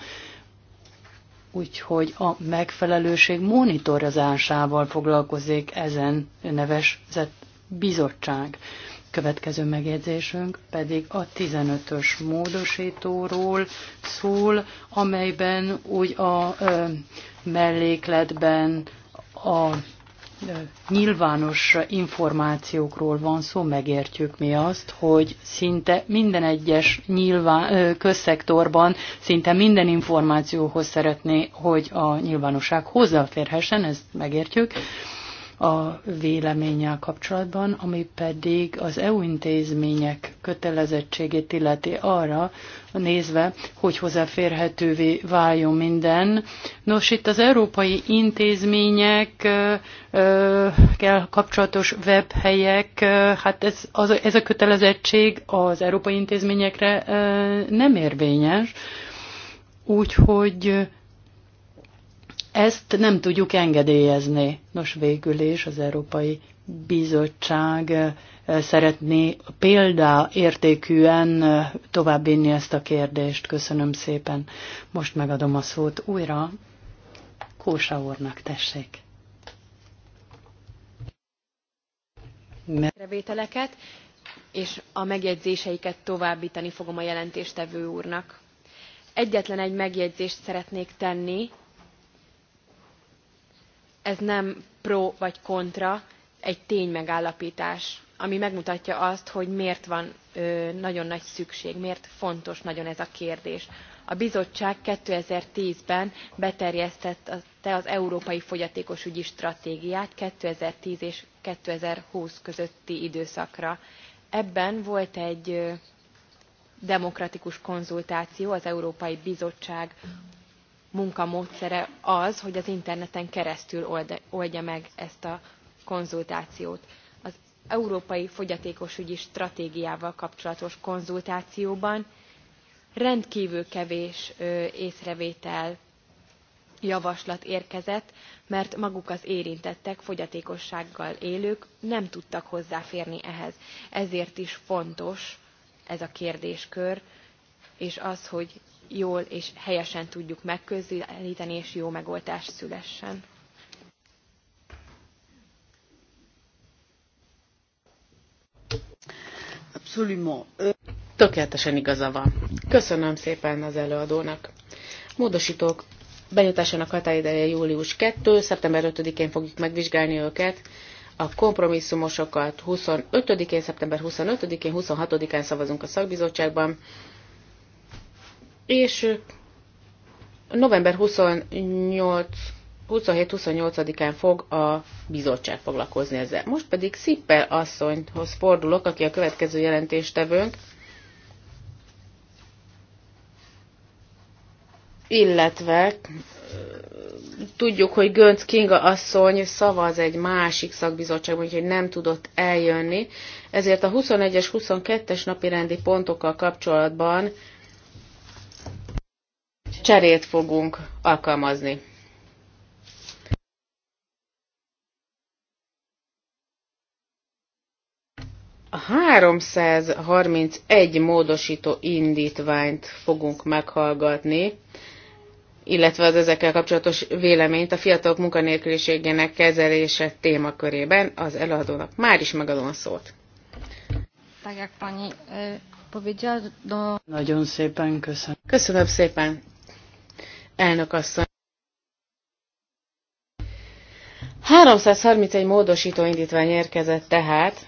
úgyhogy a megfelelőség monitorozásával foglalkozik ezen nevezett bizottság. Következő megjegyzésünk pedig a 15-ös módosítóról szól, amelyben úgy a ö, mellékletben a ö, nyilvános információkról van szó, megértjük mi azt, hogy szinte minden egyes nyilván, ö, közszektorban szinte minden információhoz szeretné, hogy a nyilvánosság hozzáférhessen, ezt megértjük. Ö, a véleménnyel kapcsolatban, ami pedig az EU intézmények kötelezettségét illeti arra nézve, hogy hozzáférhetővé váljon minden. Nos, itt az európai intézmények kell kapcsolatos webhelyek, hát ez, az, ez a kötelezettség az európai intézményekre nem érvényes, úgyhogy ezt nem tudjuk engedélyezni. Nos, végül is az Európai Bizottság eh, szeretné példaértékűen eh, továbbvinni ezt a kérdést. Köszönöm szépen. Most megadom a szót újra Kósa úrnak, tessék. Revételeket, és a megjegyzéseiket továbbítani fogom a jelentéstevő úrnak. Egyetlen egy megjegyzést szeretnék tenni, ez nem pro vagy kontra, egy ténymegállapítás, ami megmutatja azt, hogy miért van ö, nagyon nagy szükség, miért fontos nagyon ez a kérdés. A bizottság 2010-ben beterjesztette az Európai Fogyatékosügyi Stratégiát 2010 és 2020 közötti időszakra. Ebben volt egy demokratikus konzultáció az Európai Bizottság munkamódszere az, hogy az interneten keresztül oldja meg ezt a konzultációt. Az Európai Fogyatékosügyi Stratégiával kapcsolatos konzultációban rendkívül kevés észrevétel, javaslat érkezett, mert maguk az érintettek, fogyatékossággal élők nem tudtak hozzáférni ehhez. Ezért is fontos ez a kérdéskör, és az, hogy jól és helyesen tudjuk megközelíteni, és jó megoldás szülessen. Abszolút. Tökéletesen igaza van. Köszönöm szépen az előadónak. Módosítók benyújtásának határideje július 2, szeptember 5-én fogjuk megvizsgálni őket, a kompromisszumosokat 25-én, szeptember 25-én, 26-án szavazunk a szakbizottságban, és november 28 27-28-án fog a bizottság foglalkozni ezzel. Most pedig Szippel asszonyhoz fordulok, aki a következő jelentéstevőnk, illetve tudjuk, hogy Gönc Kinga asszony szavaz egy másik szakbizottságban, úgyhogy nem tudott eljönni, ezért a 21-es, 22-es napi rendi pontokkal kapcsolatban cserét fogunk alkalmazni. A 331 módosító indítványt fogunk meghallgatni, illetve az ezekkel kapcsolatos véleményt a fiatalok munkanélküliségének kezelése témakörében az előadónak. Már is megadom a szót. E, Nagyon szépen köszönöm. Köszönöm szépen elnök asszony. 331 módosító indítvány érkezett tehát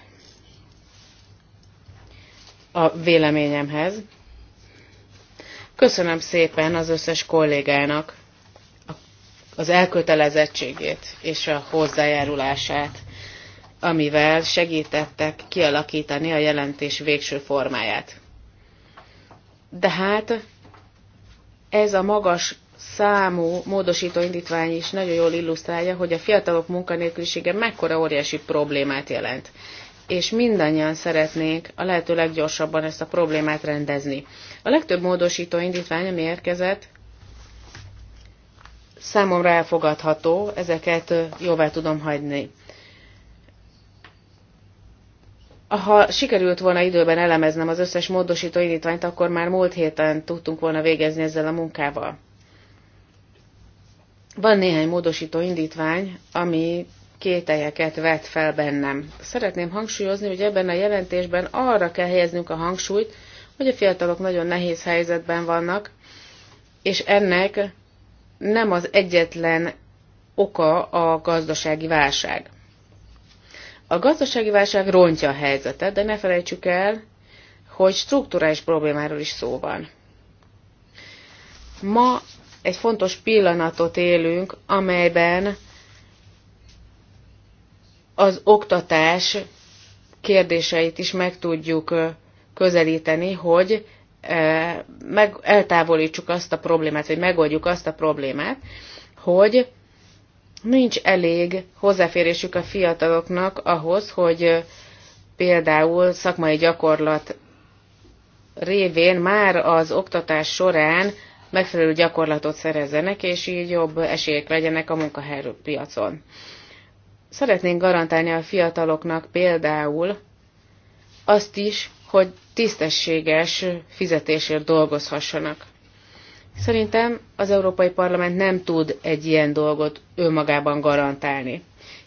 a véleményemhez. Köszönöm szépen az összes kollégának az elkötelezettségét és a hozzájárulását, amivel segítettek kialakítani a jelentés végső formáját. De hát ez a magas számú módosító indítvány is nagyon jól illusztrálja, hogy a fiatalok munkanélkülisége mekkora óriási problémát jelent. És mindannyian szeretnék a lehető leggyorsabban ezt a problémát rendezni. A legtöbb módosító indítvány, ami érkezett, számomra elfogadható, ezeket jóvá tudom hagyni. Ha sikerült volna időben elemeznem az összes módosító indítványt, akkor már múlt héten tudtunk volna végezni ezzel a munkával. Van néhány módosító indítvány, ami kételyeket vet fel bennem. Szeretném hangsúlyozni, hogy ebben a jelentésben arra kell helyeznünk a hangsúlyt, hogy a fiatalok nagyon nehéz helyzetben vannak, és ennek nem az egyetlen oka a gazdasági válság. A gazdasági válság rontja a helyzetet, de ne felejtsük el, hogy struktúrális problémáról is szó van. Ma egy fontos pillanatot élünk, amelyben az oktatás kérdéseit is meg tudjuk közelíteni, hogy meg eltávolítsuk azt a problémát, vagy megoldjuk azt a problémát, hogy nincs elég hozzáférésük a fiataloknak ahhoz, hogy például szakmai gyakorlat révén már az oktatás során megfelelő gyakorlatot szerezzenek, és így jobb esélyek legyenek a munkahelypiacon. Szeretnénk garantálni a fiataloknak például azt is, hogy tisztességes fizetésért dolgozhassanak. Szerintem az Európai Parlament nem tud egy ilyen dolgot önmagában garantálni,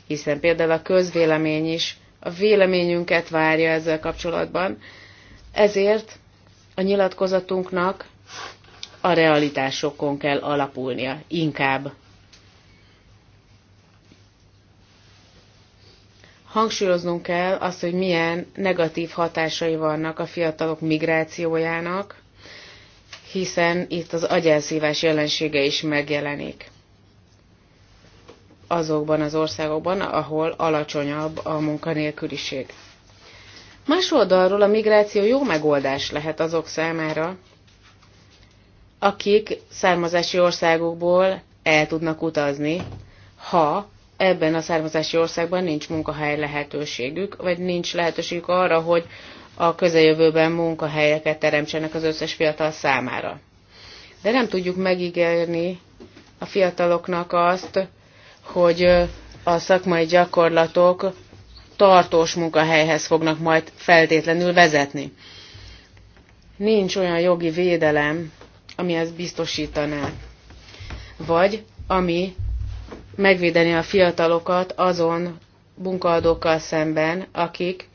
hiszen például a közvélemény is a véleményünket várja ezzel kapcsolatban, ezért a nyilatkozatunknak a realitásokon kell alapulnia inkább. Hangsúlyoznunk kell azt, hogy milyen negatív hatásai vannak a fiatalok migrációjának, hiszen itt az agyelszívás jelensége is megjelenik azokban az országokban, ahol alacsonyabb a munkanélküliség. Más oldalról a migráció jó megoldás lehet azok számára, akik származási országokból el tudnak utazni, ha ebben a származási országban nincs munkahely lehetőségük, vagy nincs lehetőségük arra, hogy a közeljövőben munkahelyeket teremtsenek az összes fiatal számára. De nem tudjuk megígérni a fiataloknak azt, hogy a szakmai gyakorlatok tartós munkahelyhez fognak majd feltétlenül vezetni. Nincs olyan jogi védelem, ami ezt biztosítaná. Vagy ami megvédeni a fiatalokat azon munkahadókkal szemben, akik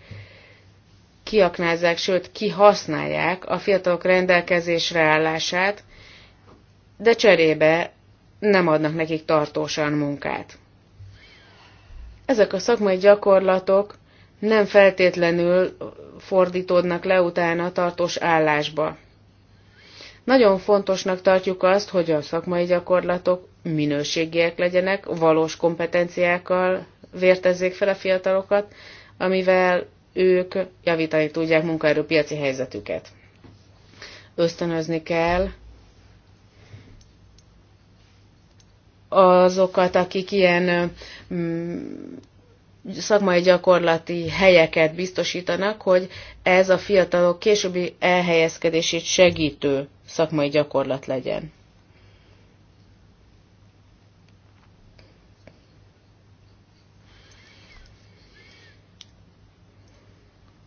kiaknázzák, sőt kihasználják a fiatalok rendelkezésre állását, de cserébe nem adnak nekik tartósan munkát. Ezek a szakmai gyakorlatok nem feltétlenül fordítódnak le utána tartós állásba. Nagyon fontosnak tartjuk azt, hogy a szakmai gyakorlatok minőségiek legyenek, valós kompetenciákkal vértezzék fel a fiatalokat, amivel ők javítani tudják munkaerőpiaci helyzetüket. Ösztönözni kell azokat, akik ilyen mm, szakmai gyakorlati helyeket biztosítanak, hogy ez a fiatalok későbbi elhelyezkedését segítő szakmai gyakorlat legyen.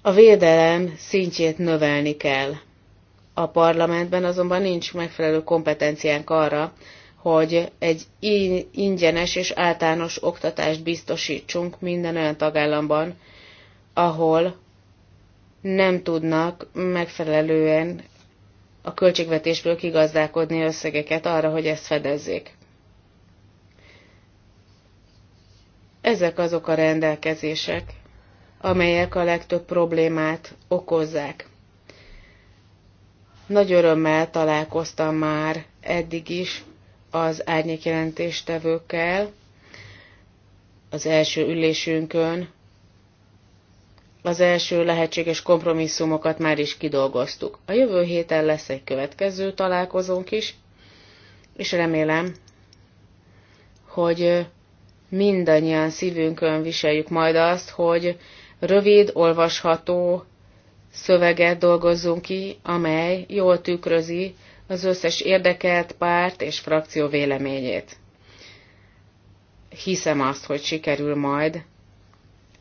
A védelem szintjét növelni kell. A parlamentben azonban nincs megfelelő kompetenciánk arra, hogy egy ingyenes és általános oktatást biztosítsunk minden olyan tagállamban, ahol nem tudnak megfelelően a költségvetésből kigazdálkodni összegeket arra, hogy ezt fedezzék. Ezek azok a rendelkezések, amelyek a legtöbb problémát okozzák. Nagy örömmel találkoztam már eddig is az árnyékjelentéstevőkkel az első ülésünkön, az első lehetséges kompromisszumokat már is kidolgoztuk. A jövő héten lesz egy következő találkozónk is, és remélem, hogy mindannyian szívünkön viseljük majd azt, hogy rövid, olvasható szöveget dolgozzunk ki, amely jól tükrözi az összes érdekelt párt és frakció véleményét. Hiszem azt, hogy sikerül majd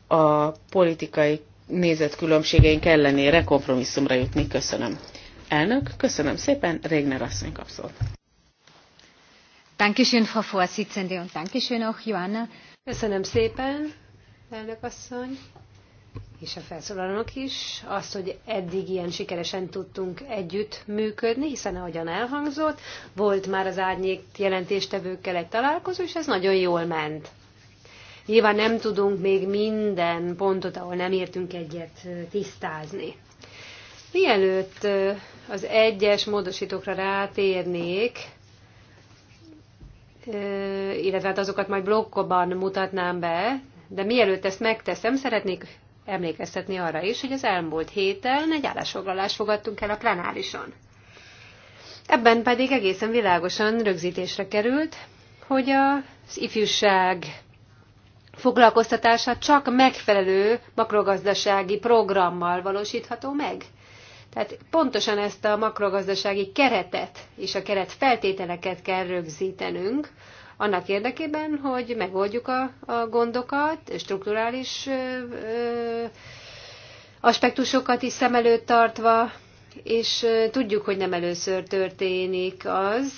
a politikai nézetkülönbségeink ellenére kompromisszumra jutni. Köszönöm. Elnök, köszönöm szépen, Régner asszony kapszolt. Dankeschön, Frau Vorsitzende, und Dankeschön auch, Johanna. Köszönöm szépen, elnök asszony, és a felszólalónak is, azt, hogy eddig ilyen sikeresen tudtunk együtt működni, hiszen ahogyan elhangzott, volt már az árnyék jelentéstevőkkel egy találkozó, és ez nagyon jól ment. Nyilván nem tudunk még minden pontot, ahol nem értünk egyet tisztázni. Mielőtt az egyes módosítókra rátérnék, illetve hát azokat majd blokkoban mutatnám be, de mielőtt ezt megteszem, szeretnék emlékeztetni arra is, hogy az elmúlt héten egy állásfoglalást fogadtunk el a plenárison. Ebben pedig egészen világosan rögzítésre került, hogy az ifjúság foglalkoztatása csak megfelelő makrogazdasági programmal valósítható meg. Tehát pontosan ezt a makrogazdasági keretet és a keret feltételeket kell rögzítenünk, annak érdekében, hogy megoldjuk a, a gondokat, strukturális ö, ö, aspektusokat is szem előtt tartva, és tudjuk, hogy nem először történik az,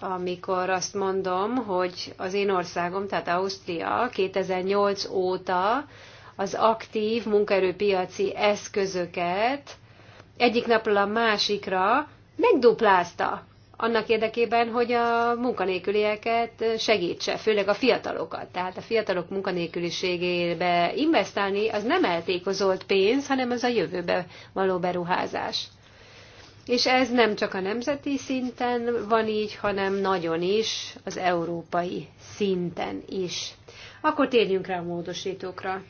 amikor azt mondom, hogy az én országom, tehát Ausztria 2008 óta az aktív munkaerőpiaci eszközöket egyik napról a másikra megduplázta annak érdekében, hogy a munkanélkülieket segítse, főleg a fiatalokat. Tehát a fiatalok munkanélküliségébe investálni az nem eltékozolt pénz, hanem az a jövőbe való beruházás. És ez nem csak a nemzeti szinten van így, hanem nagyon is az európai szinten is. Akkor térjünk rá a módosítókra.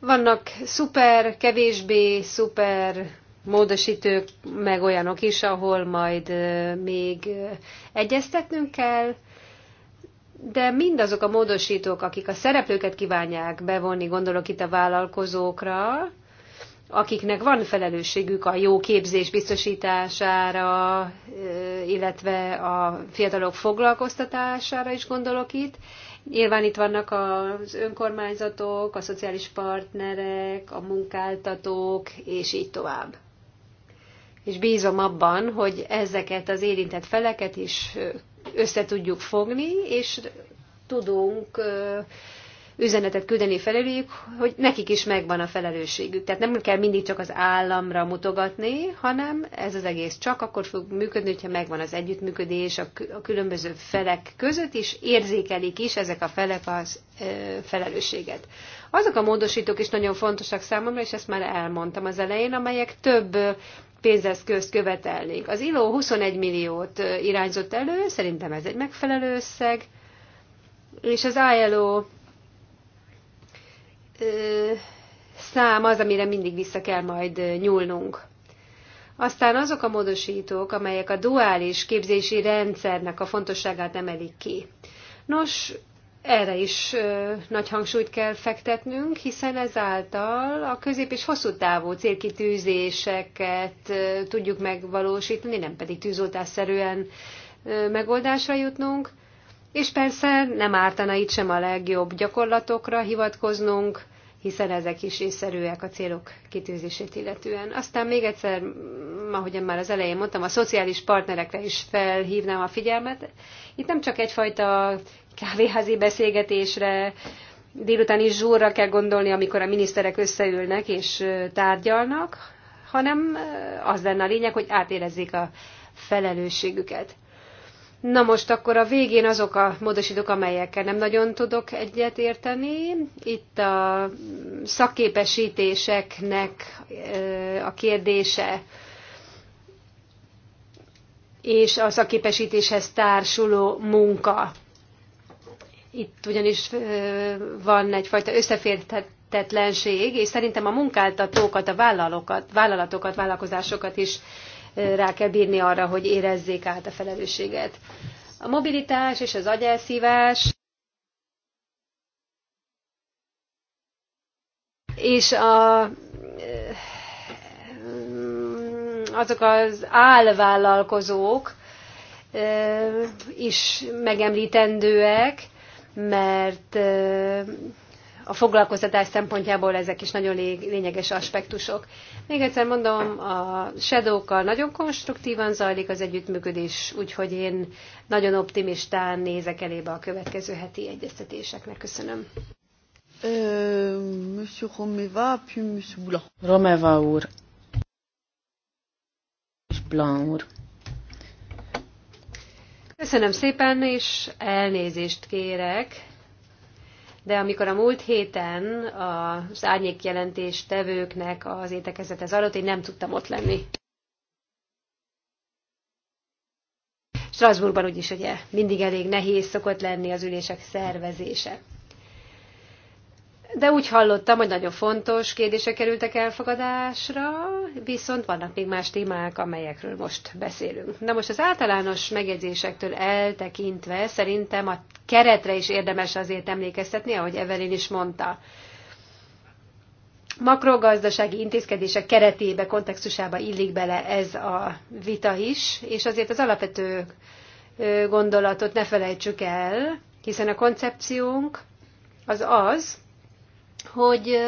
Vannak szuper, kevésbé szuper módosítők, meg olyanok is, ahol majd még egyeztetnünk kell, de mindazok a módosítók, akik a szereplőket kívánják bevonni, gondolok itt a vállalkozókra, akiknek van felelősségük a jó képzés biztosítására, illetve a fiatalok foglalkoztatására is gondolok itt. Nyilván itt vannak az önkormányzatok, a szociális partnerek, a munkáltatók, és így tovább. És bízom abban, hogy ezeket az érintett feleket is össze tudjuk fogni, és tudunk üzenetet küldeni feléjük, hogy nekik is megvan a felelősségük. Tehát nem kell mindig csak az államra mutogatni, hanem ez az egész csak akkor fog működni, hogyha megvan az együttműködés a különböző felek között, és érzékelik is ezek a felek az felelősséget. Azok a módosítók is nagyon fontosak számomra, és ezt már elmondtam az elején, amelyek több pénzeszközt követelnék. Az ILO 21 milliót irányzott elő, szerintem ez egy megfelelő összeg, és az ILO szám az, amire mindig vissza kell majd nyúlnunk. Aztán azok a módosítók, amelyek a duális képzési rendszernek a fontosságát emelik ki. Nos, erre is nagy hangsúlyt kell fektetnünk, hiszen ezáltal a közép- és hosszú távú célkitűzéseket tudjuk megvalósítani, nem pedig tűzoltásszerűen megoldásra jutnunk. És persze nem ártana itt sem a legjobb gyakorlatokra hivatkoznunk, hiszen ezek is észszerűek a célok kitűzését illetően. Aztán még egyszer, ahogyan már az elején mondtam, a szociális partnerekre is felhívnám a figyelmet. Itt nem csak egyfajta kávéházi beszélgetésre, is zsúrra kell gondolni, amikor a miniszterek összeülnek és tárgyalnak, hanem az lenne a lényeg, hogy átérezzék a felelősségüket. Na most akkor a végén azok a módosítók, amelyekkel nem nagyon tudok egyet érteni. Itt a szakképesítéseknek a kérdése és a szakképesítéshez társuló munka. Itt ugyanis van egyfajta összeférhetetlenség, és szerintem a munkáltatókat, a vállalatokat, vállalkozásokat is rá kell bírni arra, hogy érezzék át a felelősséget. A mobilitás és az agyelszívás és a, azok az állvállalkozók is megemlítendőek, mert a foglalkoztatás szempontjából ezek is nagyon lényeges aspektusok. Még egyszer mondom, a shadow nagyon konstruktívan zajlik az együttműködés, úgyhogy én nagyon optimistán nézek elébe a következő heti egyeztetéseknek. Köszönöm. Monsieur Romeva, puis Monsieur Blanc. Romeva úr. És Blanc úr. Köszönöm szépen, és elnézést kérek de amikor a múlt héten az árnyékjelentés tevőknek az étekezete zajlott, én nem tudtam ott lenni. Strasbourgban úgyis ugye mindig elég nehéz szokott lenni az ülések szervezése. De úgy hallottam, hogy nagyon fontos kérdések kerültek elfogadásra, viszont vannak még más témák, amelyekről most beszélünk. Na most az általános megjegyzésektől eltekintve szerintem a keretre is érdemes azért emlékeztetni, ahogy Evelyn is mondta. Makrogazdasági intézkedések keretébe, kontextusába illik bele ez a vita is, és azért az alapvető gondolatot ne felejtsük el, hiszen a koncepciónk az az, hogy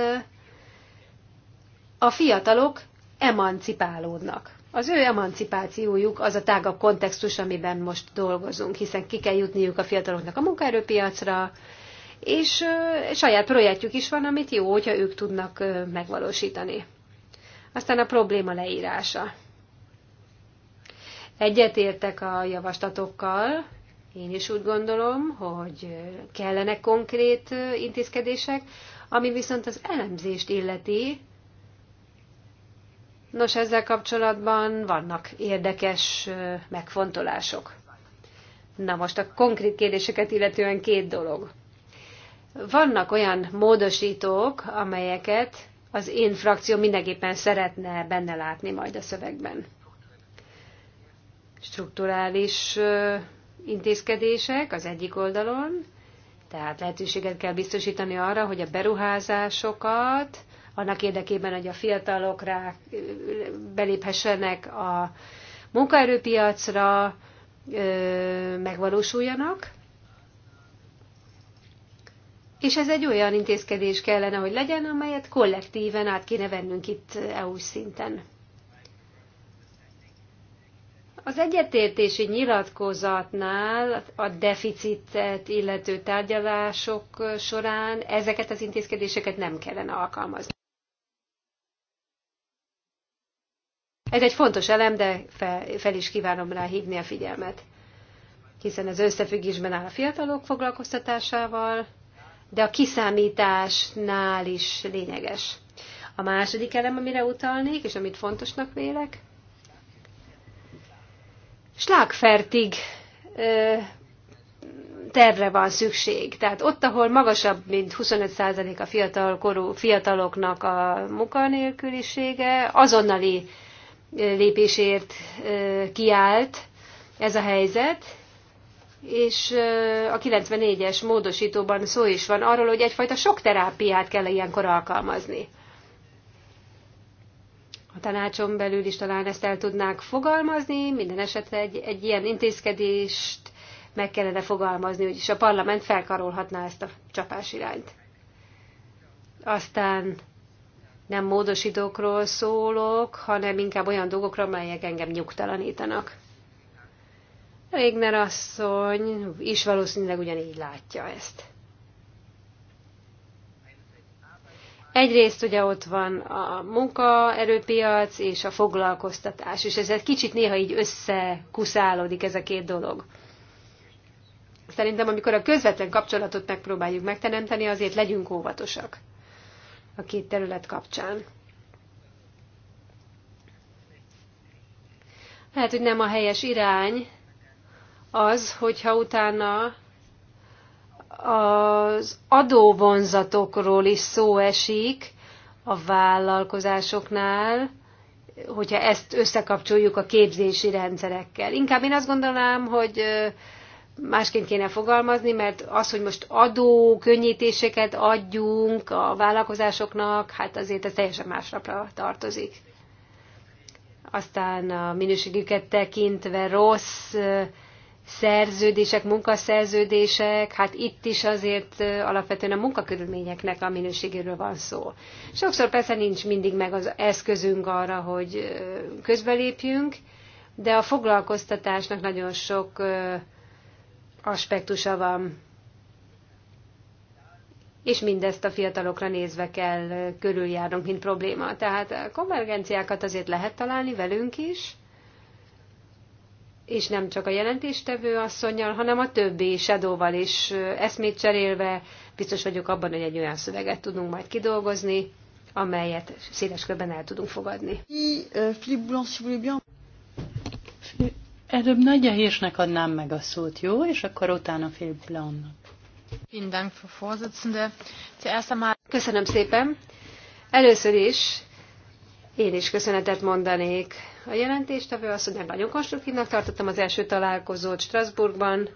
a fiatalok emancipálódnak. Az ő emancipációjuk az a tágabb kontextus, amiben most dolgozunk, hiszen ki kell jutniuk a fiataloknak a munkaerőpiacra, és saját projektjük is van, amit jó, hogyha ők tudnak megvalósítani. Aztán a probléma leírása. Egyetértek a javaslatokkal, én is úgy gondolom, hogy kellenek konkrét intézkedések. Ami viszont az elemzést illeti, nos ezzel kapcsolatban vannak érdekes megfontolások. Na most a konkrét kérdéseket illetően két dolog. Vannak olyan módosítók, amelyeket az én frakció mindenképpen szeretne benne látni majd a szövegben. Strukturális intézkedések az egyik oldalon, tehát lehetőséget kell biztosítani arra, hogy a beruházásokat, annak érdekében, hogy a fiatalok rá beléphessenek a munkaerőpiacra, megvalósuljanak. És ez egy olyan intézkedés kellene, hogy legyen, amelyet kollektíven át kéne vennünk itt EU szinten. Az egyetértési nyilatkozatnál a deficitet illető tárgyalások során ezeket az intézkedéseket nem kellene alkalmazni. Ez egy fontos elem, de fel, fel is kívánom rá hívni a figyelmet, hiszen ez összefüggésben áll a fiatalok foglalkoztatásával, de a kiszámításnál is lényeges. A második elem, amire utalnék, és amit fontosnak vélek, slágfertig tervre van szükség. Tehát ott, ahol magasabb, mint 25% a fiatal korú fiataloknak a munkanélkülisége, azonnali lépésért kiállt ez a helyzet, és a 94-es módosítóban szó is van arról, hogy egyfajta sok terápiát kell ilyenkor alkalmazni a tanácson belül is talán ezt el tudnák fogalmazni, minden esetre egy, egy ilyen intézkedést meg kellene fogalmazni, hogy is a parlament felkarolhatná ezt a csapás irányt. Aztán nem módosítókról szólok, hanem inkább olyan dolgokról, amelyek engem nyugtalanítanak. Régner asszony is valószínűleg ugyanígy látja ezt. Egyrészt ugye ott van a munkaerőpiac és a foglalkoztatás, és ez egy kicsit néha így összekuszálódik ez a két dolog. Szerintem, amikor a közvetlen kapcsolatot megpróbáljuk megteremteni, azért legyünk óvatosak a két terület kapcsán. Lehet, hogy nem a helyes irány az, hogyha utána az adóvonzatokról is szó esik a vállalkozásoknál, hogyha ezt összekapcsoljuk a képzési rendszerekkel. Inkább én azt gondolnám, hogy másként kéne fogalmazni, mert az, hogy most adó könnyítéseket adjunk a vállalkozásoknak, hát azért ez teljesen másra tartozik. Aztán a minőségüket tekintve rossz szerződések, munkaszerződések, hát itt is azért alapvetően a munkakörülményeknek a minőségéről van szó. Sokszor persze nincs mindig meg az eszközünk arra, hogy közbelépjünk, de a foglalkoztatásnak nagyon sok aspektusa van. És mindezt a fiatalokra nézve kell körüljárnunk, mint probléma. Tehát a konvergenciákat azért lehet találni velünk is, és nem csak a jelentéstevő asszonyjal, hanem a többi sedóval is eszmét cserélve biztos vagyok abban, hogy egy olyan szöveget tudunk majd kidolgozni, amelyet széles körben el tudunk fogadni. Előbb Nagyja Hírsnek adnám meg a szót, jó? És akkor utána Philip Blanc-nak. Köszönöm szépen. Először is én is köszönetet mondanék a jelentéstevő asszonynak. Nagyon konstruktívnak tartottam az első találkozót Strasbourgban,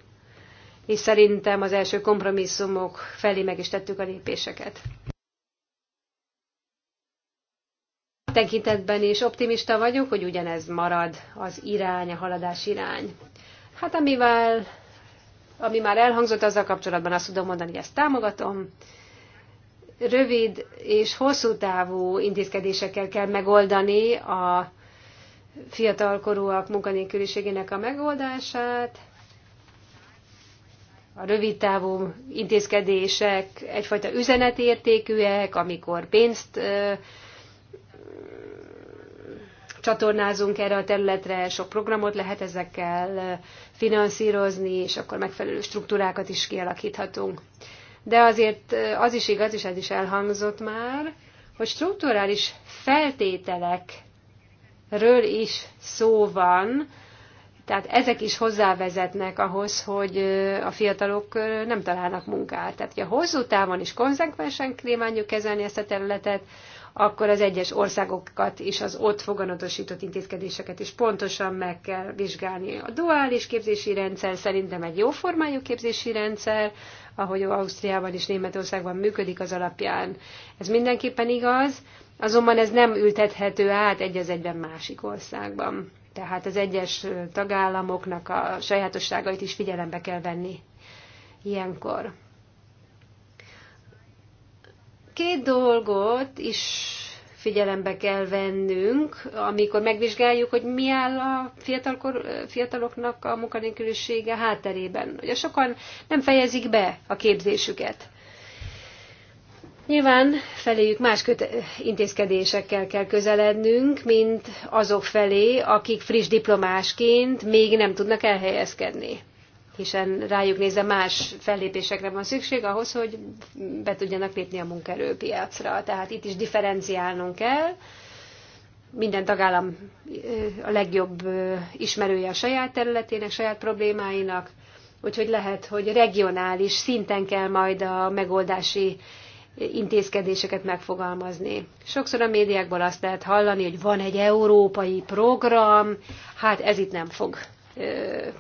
és szerintem az első kompromisszumok felé meg is tettük a lépéseket. A tekintetben is optimista vagyok, hogy ugyanez marad az irány, a haladás irány. Hát amivel, ami már elhangzott azzal kapcsolatban, azt tudom mondani, hogy ezt támogatom, rövid és hosszú távú intézkedésekkel kell megoldani a fiatalkorúak munkanélküliségének a megoldását. A rövid távú intézkedések egyfajta üzenetértékűek, amikor pénzt ö, csatornázunk erre a területre, sok programot lehet ezekkel finanszírozni, és akkor megfelelő struktúrákat is kialakíthatunk de azért az is igaz, és ez is elhangzott már, hogy strukturális feltételekről is szó van, tehát ezek is hozzávezetnek ahhoz, hogy a fiatalok nem találnak munkát. Tehát, hogyha hosszú távon is konzekvensen kívánjuk kezelni ezt a területet, akkor az egyes országokat és az ott foganatosított intézkedéseket is pontosan meg kell vizsgálni. A duális képzési rendszer szerintem egy jó formájú képzési rendszer, ahogy Ausztriában és Németországban működik az alapján. Ez mindenképpen igaz, azonban ez nem ültethető át egy az egyben másik országban. Tehát az egyes tagállamoknak a sajátosságait is figyelembe kell venni ilyenkor. Két dolgot is figyelembe kell vennünk, amikor megvizsgáljuk, hogy mi áll a fiatalkor, fiataloknak a munkanélkülisége hátterében. Ugye sokan nem fejezik be a képzésüket. Nyilván feléjük más köte- intézkedésekkel kell közelednünk, mint azok felé, akik friss diplomásként még nem tudnak elhelyezkedni hiszen rájuk nézve más fellépésekre van szükség ahhoz, hogy be tudjanak lépni a munkerőpiacra. Tehát itt is differenciálnunk kell. Minden tagállam a legjobb ismerője a saját területének, saját problémáinak, úgyhogy lehet, hogy regionális szinten kell majd a megoldási intézkedéseket megfogalmazni. Sokszor a médiákból azt lehet hallani, hogy van egy európai program, hát ez itt nem fog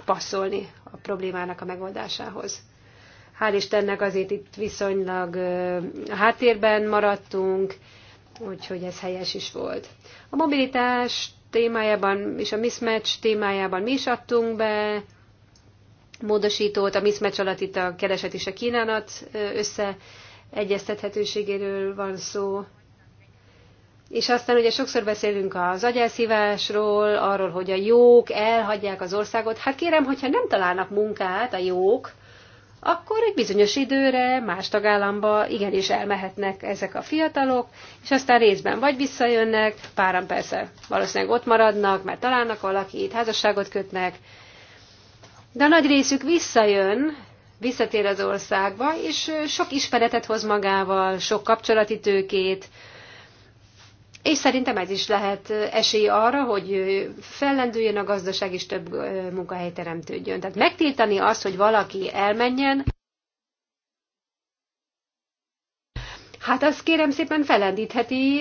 passzolni a problémának a megoldásához. Hál' Istennek azért itt viszonylag a háttérben maradtunk, úgyhogy ez helyes is volt. A mobilitás témájában és a mismatch témájában mi is adtunk be módosítót, a mismatch alatt itt a kereset és a kínálat összeegyeztethetőségéről van szó, és aztán ugye sokszor beszélünk az agyelszívásról, arról, hogy a jók elhagyják az országot. Hát kérem, hogyha nem találnak munkát a jók, akkor egy bizonyos időre más tagállamba igenis elmehetnek ezek a fiatalok, és aztán részben vagy visszajönnek, páran persze valószínűleg ott maradnak, mert találnak valakit, házasságot kötnek, de a nagy részük visszajön, visszatér az országba, és sok ismeretet hoz magával, sok kapcsolati tőkét, és szerintem ez is lehet esély arra, hogy fellendüljön a gazdaság, és több munkahely teremtődjön. Tehát megtiltani azt, hogy valaki elmenjen, hát azt kérem szépen felendítheti,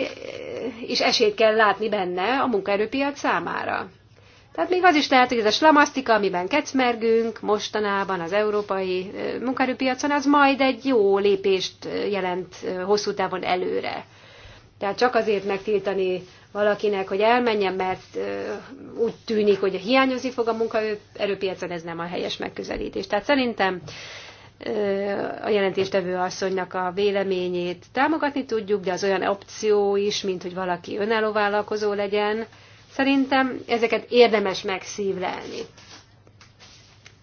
és esélyt kell látni benne a munkaerőpiac számára. Tehát még az is lehet, hogy ez a slamasztika, amiben kecmergünk mostanában az európai munkaerőpiacon, az majd egy jó lépést jelent hosszú távon előre. Tehát csak azért megtiltani valakinek, hogy elmenjen, mert úgy tűnik, hogy hiányozni fog a munkaerőpiacon, ez nem a helyes megközelítés. Tehát szerintem a jelentéstevő asszonynak a véleményét támogatni tudjuk, de az olyan opció is, mint hogy valaki önálló vállalkozó legyen, szerintem ezeket érdemes megszívlelni.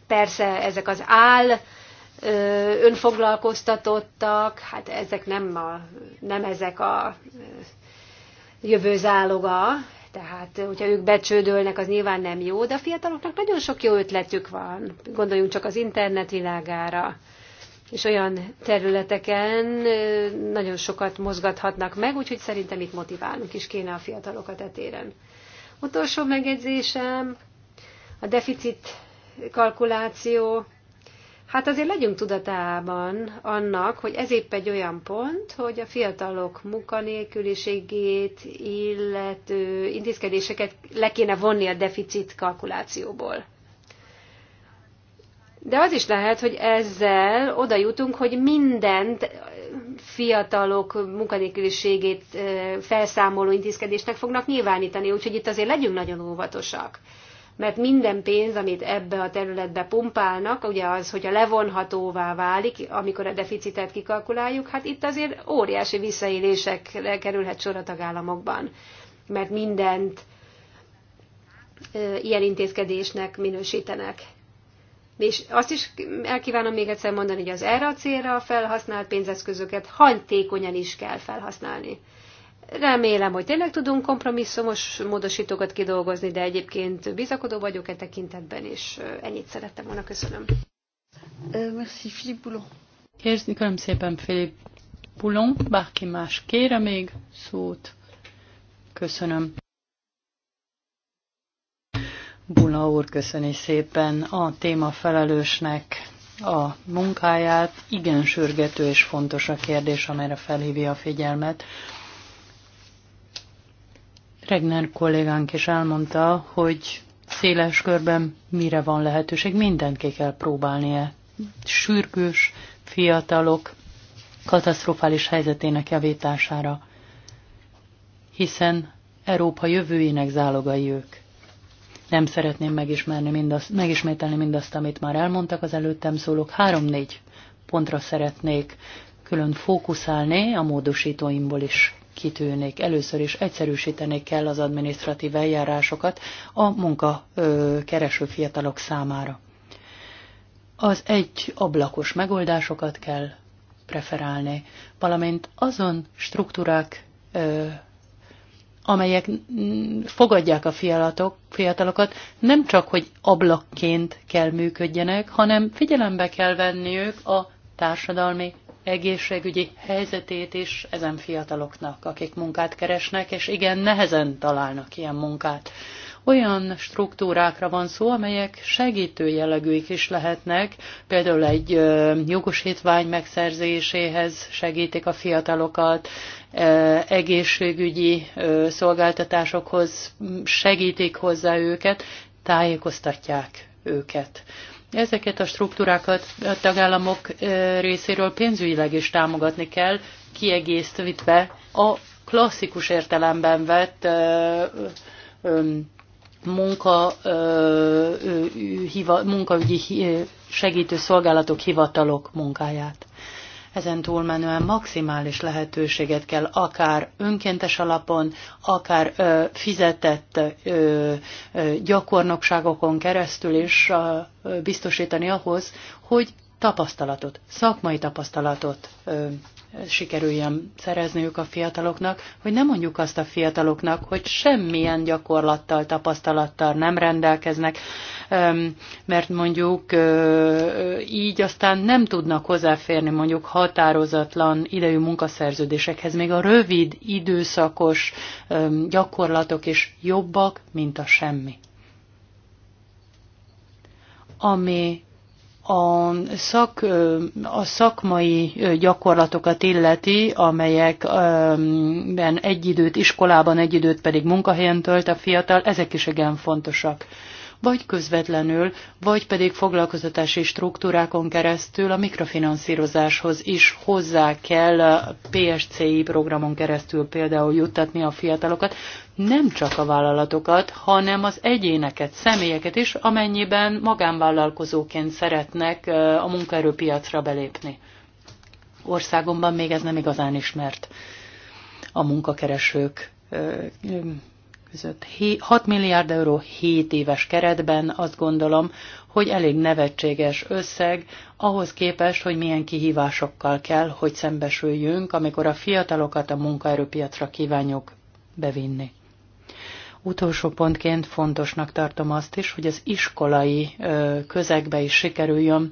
Persze ezek az áll önfoglalkoztatottak, hát ezek nem, a, nem ezek a jövő záloga, tehát, hogyha ők becsődölnek, az nyilván nem jó, de a fiataloknak nagyon sok jó ötletük van. Gondoljunk csak az internet világára. És olyan területeken nagyon sokat mozgathatnak meg, úgyhogy szerintem itt motiválnunk is kéne a fiatalokat etéren. Utolsó megjegyzésem, a deficit kalkuláció Hát azért legyünk tudatában annak, hogy ez épp egy olyan pont, hogy a fiatalok munkanélküliségét illető intézkedéseket le kéne vonni a deficit kalkulációból. De az is lehet, hogy ezzel oda jutunk, hogy mindent fiatalok munkanélküliségét felszámoló intézkedésnek fognak nyilvánítani, úgyhogy itt azért legyünk nagyon óvatosak mert minden pénz, amit ebbe a területbe pumpálnak, ugye az, hogy a levonhatóvá válik, amikor a deficitet kikalkuláljuk, hát itt azért óriási visszaélésekre kerülhet sor a tagállamokban, mert mindent ilyen intézkedésnek minősítenek. És azt is elkívánom még egyszer mondani, hogy az erre a célra felhasznált pénzeszközöket hatékonyan is kell felhasználni. Remélem, hogy tényleg tudunk kompromisszumos módosítókat kidolgozni, de egyébként bizakodó vagyok e tekintetben, és ennyit szerettem volna. Köszönöm. Merci, Philippe Boulon. Kérdezni, köszönöm szépen, Philippe Boulon. Bárki más kére még szót? Köszönöm. Bula úr köszöni szépen a felelősnek a munkáját. Igen sürgető és fontos a kérdés, amelyre felhívja a figyelmet. Regner kollégánk is elmondta, hogy széles körben mire van lehetőség, mindent ki kell próbálnia. Sürgős, fiatalok katasztrofális helyzetének javítására, hiszen Európa jövőjének zálogai ők. Nem szeretném megismerni mindazt, megismételni mindazt, amit már elmondtak az előttem szólók. Három-négy pontra szeretnék külön fókuszálni a módosítóimból is kitűnik. Először is egyszerűsíteni kell az adminisztratív eljárásokat a munkakereső fiatalok számára. Az egy ablakos megoldásokat kell preferálni, valamint azon struktúrák, amelyek fogadják a fiatalok, fiatalokat, nem csak, hogy ablakként kell működjenek, hanem figyelembe kell venniük a társadalmi egészségügyi helyzetét is ezen fiataloknak, akik munkát keresnek, és igen, nehezen találnak ilyen munkát. Olyan struktúrákra van szó, amelyek segítő jellegűik is lehetnek, például egy jogosítvány megszerzéséhez segítik a fiatalokat, egészségügyi szolgáltatásokhoz segítik hozzá őket, tájékoztatják őket. Ezeket a struktúrákat a tagállamok részéről pénzügyileg is támogatni kell, kiegészítve a klasszikus értelemben vett munka, munkaügyi segítő szolgálatok, hivatalok munkáját. Ezen túlmenően maximális lehetőséget kell akár önkéntes alapon, akár ö, fizetett ö, ö, gyakornokságokon keresztül is ö, biztosítani ahhoz, hogy tapasztalatot, szakmai tapasztalatot ö, sikerüljön szerezniük a fiataloknak, hogy nem mondjuk azt a fiataloknak, hogy semmilyen gyakorlattal, tapasztalattal nem rendelkeznek, mert mondjuk így aztán nem tudnak hozzáférni mondjuk határozatlan idejű munkaszerződésekhez. Még a rövid, időszakos gyakorlatok is jobbak, mint a semmi. Ami a, szak, a szakmai gyakorlatokat illeti, amelyekben egy időt iskolában, egy időt pedig munkahelyen tölt a fiatal, ezek is igen fontosak vagy közvetlenül, vagy pedig foglalkoztatási struktúrákon keresztül a mikrofinanszírozáshoz is hozzá kell a PSCI programon keresztül például juttatni a fiatalokat, nem csak a vállalatokat, hanem az egyéneket, személyeket is, amennyiben magánvállalkozóként szeretnek a munkaerőpiacra belépni. Országomban még ez nem igazán ismert a munkakeresők között. 6 milliárd euró 7 éves keretben azt gondolom, hogy elég nevetséges összeg ahhoz képest, hogy milyen kihívásokkal kell, hogy szembesüljünk, amikor a fiatalokat a munkaerőpiacra kívánjuk bevinni. Utolsó pontként fontosnak tartom azt is, hogy az iskolai közegbe is sikerüljön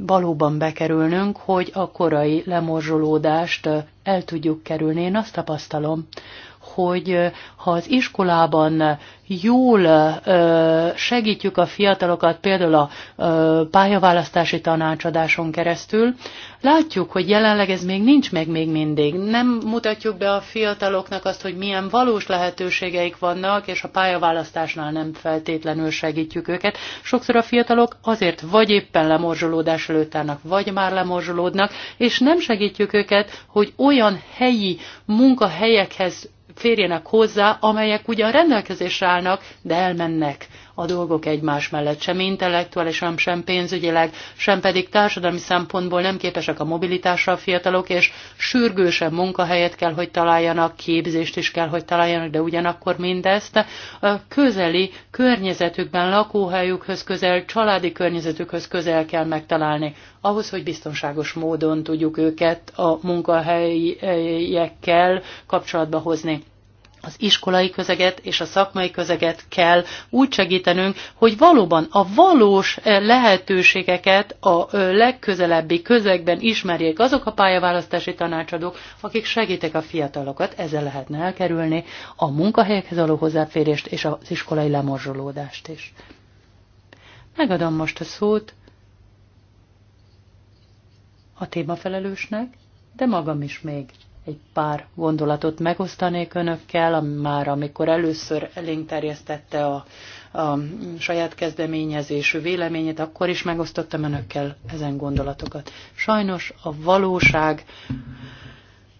valóban bekerülnünk, hogy a korai lemorzsolódást el tudjuk kerülni. Én azt tapasztalom, hogy ha az iskolában jól segítjük a fiatalokat, például a pályaválasztási tanácsadáson keresztül, látjuk, hogy jelenleg ez még nincs meg még mindig. Nem mutatjuk be a fiataloknak azt, hogy milyen valós lehetőségeik vannak, és a pályaválasztásnál nem feltétlenül segítjük őket. Sokszor a fiatalok azért vagy éppen lemorzsolódás előtt állnak, vagy már lemorzsolódnak, és nem segítjük őket, hogy olyan helyi munkahelyekhez férjenek hozzá, amelyek ugyan rendelkezésre állnak, de elmennek a dolgok egymás mellett, sem intellektuálisan, sem pénzügyileg, sem pedig társadalmi szempontból nem képesek a mobilitásra a fiatalok, és sürgősen munkahelyet kell, hogy találjanak, képzést is kell, hogy találjanak, de ugyanakkor mindezt a közeli környezetükben, lakóhelyükhöz közel, családi környezetükhöz közel kell megtalálni, ahhoz, hogy biztonságos módon tudjuk őket a munkahelyekkel eh, kapcsolatba hozni az iskolai közeget és a szakmai közeget kell úgy segítenünk, hogy valóban a valós eh, lehetőségeket a eh, legközelebbi közegben ismerjék azok a pályaválasztási tanácsadók, akik segítek a fiatalokat. Ezzel lehetne elkerülni a munkahelyekhez való hozzáférést és az iskolai lemorzsolódást is. Megadom most a szót a témafelelősnek, de magam is még egy pár gondolatot megosztanék önökkel, már amikor először elénk terjesztette a, a saját kezdeményezésű véleményét, akkor is megosztottam önökkel ezen gondolatokat. Sajnos a valóság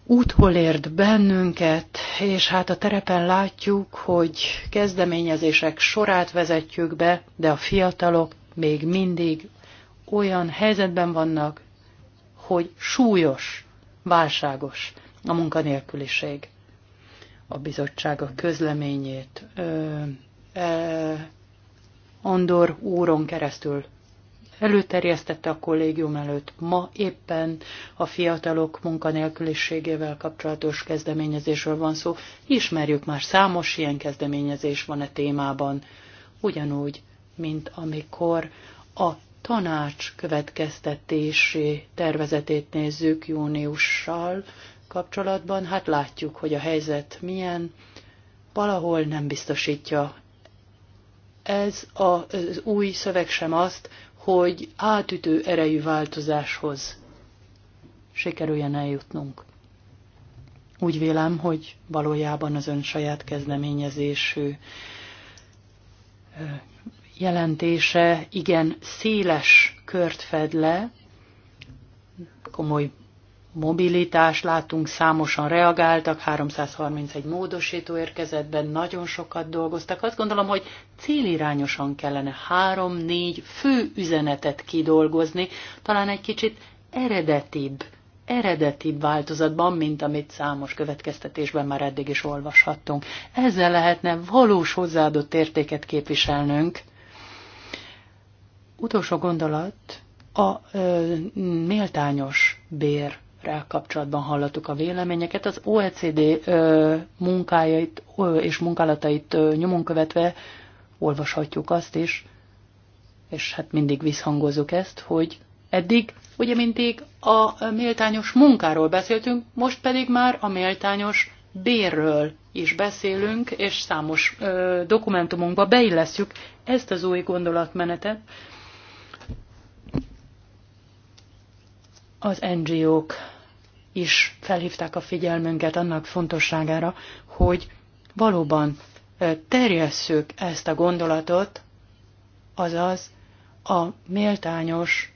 úthol ért bennünket, és hát a terepen látjuk, hogy kezdeményezések sorát vezetjük be, de a fiatalok még mindig olyan helyzetben vannak, hogy súlyos, válságos a munkanélküliség. A bizottság a közleményét ö, ö, e, Andor úron keresztül előterjesztette a kollégium előtt. Ma éppen a fiatalok munkanélküliségével kapcsolatos kezdeményezésről van szó. Ismerjük már, számos ilyen kezdeményezés van e témában. Ugyanúgy, mint amikor a tanács következtetési tervezetét nézzük júniussal, kapcsolatban, hát látjuk, hogy a helyzet milyen, valahol nem biztosítja. Ez a, az új szöveg sem azt, hogy átütő erejű változáshoz sikerüljen eljutnunk. Úgy vélem, hogy valójában az ön saját kezdeményezésű jelentése igen széles kört fed le, komoly mobilitás látunk számosan reagáltak, 331 módosító érkezetben nagyon sokat dolgoztak. Azt gondolom, hogy célirányosan kellene három-négy fő üzenetet kidolgozni, talán egy kicsit eredetibb, eredetibb változatban, mint amit számos következtetésben már eddig is olvashattunk. Ezzel lehetne valós hozzáadott értéket képviselnünk. Utolsó gondolat, a ö, méltányos bér rá kapcsolatban hallottuk a véleményeket. Az OECD munkájait és munkálatait nyomon követve olvashatjuk azt is, és hát mindig visszhangozzuk ezt, hogy eddig ugye mindig a méltányos munkáról beszéltünk, most pedig már a méltányos bérről is beszélünk, és számos ö, dokumentumunkba beillesztjük ezt az új gondolatmenetet, az NGO-k is felhívták a figyelmünket annak fontosságára, hogy valóban terjesszük ezt a gondolatot, azaz a méltányos,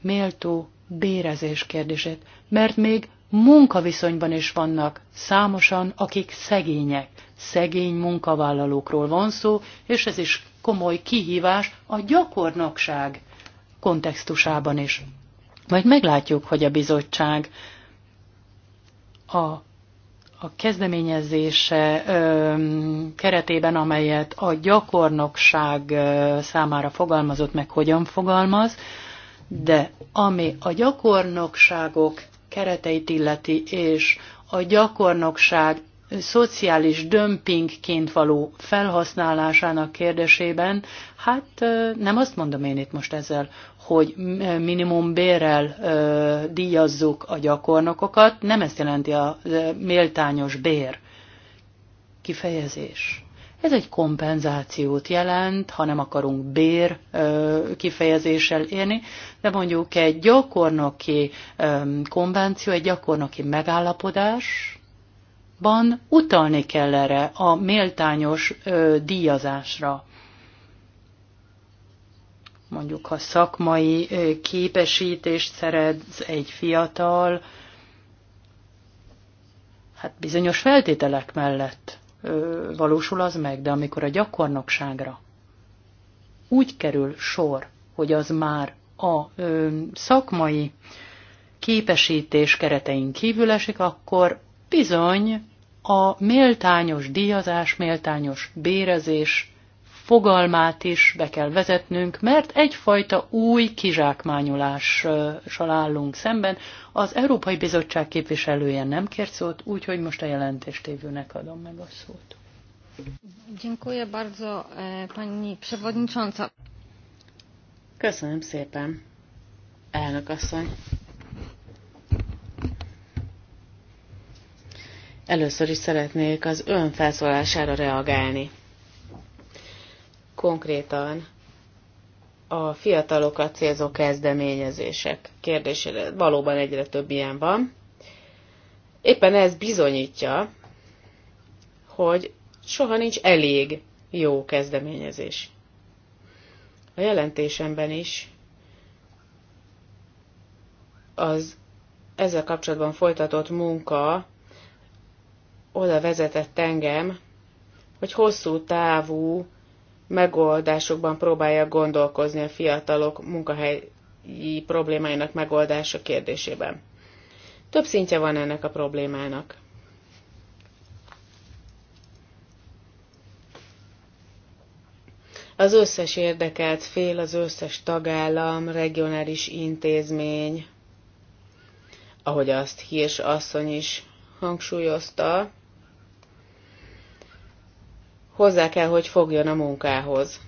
méltó bérezés kérdését, mert még munkaviszonyban is vannak számosan, akik szegények, szegény munkavállalókról van szó, és ez is komoly kihívás a gyakornokság kontextusában is. Majd meglátjuk, hogy a bizottság a a kezdeményezése keretében, amelyet a gyakornokság számára fogalmazott meg, hogyan fogalmaz, de ami a gyakornokságok kereteit illeti, és a gyakornokság szociális dömpingként való felhasználásának kérdésében, hát nem azt mondom én itt most ezzel, hogy minimum bérrel díjazzuk a gyakornokokat, nem ezt jelenti a méltányos bér kifejezés. Ez egy kompenzációt jelent, ha nem akarunk bér ö, kifejezéssel érni, de mondjuk egy gyakornoki ö, konvenció, egy gyakornoki megállapodásban utalni kell erre a méltányos ö, díjazásra mondjuk ha szakmai képesítést szerez egy fiatal, hát bizonyos feltételek mellett valósul az meg, de amikor a gyakornokságra úgy kerül sor, hogy az már a szakmai képesítés keretein kívül esik, akkor bizony a méltányos díjazás, méltányos bérezés fogalmát is be kell vezetnünk, mert egyfajta új kizsákmányolással állunk szemben. Az Európai Bizottság képviselője nem kért szót, úgyhogy most a jelentéstévőnek adom meg a szót. Dziękuję bardzo, e, pani przewodnicząca. Köszönöm szépen, elnök asszony. Először is szeretnék az ön felszólására reagálni konkrétan a fiatalokat célzó kezdeményezések kérdésére valóban egyre több ilyen van. Éppen ez bizonyítja, hogy soha nincs elég jó kezdeményezés. A jelentésemben is az ezzel kapcsolatban folytatott munka oda vezetett engem, hogy hosszú távú megoldásokban próbálja gondolkozni a fiatalok munkahelyi problémáinak megoldása kérdésében. Több szintje van ennek a problémának. Az összes érdekelt fél, az összes tagállam, regionális intézmény, ahogy azt Hirs asszony is hangsúlyozta, hozzá kell, hogy fogjon a munkához,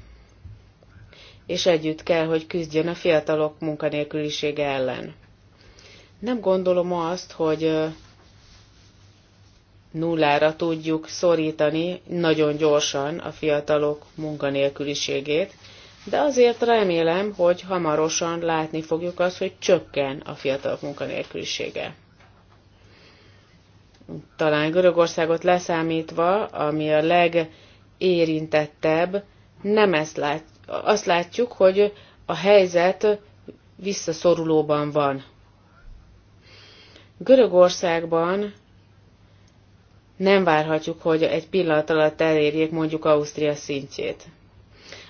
és együtt kell, hogy küzdjön a fiatalok munkanélkülisége ellen. Nem gondolom azt, hogy nullára tudjuk szorítani nagyon gyorsan a fiatalok munkanélküliségét, de azért remélem, hogy hamarosan látni fogjuk azt, hogy csökken a fiatalok munkanélkülisége. Talán Görögországot leszámítva, ami a leg érintettebb, nem ezt lát, azt látjuk, hogy a helyzet visszaszorulóban van. Görögországban nem várhatjuk, hogy egy pillanat alatt elérjék mondjuk Ausztria szintjét.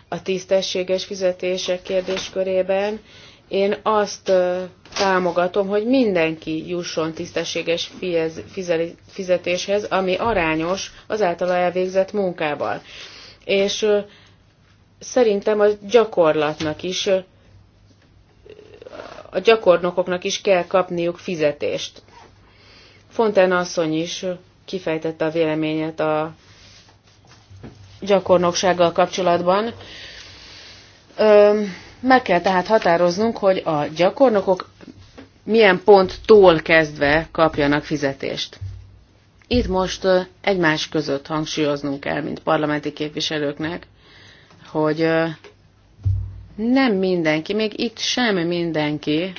A tisztességes fizetések kérdéskörében én azt támogatom, hogy mindenki jusson tisztességes fizetéshez, ami arányos az általa elvégzett munkával. És szerintem a gyakorlatnak is, a gyakornokoknak is kell kapniuk fizetést. Fonten asszony is kifejtette a véleményet a gyakornoksággal kapcsolatban. Meg kell tehát határoznunk, hogy a gyakornokok milyen ponttól kezdve kapjanak fizetést. Itt most egymás között hangsúlyoznunk kell, mint parlamenti képviselőknek, hogy nem mindenki, még itt sem mindenki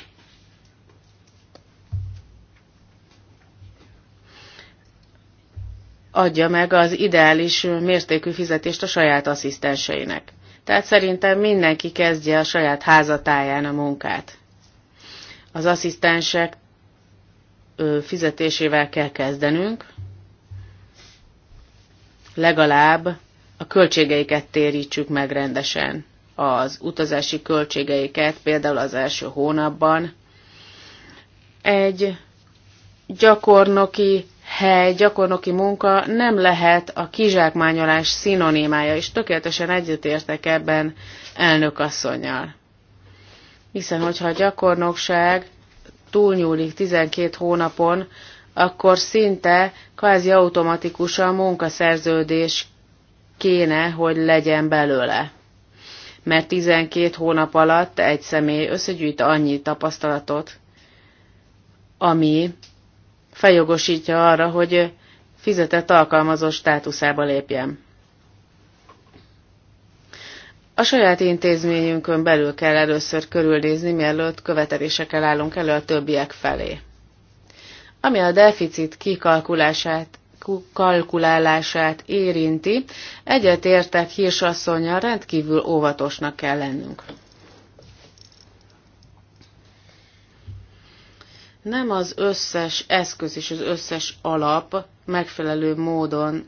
adja meg az ideális mértékű fizetést a saját asszisztenseinek. Tehát szerintem mindenki kezdje a saját házatáján a munkát. Az asszisztensek fizetésével kell kezdenünk, legalább a költségeiket térítsük meg rendesen. Az utazási költségeiket például az első hónapban egy gyakornoki hely, gyakornoki munka nem lehet a kizsákmányolás szinonimája, és tökéletesen egyetértek ebben elnök asszonyjal. Hiszen, hogyha a gyakornokság túlnyúlik 12 hónapon, akkor szinte kvázi automatikusan munkaszerződés kéne, hogy legyen belőle. Mert 12 hónap alatt egy személy összegyűjt annyi tapasztalatot, ami feljogosítja arra, hogy fizetett alkalmazó státuszába lépjen. A saját intézményünkön belül kell először körülnézni, mielőtt követelésekkel állunk elő a többiek felé. Ami a deficit kikalkulását kalkulálását érinti, egyetértek hírsasszonyjal rendkívül óvatosnak kell lennünk. nem az összes eszköz és az összes alap megfelelő módon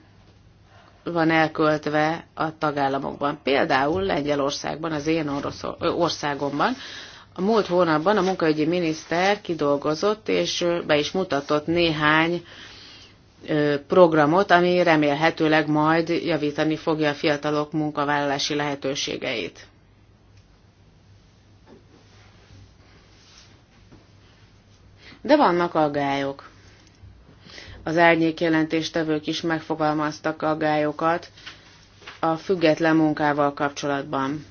van elköltve a tagállamokban. Például Lengyelországban, az én orosz, országomban, a múlt hónapban a munkaügyi miniszter kidolgozott és be is mutatott néhány programot, ami remélhetőleg majd javítani fogja a fiatalok munkavállalási lehetőségeit. De vannak aggályok. Az árnyék jelentéstevők is megfogalmaztak aggályokat a független munkával kapcsolatban.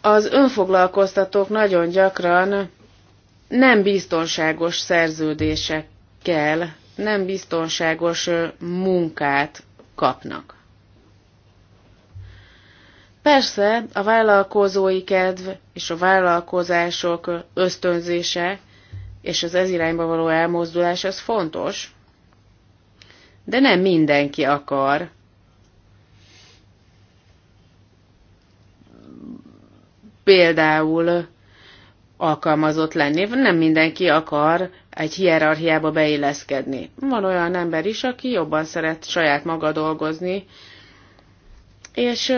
Az önfoglalkoztatók nagyon gyakran nem biztonságos szerződésekkel, nem biztonságos munkát kapnak. Persze a vállalkozói kedv és a vállalkozások ösztönzése és az ez irányba való elmozdulás az fontos, de nem mindenki akar például alkalmazott lenni. Nem mindenki akar egy hierarchiába beilleszkedni. Van olyan ember is, aki jobban szeret saját maga dolgozni, és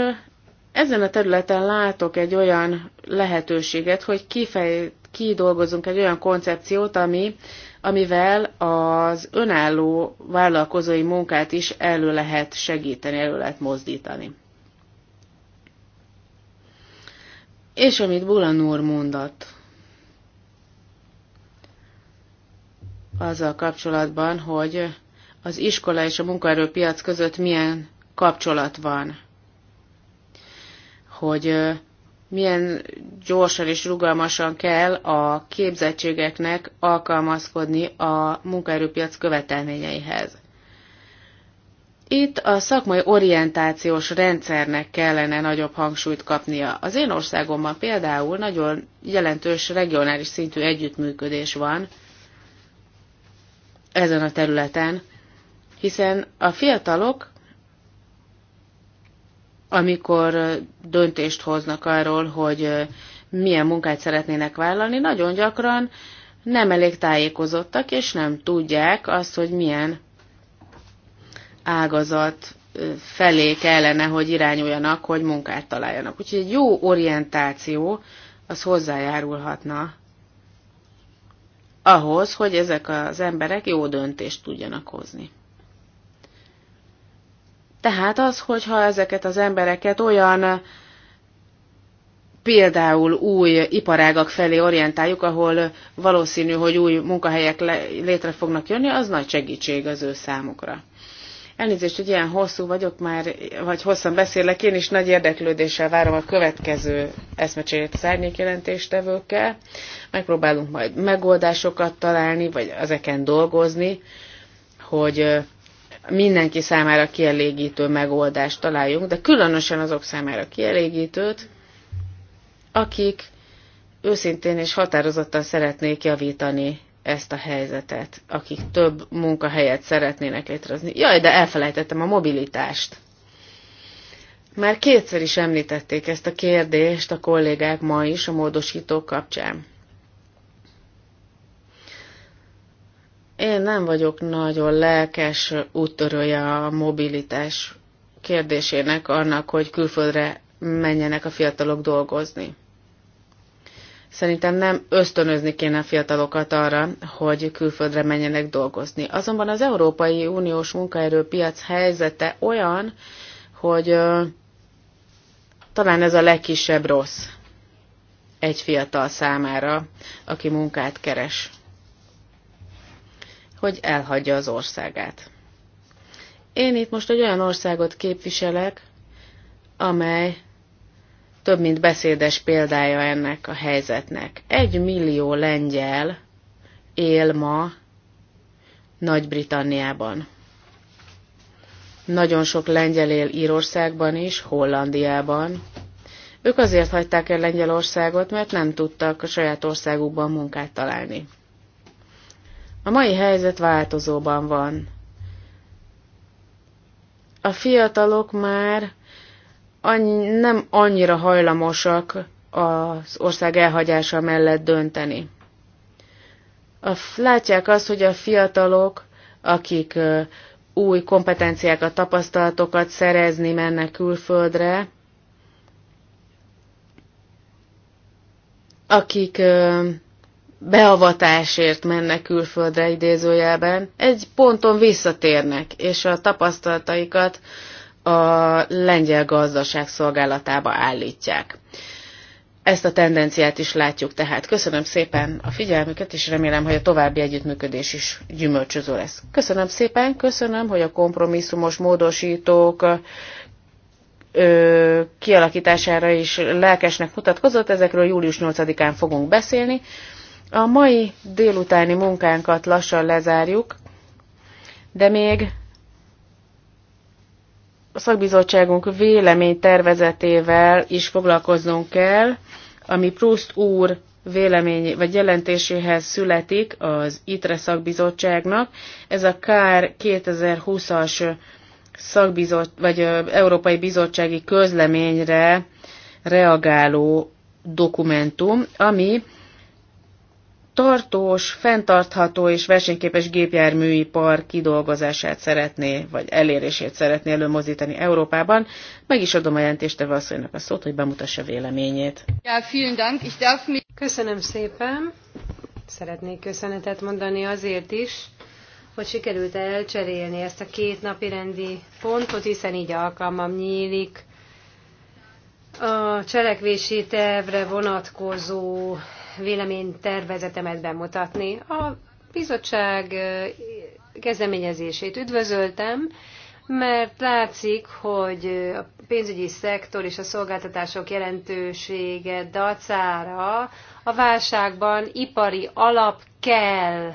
ezen a területen látok egy olyan lehetőséget, hogy kifej, kidolgozunk egy olyan koncepciót, ami, amivel az önálló vállalkozói munkát is elő lehet segíteni, elő lehet mozdítani. És amit Bulan úr mondott, azzal kapcsolatban, hogy az iskola és a munkaerőpiac között milyen kapcsolat van hogy milyen gyorsan és rugalmasan kell a képzettségeknek alkalmazkodni a munkaerőpiac követelményeihez. Itt a szakmai orientációs rendszernek kellene nagyobb hangsúlyt kapnia. Az én országomban például nagyon jelentős regionális szintű együttműködés van ezen a területen, hiszen a fiatalok amikor döntést hoznak arról, hogy milyen munkát szeretnének vállalni, nagyon gyakran nem elég tájékozottak, és nem tudják azt, hogy milyen ágazat felé kellene, hogy irányuljanak, hogy munkát találjanak. Úgyhogy egy jó orientáció az hozzájárulhatna ahhoz, hogy ezek az emberek jó döntést tudjanak hozni. Tehát az, hogyha ezeket az embereket olyan például új iparágak felé orientáljuk, ahol valószínű, hogy új munkahelyek létre fognak jönni, az nagy segítség az ő számukra. Elnézést, hogy ilyen hosszú vagyok már, vagy hosszan beszélek, én is nagy érdeklődéssel várom a következő eszmecserét szárnyékjelentéstevőkkel. Megpróbálunk majd megoldásokat találni, vagy ezeken dolgozni, hogy mindenki számára kielégítő megoldást találjunk, de különösen azok számára kielégítőt, akik őszintén és határozottan szeretnék javítani ezt a helyzetet, akik több munkahelyet szeretnének létrehozni. Jaj, de elfelejtettem a mobilitást. Már kétszer is említették ezt a kérdést a kollégák ma is a módosítók kapcsán. nem vagyok nagyon lelkes úttörője a mobilitás kérdésének, annak, hogy külföldre menjenek a fiatalok dolgozni. Szerintem nem ösztönözni kéne a fiatalokat arra, hogy külföldre menjenek dolgozni. Azonban az Európai Uniós munkaerőpiac helyzete olyan, hogy ö, talán ez a legkisebb rossz egy fiatal számára, aki munkát keres hogy elhagyja az országát. Én itt most egy olyan országot képviselek, amely több mint beszédes példája ennek a helyzetnek. Egy millió lengyel él ma Nagy-Britanniában. Nagyon sok lengyel él Írországban is, Hollandiában. Ők azért hagyták el Lengyelországot, mert nem tudtak a saját országukban munkát találni. A mai helyzet változóban van. A fiatalok már annyi, nem annyira hajlamosak az ország elhagyása mellett dönteni. A, látják azt, hogy a fiatalok, akik új kompetenciákat, tapasztalatokat szerezni mennek külföldre, akik beavatásért mennek külföldre idézőjelben, egy ponton visszatérnek, és a tapasztalataikat a lengyel gazdaság szolgálatába állítják. Ezt a tendenciát is látjuk tehát. Köszönöm szépen a figyelmüket, és remélem, hogy a további együttműködés is gyümölcsöző lesz. Köszönöm szépen, köszönöm, hogy a kompromisszumos módosítók ö, kialakítására is lelkesnek mutatkozott. Ezekről július 8-án fogunk beszélni. A mai délutáni munkánkat lassan lezárjuk, de még a szakbizottságunk véleménytervezetével is foglalkoznunk kell, ami Proust úr vélemény vagy jelentéséhez születik az ITRE szakbizottságnak. Ez a KÁR 2020-as szakbizot, vagy Európai Bizottsági Közleményre reagáló dokumentum, ami tartós, fenntartható és versenyképes gépjárműipar kidolgozását szeretné, vagy elérését szeretné előmozdítani Európában. Meg is adom a jelentéstevő asszonynak a szót, hogy bemutassa véleményét. Ja, vielen Dank. Köszönöm szépen. Szeretnék köszönetet mondani azért is, hogy sikerült elcserélni ezt a két napi rendi pontot, hiszen így alkalmam nyílik a cselekvési tervre vonatkozó véleménytervezetemet bemutatni. A bizottság kezdeményezését üdvözöltem, mert látszik, hogy a pénzügyi szektor és a szolgáltatások jelentősége dacára a válságban ipari alap kell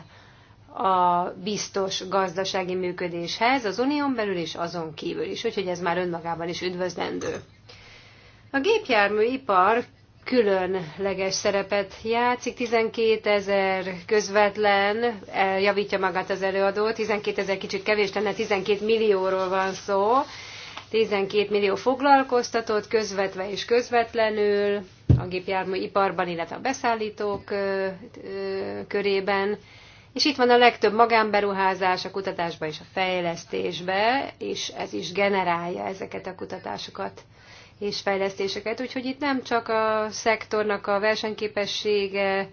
a biztos gazdasági működéshez, az unión belül és azon kívül is, úgyhogy ez már önmagában is üdvözlendő. A gépjárműipar különleges szerepet játszik. 12 ezer közvetlen, eh, javítja magát az előadó, 12 ezer kicsit kevés lenne, 12 millióról van szó, 12 millió foglalkoztatott, közvetve és közvetlenül, a gépjármű iparban, illetve a beszállítók eh, eh, körében. És itt van a legtöbb magánberuházás a kutatásba és a fejlesztésbe, és ez is generálja ezeket a kutatásokat és fejlesztéseket. Úgyhogy itt nem csak a szektornak a versenyképessége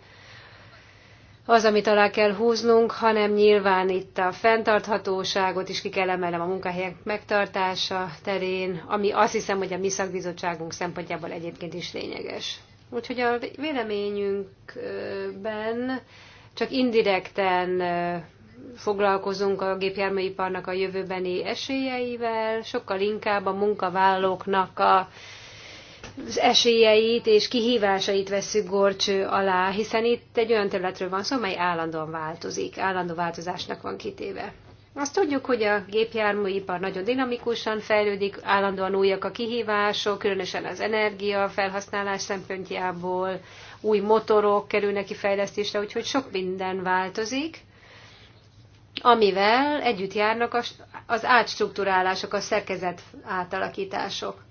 az, amit alá kell húznunk, hanem nyilván itt a fenntarthatóságot is ki kell emelnem a munkahelyek megtartása terén, ami azt hiszem, hogy a mi szakbizottságunk szempontjából egyébként is lényeges. Úgyhogy a véleményünkben csak indirekten foglalkozunk a gépjárműiparnak a jövőbeni esélyeivel, sokkal inkább a munkavállalóknak a az esélyeit és kihívásait veszük gorcső alá, hiszen itt egy olyan területről van szó, amely állandóan változik, állandó változásnak van kitéve. Azt tudjuk, hogy a gépjárműipar nagyon dinamikusan fejlődik, állandóan újak a kihívások, különösen az energia felhasználás szempontjából, új motorok kerülnek ki fejlesztésre, úgyhogy sok minden változik amivel együtt járnak az átstruktúrálások, a szerkezet átalakítások.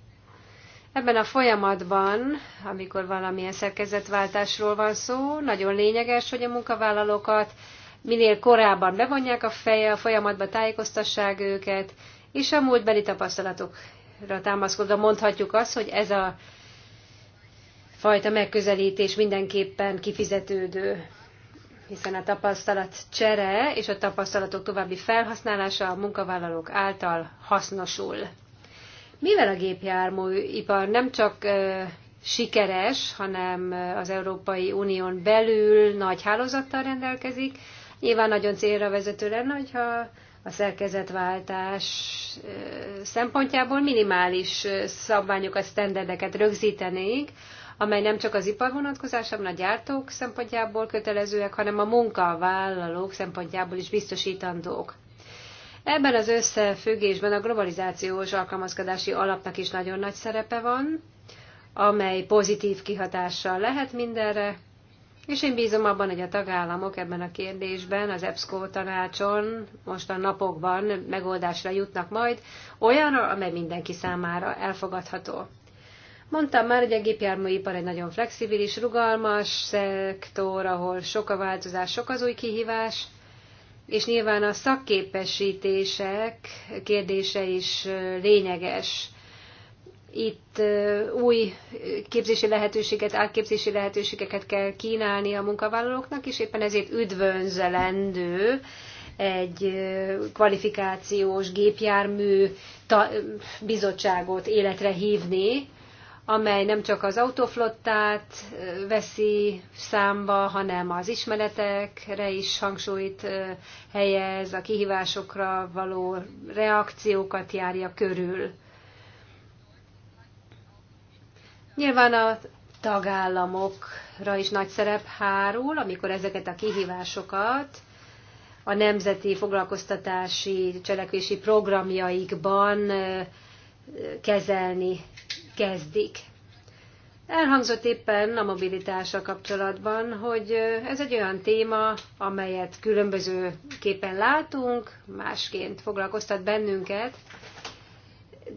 Ebben a folyamatban, amikor valamilyen szerkezetváltásról van szó, nagyon lényeges, hogy a munkavállalókat minél korábban bevonják a feje, a folyamatba tájékoztassák őket, és a múltbeli tapasztalatokra támaszkodva mondhatjuk azt, hogy ez a fajta megközelítés mindenképpen kifizetődő hiszen a tapasztalat csere és a tapasztalatok további felhasználása a munkavállalók által hasznosul. Mivel a gépjárműipar nem csak sikeres, hanem az Európai Unión belül nagy hálózattal rendelkezik, nyilván nagyon célra vezető lenne, hogyha a szerkezetváltás szempontjából minimális szabványokat, sztenderdeket rögzítenék, amely nem csak az ipar vonatkozásában a gyártók szempontjából kötelezőek, hanem a munkavállalók szempontjából is biztosítandók. Ebben az összefüggésben a globalizációs alkalmazkodási alapnak is nagyon nagy szerepe van, amely pozitív kihatással lehet mindenre, és én bízom abban, hogy a tagállamok ebben a kérdésben az EBSCO tanácson most a napokban megoldásra jutnak majd, olyanra, amely mindenki számára elfogadható. Mondtam már, hogy a gépjárműipar egy nagyon flexibilis, rugalmas szektor, ahol sok a változás, sok az új kihívás, és nyilván a szakképesítések kérdése is lényeges. Itt új képzési lehetőséget, átképzési lehetőségeket kell kínálni a munkavállalóknak, és éppen ezért üdvönzelendő egy kvalifikációs gépjármű bizottságot életre hívni, amely nem csak az autoflottát veszi számba, hanem az ismeretekre is hangsúlyt helyez, a kihívásokra való reakciókat járja körül. Nyilván a tagállamokra is nagy szerep hárul, amikor ezeket a kihívásokat a nemzeti foglalkoztatási cselekvési programjaikban kezelni kezdik. Elhangzott éppen a mobilitással kapcsolatban, hogy ez egy olyan téma, amelyet különböző képen látunk, másként foglalkoztat bennünket,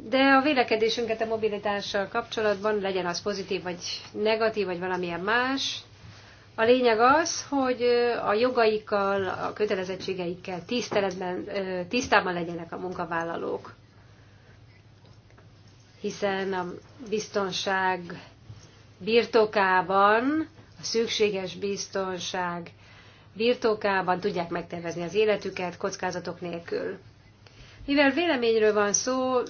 de a vélekedésünket a mobilitással kapcsolatban, legyen az pozitív, vagy negatív, vagy valamilyen más, a lényeg az, hogy a jogaikkal, a kötelezettségeikkel tisztában legyenek a munkavállalók hiszen a biztonság birtokában, a szükséges biztonság birtokában tudják megtervezni az életüket kockázatok nélkül. Mivel véleményről van szó,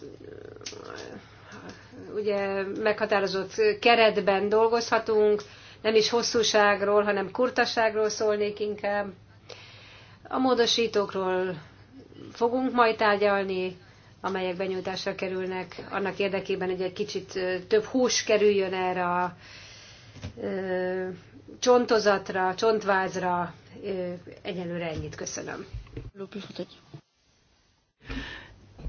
ugye meghatározott keretben dolgozhatunk, nem is hosszúságról, hanem kurtaságról szólnék inkább. A módosítókról fogunk majd tárgyalni, amelyek benyújtásra kerülnek, annak érdekében, hogy egy kicsit több hús kerüljön erre a csontozatra, csontvázra. egyelőre ennyit köszönöm.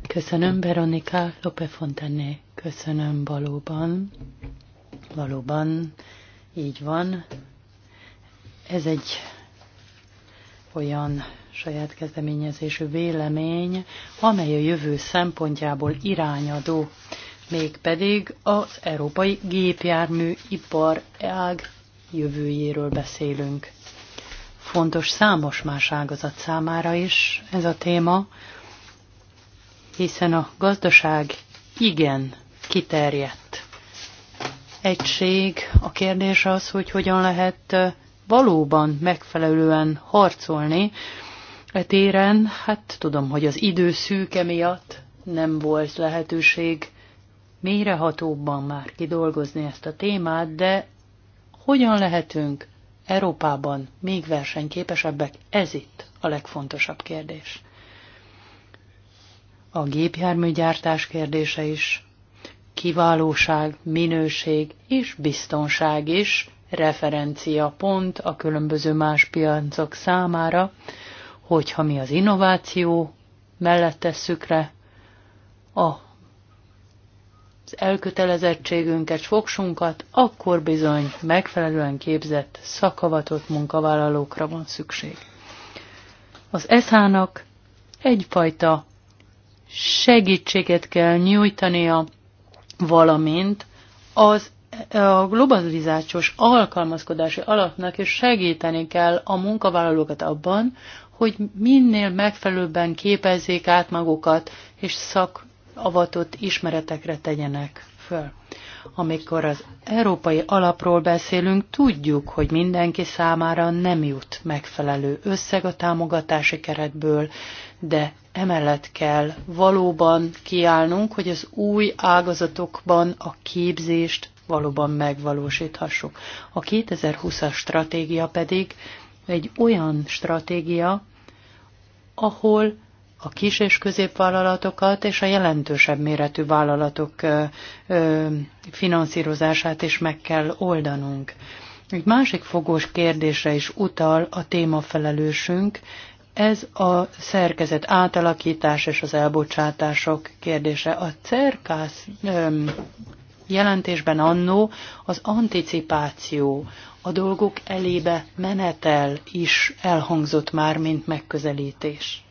Köszönöm, Veronika Lopefontané. Köszönöm valóban. Valóban így van. Ez egy olyan saját kezdeményezésű vélemény, amely a jövő szempontjából irányadó, mégpedig az európai gépjármű ipar ág jövőjéről beszélünk. Fontos számos más ágazat számára is ez a téma, hiszen a gazdaság igen kiterjedt egység. A kérdés az, hogy hogyan lehet valóban megfelelően harcolni E téren, hát tudom, hogy az idő szűke miatt nem volt lehetőség mélyrehatóbban már kidolgozni ezt a témát, de hogyan lehetünk Európában még versenyképesebbek, ez itt a legfontosabb kérdés. A gépjárműgyártás kérdése is, kiválóság, minőség és biztonság is referencia pont a különböző más piacok számára, hogyha mi az innováció mellett tesszük rá a, az elkötelezettségünket, fogsunkat, akkor bizony megfelelően képzett, szakavatott munkavállalókra van szükség. Az eszának egyfajta segítséget kell nyújtania, valamint az a globalizációs alkalmazkodási alapnak is segíteni kell a munkavállalókat abban, hogy minél megfelelőbben képezzék át magukat, és szakavatott ismeretekre tegyenek föl. Amikor az európai alapról beszélünk, tudjuk, hogy mindenki számára nem jut megfelelő összeg a támogatási keretből, de emellett kell valóban kiállnunk, hogy az új ágazatokban a képzést valóban megvalósíthassuk. A 2020-as stratégia pedig egy olyan stratégia, ahol a kis és középvállalatokat és a jelentősebb méretű vállalatok finanszírozását is meg kell oldanunk. Egy másik fogós kérdésre is utal a témafelelősünk, ez a szerkezet átalakítás és az elbocsátások kérdése. A CERKÁSZ jelentésben annó az anticipáció, a dolgok elébe menetel is elhangzott már, mint megközelítés.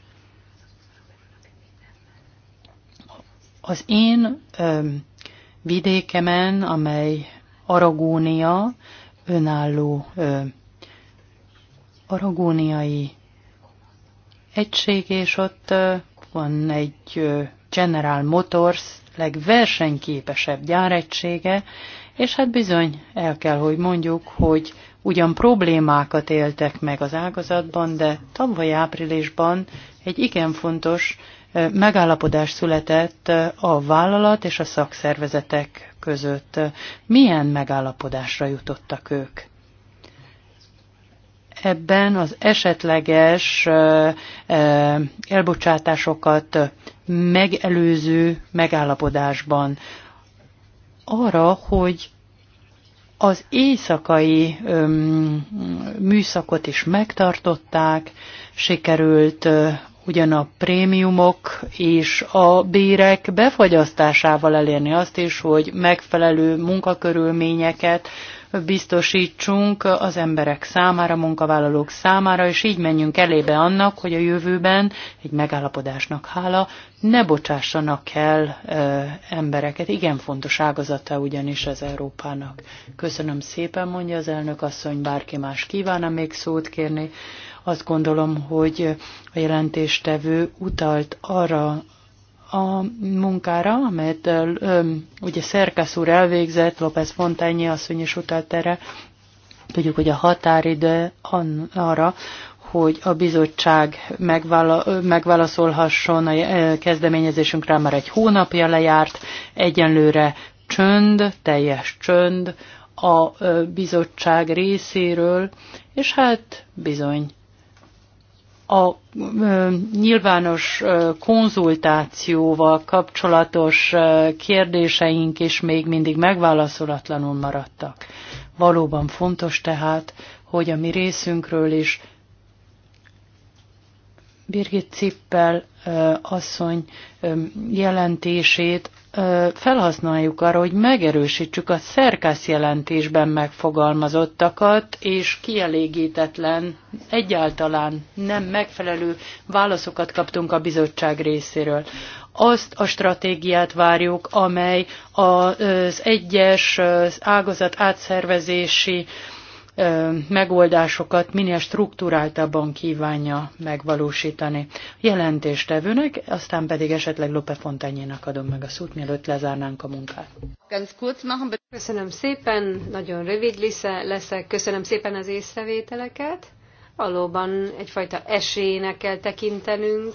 Az én ö, vidékemen, amely Aragónia, önálló ö, aragóniai egység, és ott ö, van egy ö, General Motors legversenyképesebb gyáregysége, és hát bizony el kell, hogy mondjuk, hogy ugyan problémákat éltek meg az ágazatban, de tavaly áprilisban egy igen fontos megállapodás született a vállalat és a szakszervezetek között. Milyen megállapodásra jutottak ők? ebben az esetleges elbocsátásokat megelőző megállapodásban arra, hogy az éjszakai műszakot is megtartották, sikerült ugyan a prémiumok és a bérek befagyasztásával elérni azt is, hogy megfelelő munkakörülményeket biztosítsunk az emberek számára, munkavállalók számára, és így menjünk elébe annak, hogy a jövőben egy megállapodásnak hála ne bocsássanak el ö, embereket. Igen fontos ágazata ugyanis az Európának. Köszönöm szépen, mondja az elnök asszony, bárki más kívánna még szót kérni azt gondolom, hogy a jelentéstevő utalt arra a munkára, amelyet ugye Szerkesz úr elvégzett, López Fontányi asszony is utalt erre. Tudjuk, hogy a határidő arra, hogy a bizottság megvála, megválaszolhasson a kezdeményezésünkre, már egy hónapja lejárt, egyenlőre csönd, teljes csönd a bizottság részéről, és hát bizony a nyilvános konzultációval kapcsolatos kérdéseink is még mindig megválaszolatlanul maradtak. Valóban fontos tehát, hogy a mi részünkről is Birgit Cippel asszony jelentését felhasználjuk arra, hogy megerősítsük a szerkász jelentésben megfogalmazottakat, és kielégítetlen, egyáltalán nem megfelelő válaszokat kaptunk a bizottság részéről. Azt a stratégiát várjuk, amely az egyes ágazat átszervezési megoldásokat minél struktúráltabban kívánja megvalósítani. Jelentéstevőnek, aztán pedig esetleg Lope Fontányénak adom meg a szót, mielőtt lezárnánk a munkát. Köszönöm szépen, nagyon rövid leszek, köszönöm szépen az észrevételeket. Valóban egyfajta esélynek kell tekintenünk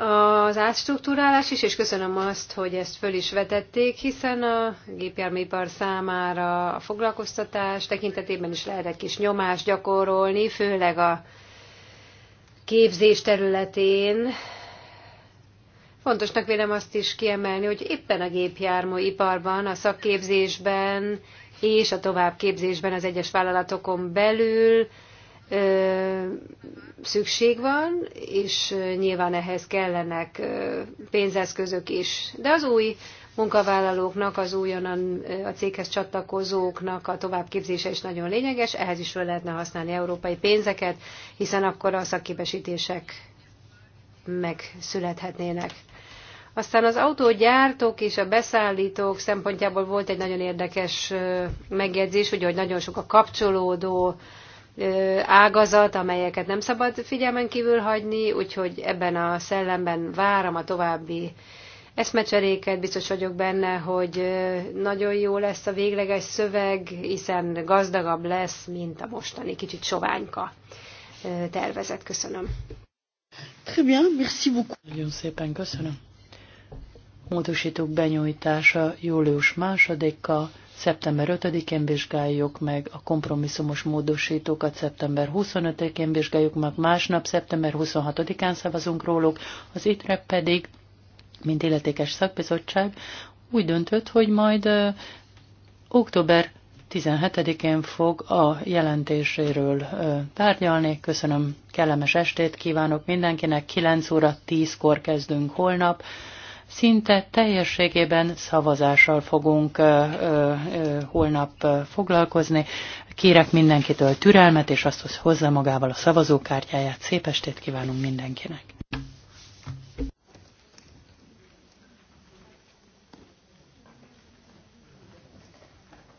az átstruktúrálás is, és köszönöm azt, hogy ezt föl is vetették, hiszen a gépjárműipar számára a foglalkoztatás tekintetében is lehet egy kis nyomást gyakorolni, főleg a képzés területén. Fontosnak vélem azt is kiemelni, hogy éppen a gépjárműiparban, a szakképzésben és a továbbképzésben az egyes vállalatokon belül ö, szükség van, és nyilván ehhez kellenek pénzeszközök is. De az új munkavállalóknak, az újonnan a céghez csatlakozóknak a továbbképzése is nagyon lényeges, ehhez is fel lehetne használni európai pénzeket, hiszen akkor a szakképesítések megszülethetnének. Aztán az autógyártók és a beszállítók szempontjából volt egy nagyon érdekes megjegyzés, ugye, hogy nagyon sok a kapcsolódó ágazat, amelyeket nem szabad figyelmen kívül hagyni, úgyhogy ebben a szellemben várom a további eszmecseréket, biztos vagyok benne, hogy nagyon jó lesz a végleges szöveg, hiszen gazdagabb lesz, mint a mostani kicsit soványka tervezet. Köszönöm. Très bien, merci beaucoup. Nagyon szépen köszönöm. Módosítók benyújtása július másodika Szeptember 5-én vizsgáljuk meg a kompromisszumos módosítókat, szeptember 25-én vizsgáljuk meg másnap, szeptember 26-án szavazunk róluk, az ITRE pedig, mint illetékes szakbizottság, úgy döntött, hogy majd ö, október 17-én fog a jelentéséről tárgyalni. Köszönöm, kellemes estét kívánok mindenkinek. 9 óra 10-kor kezdünk holnap szinte teljességében szavazással fogunk holnap foglalkozni. Kérek mindenkitől türelmet, és azt hozza magával a szavazókártyáját. Szép estét kívánunk mindenkinek!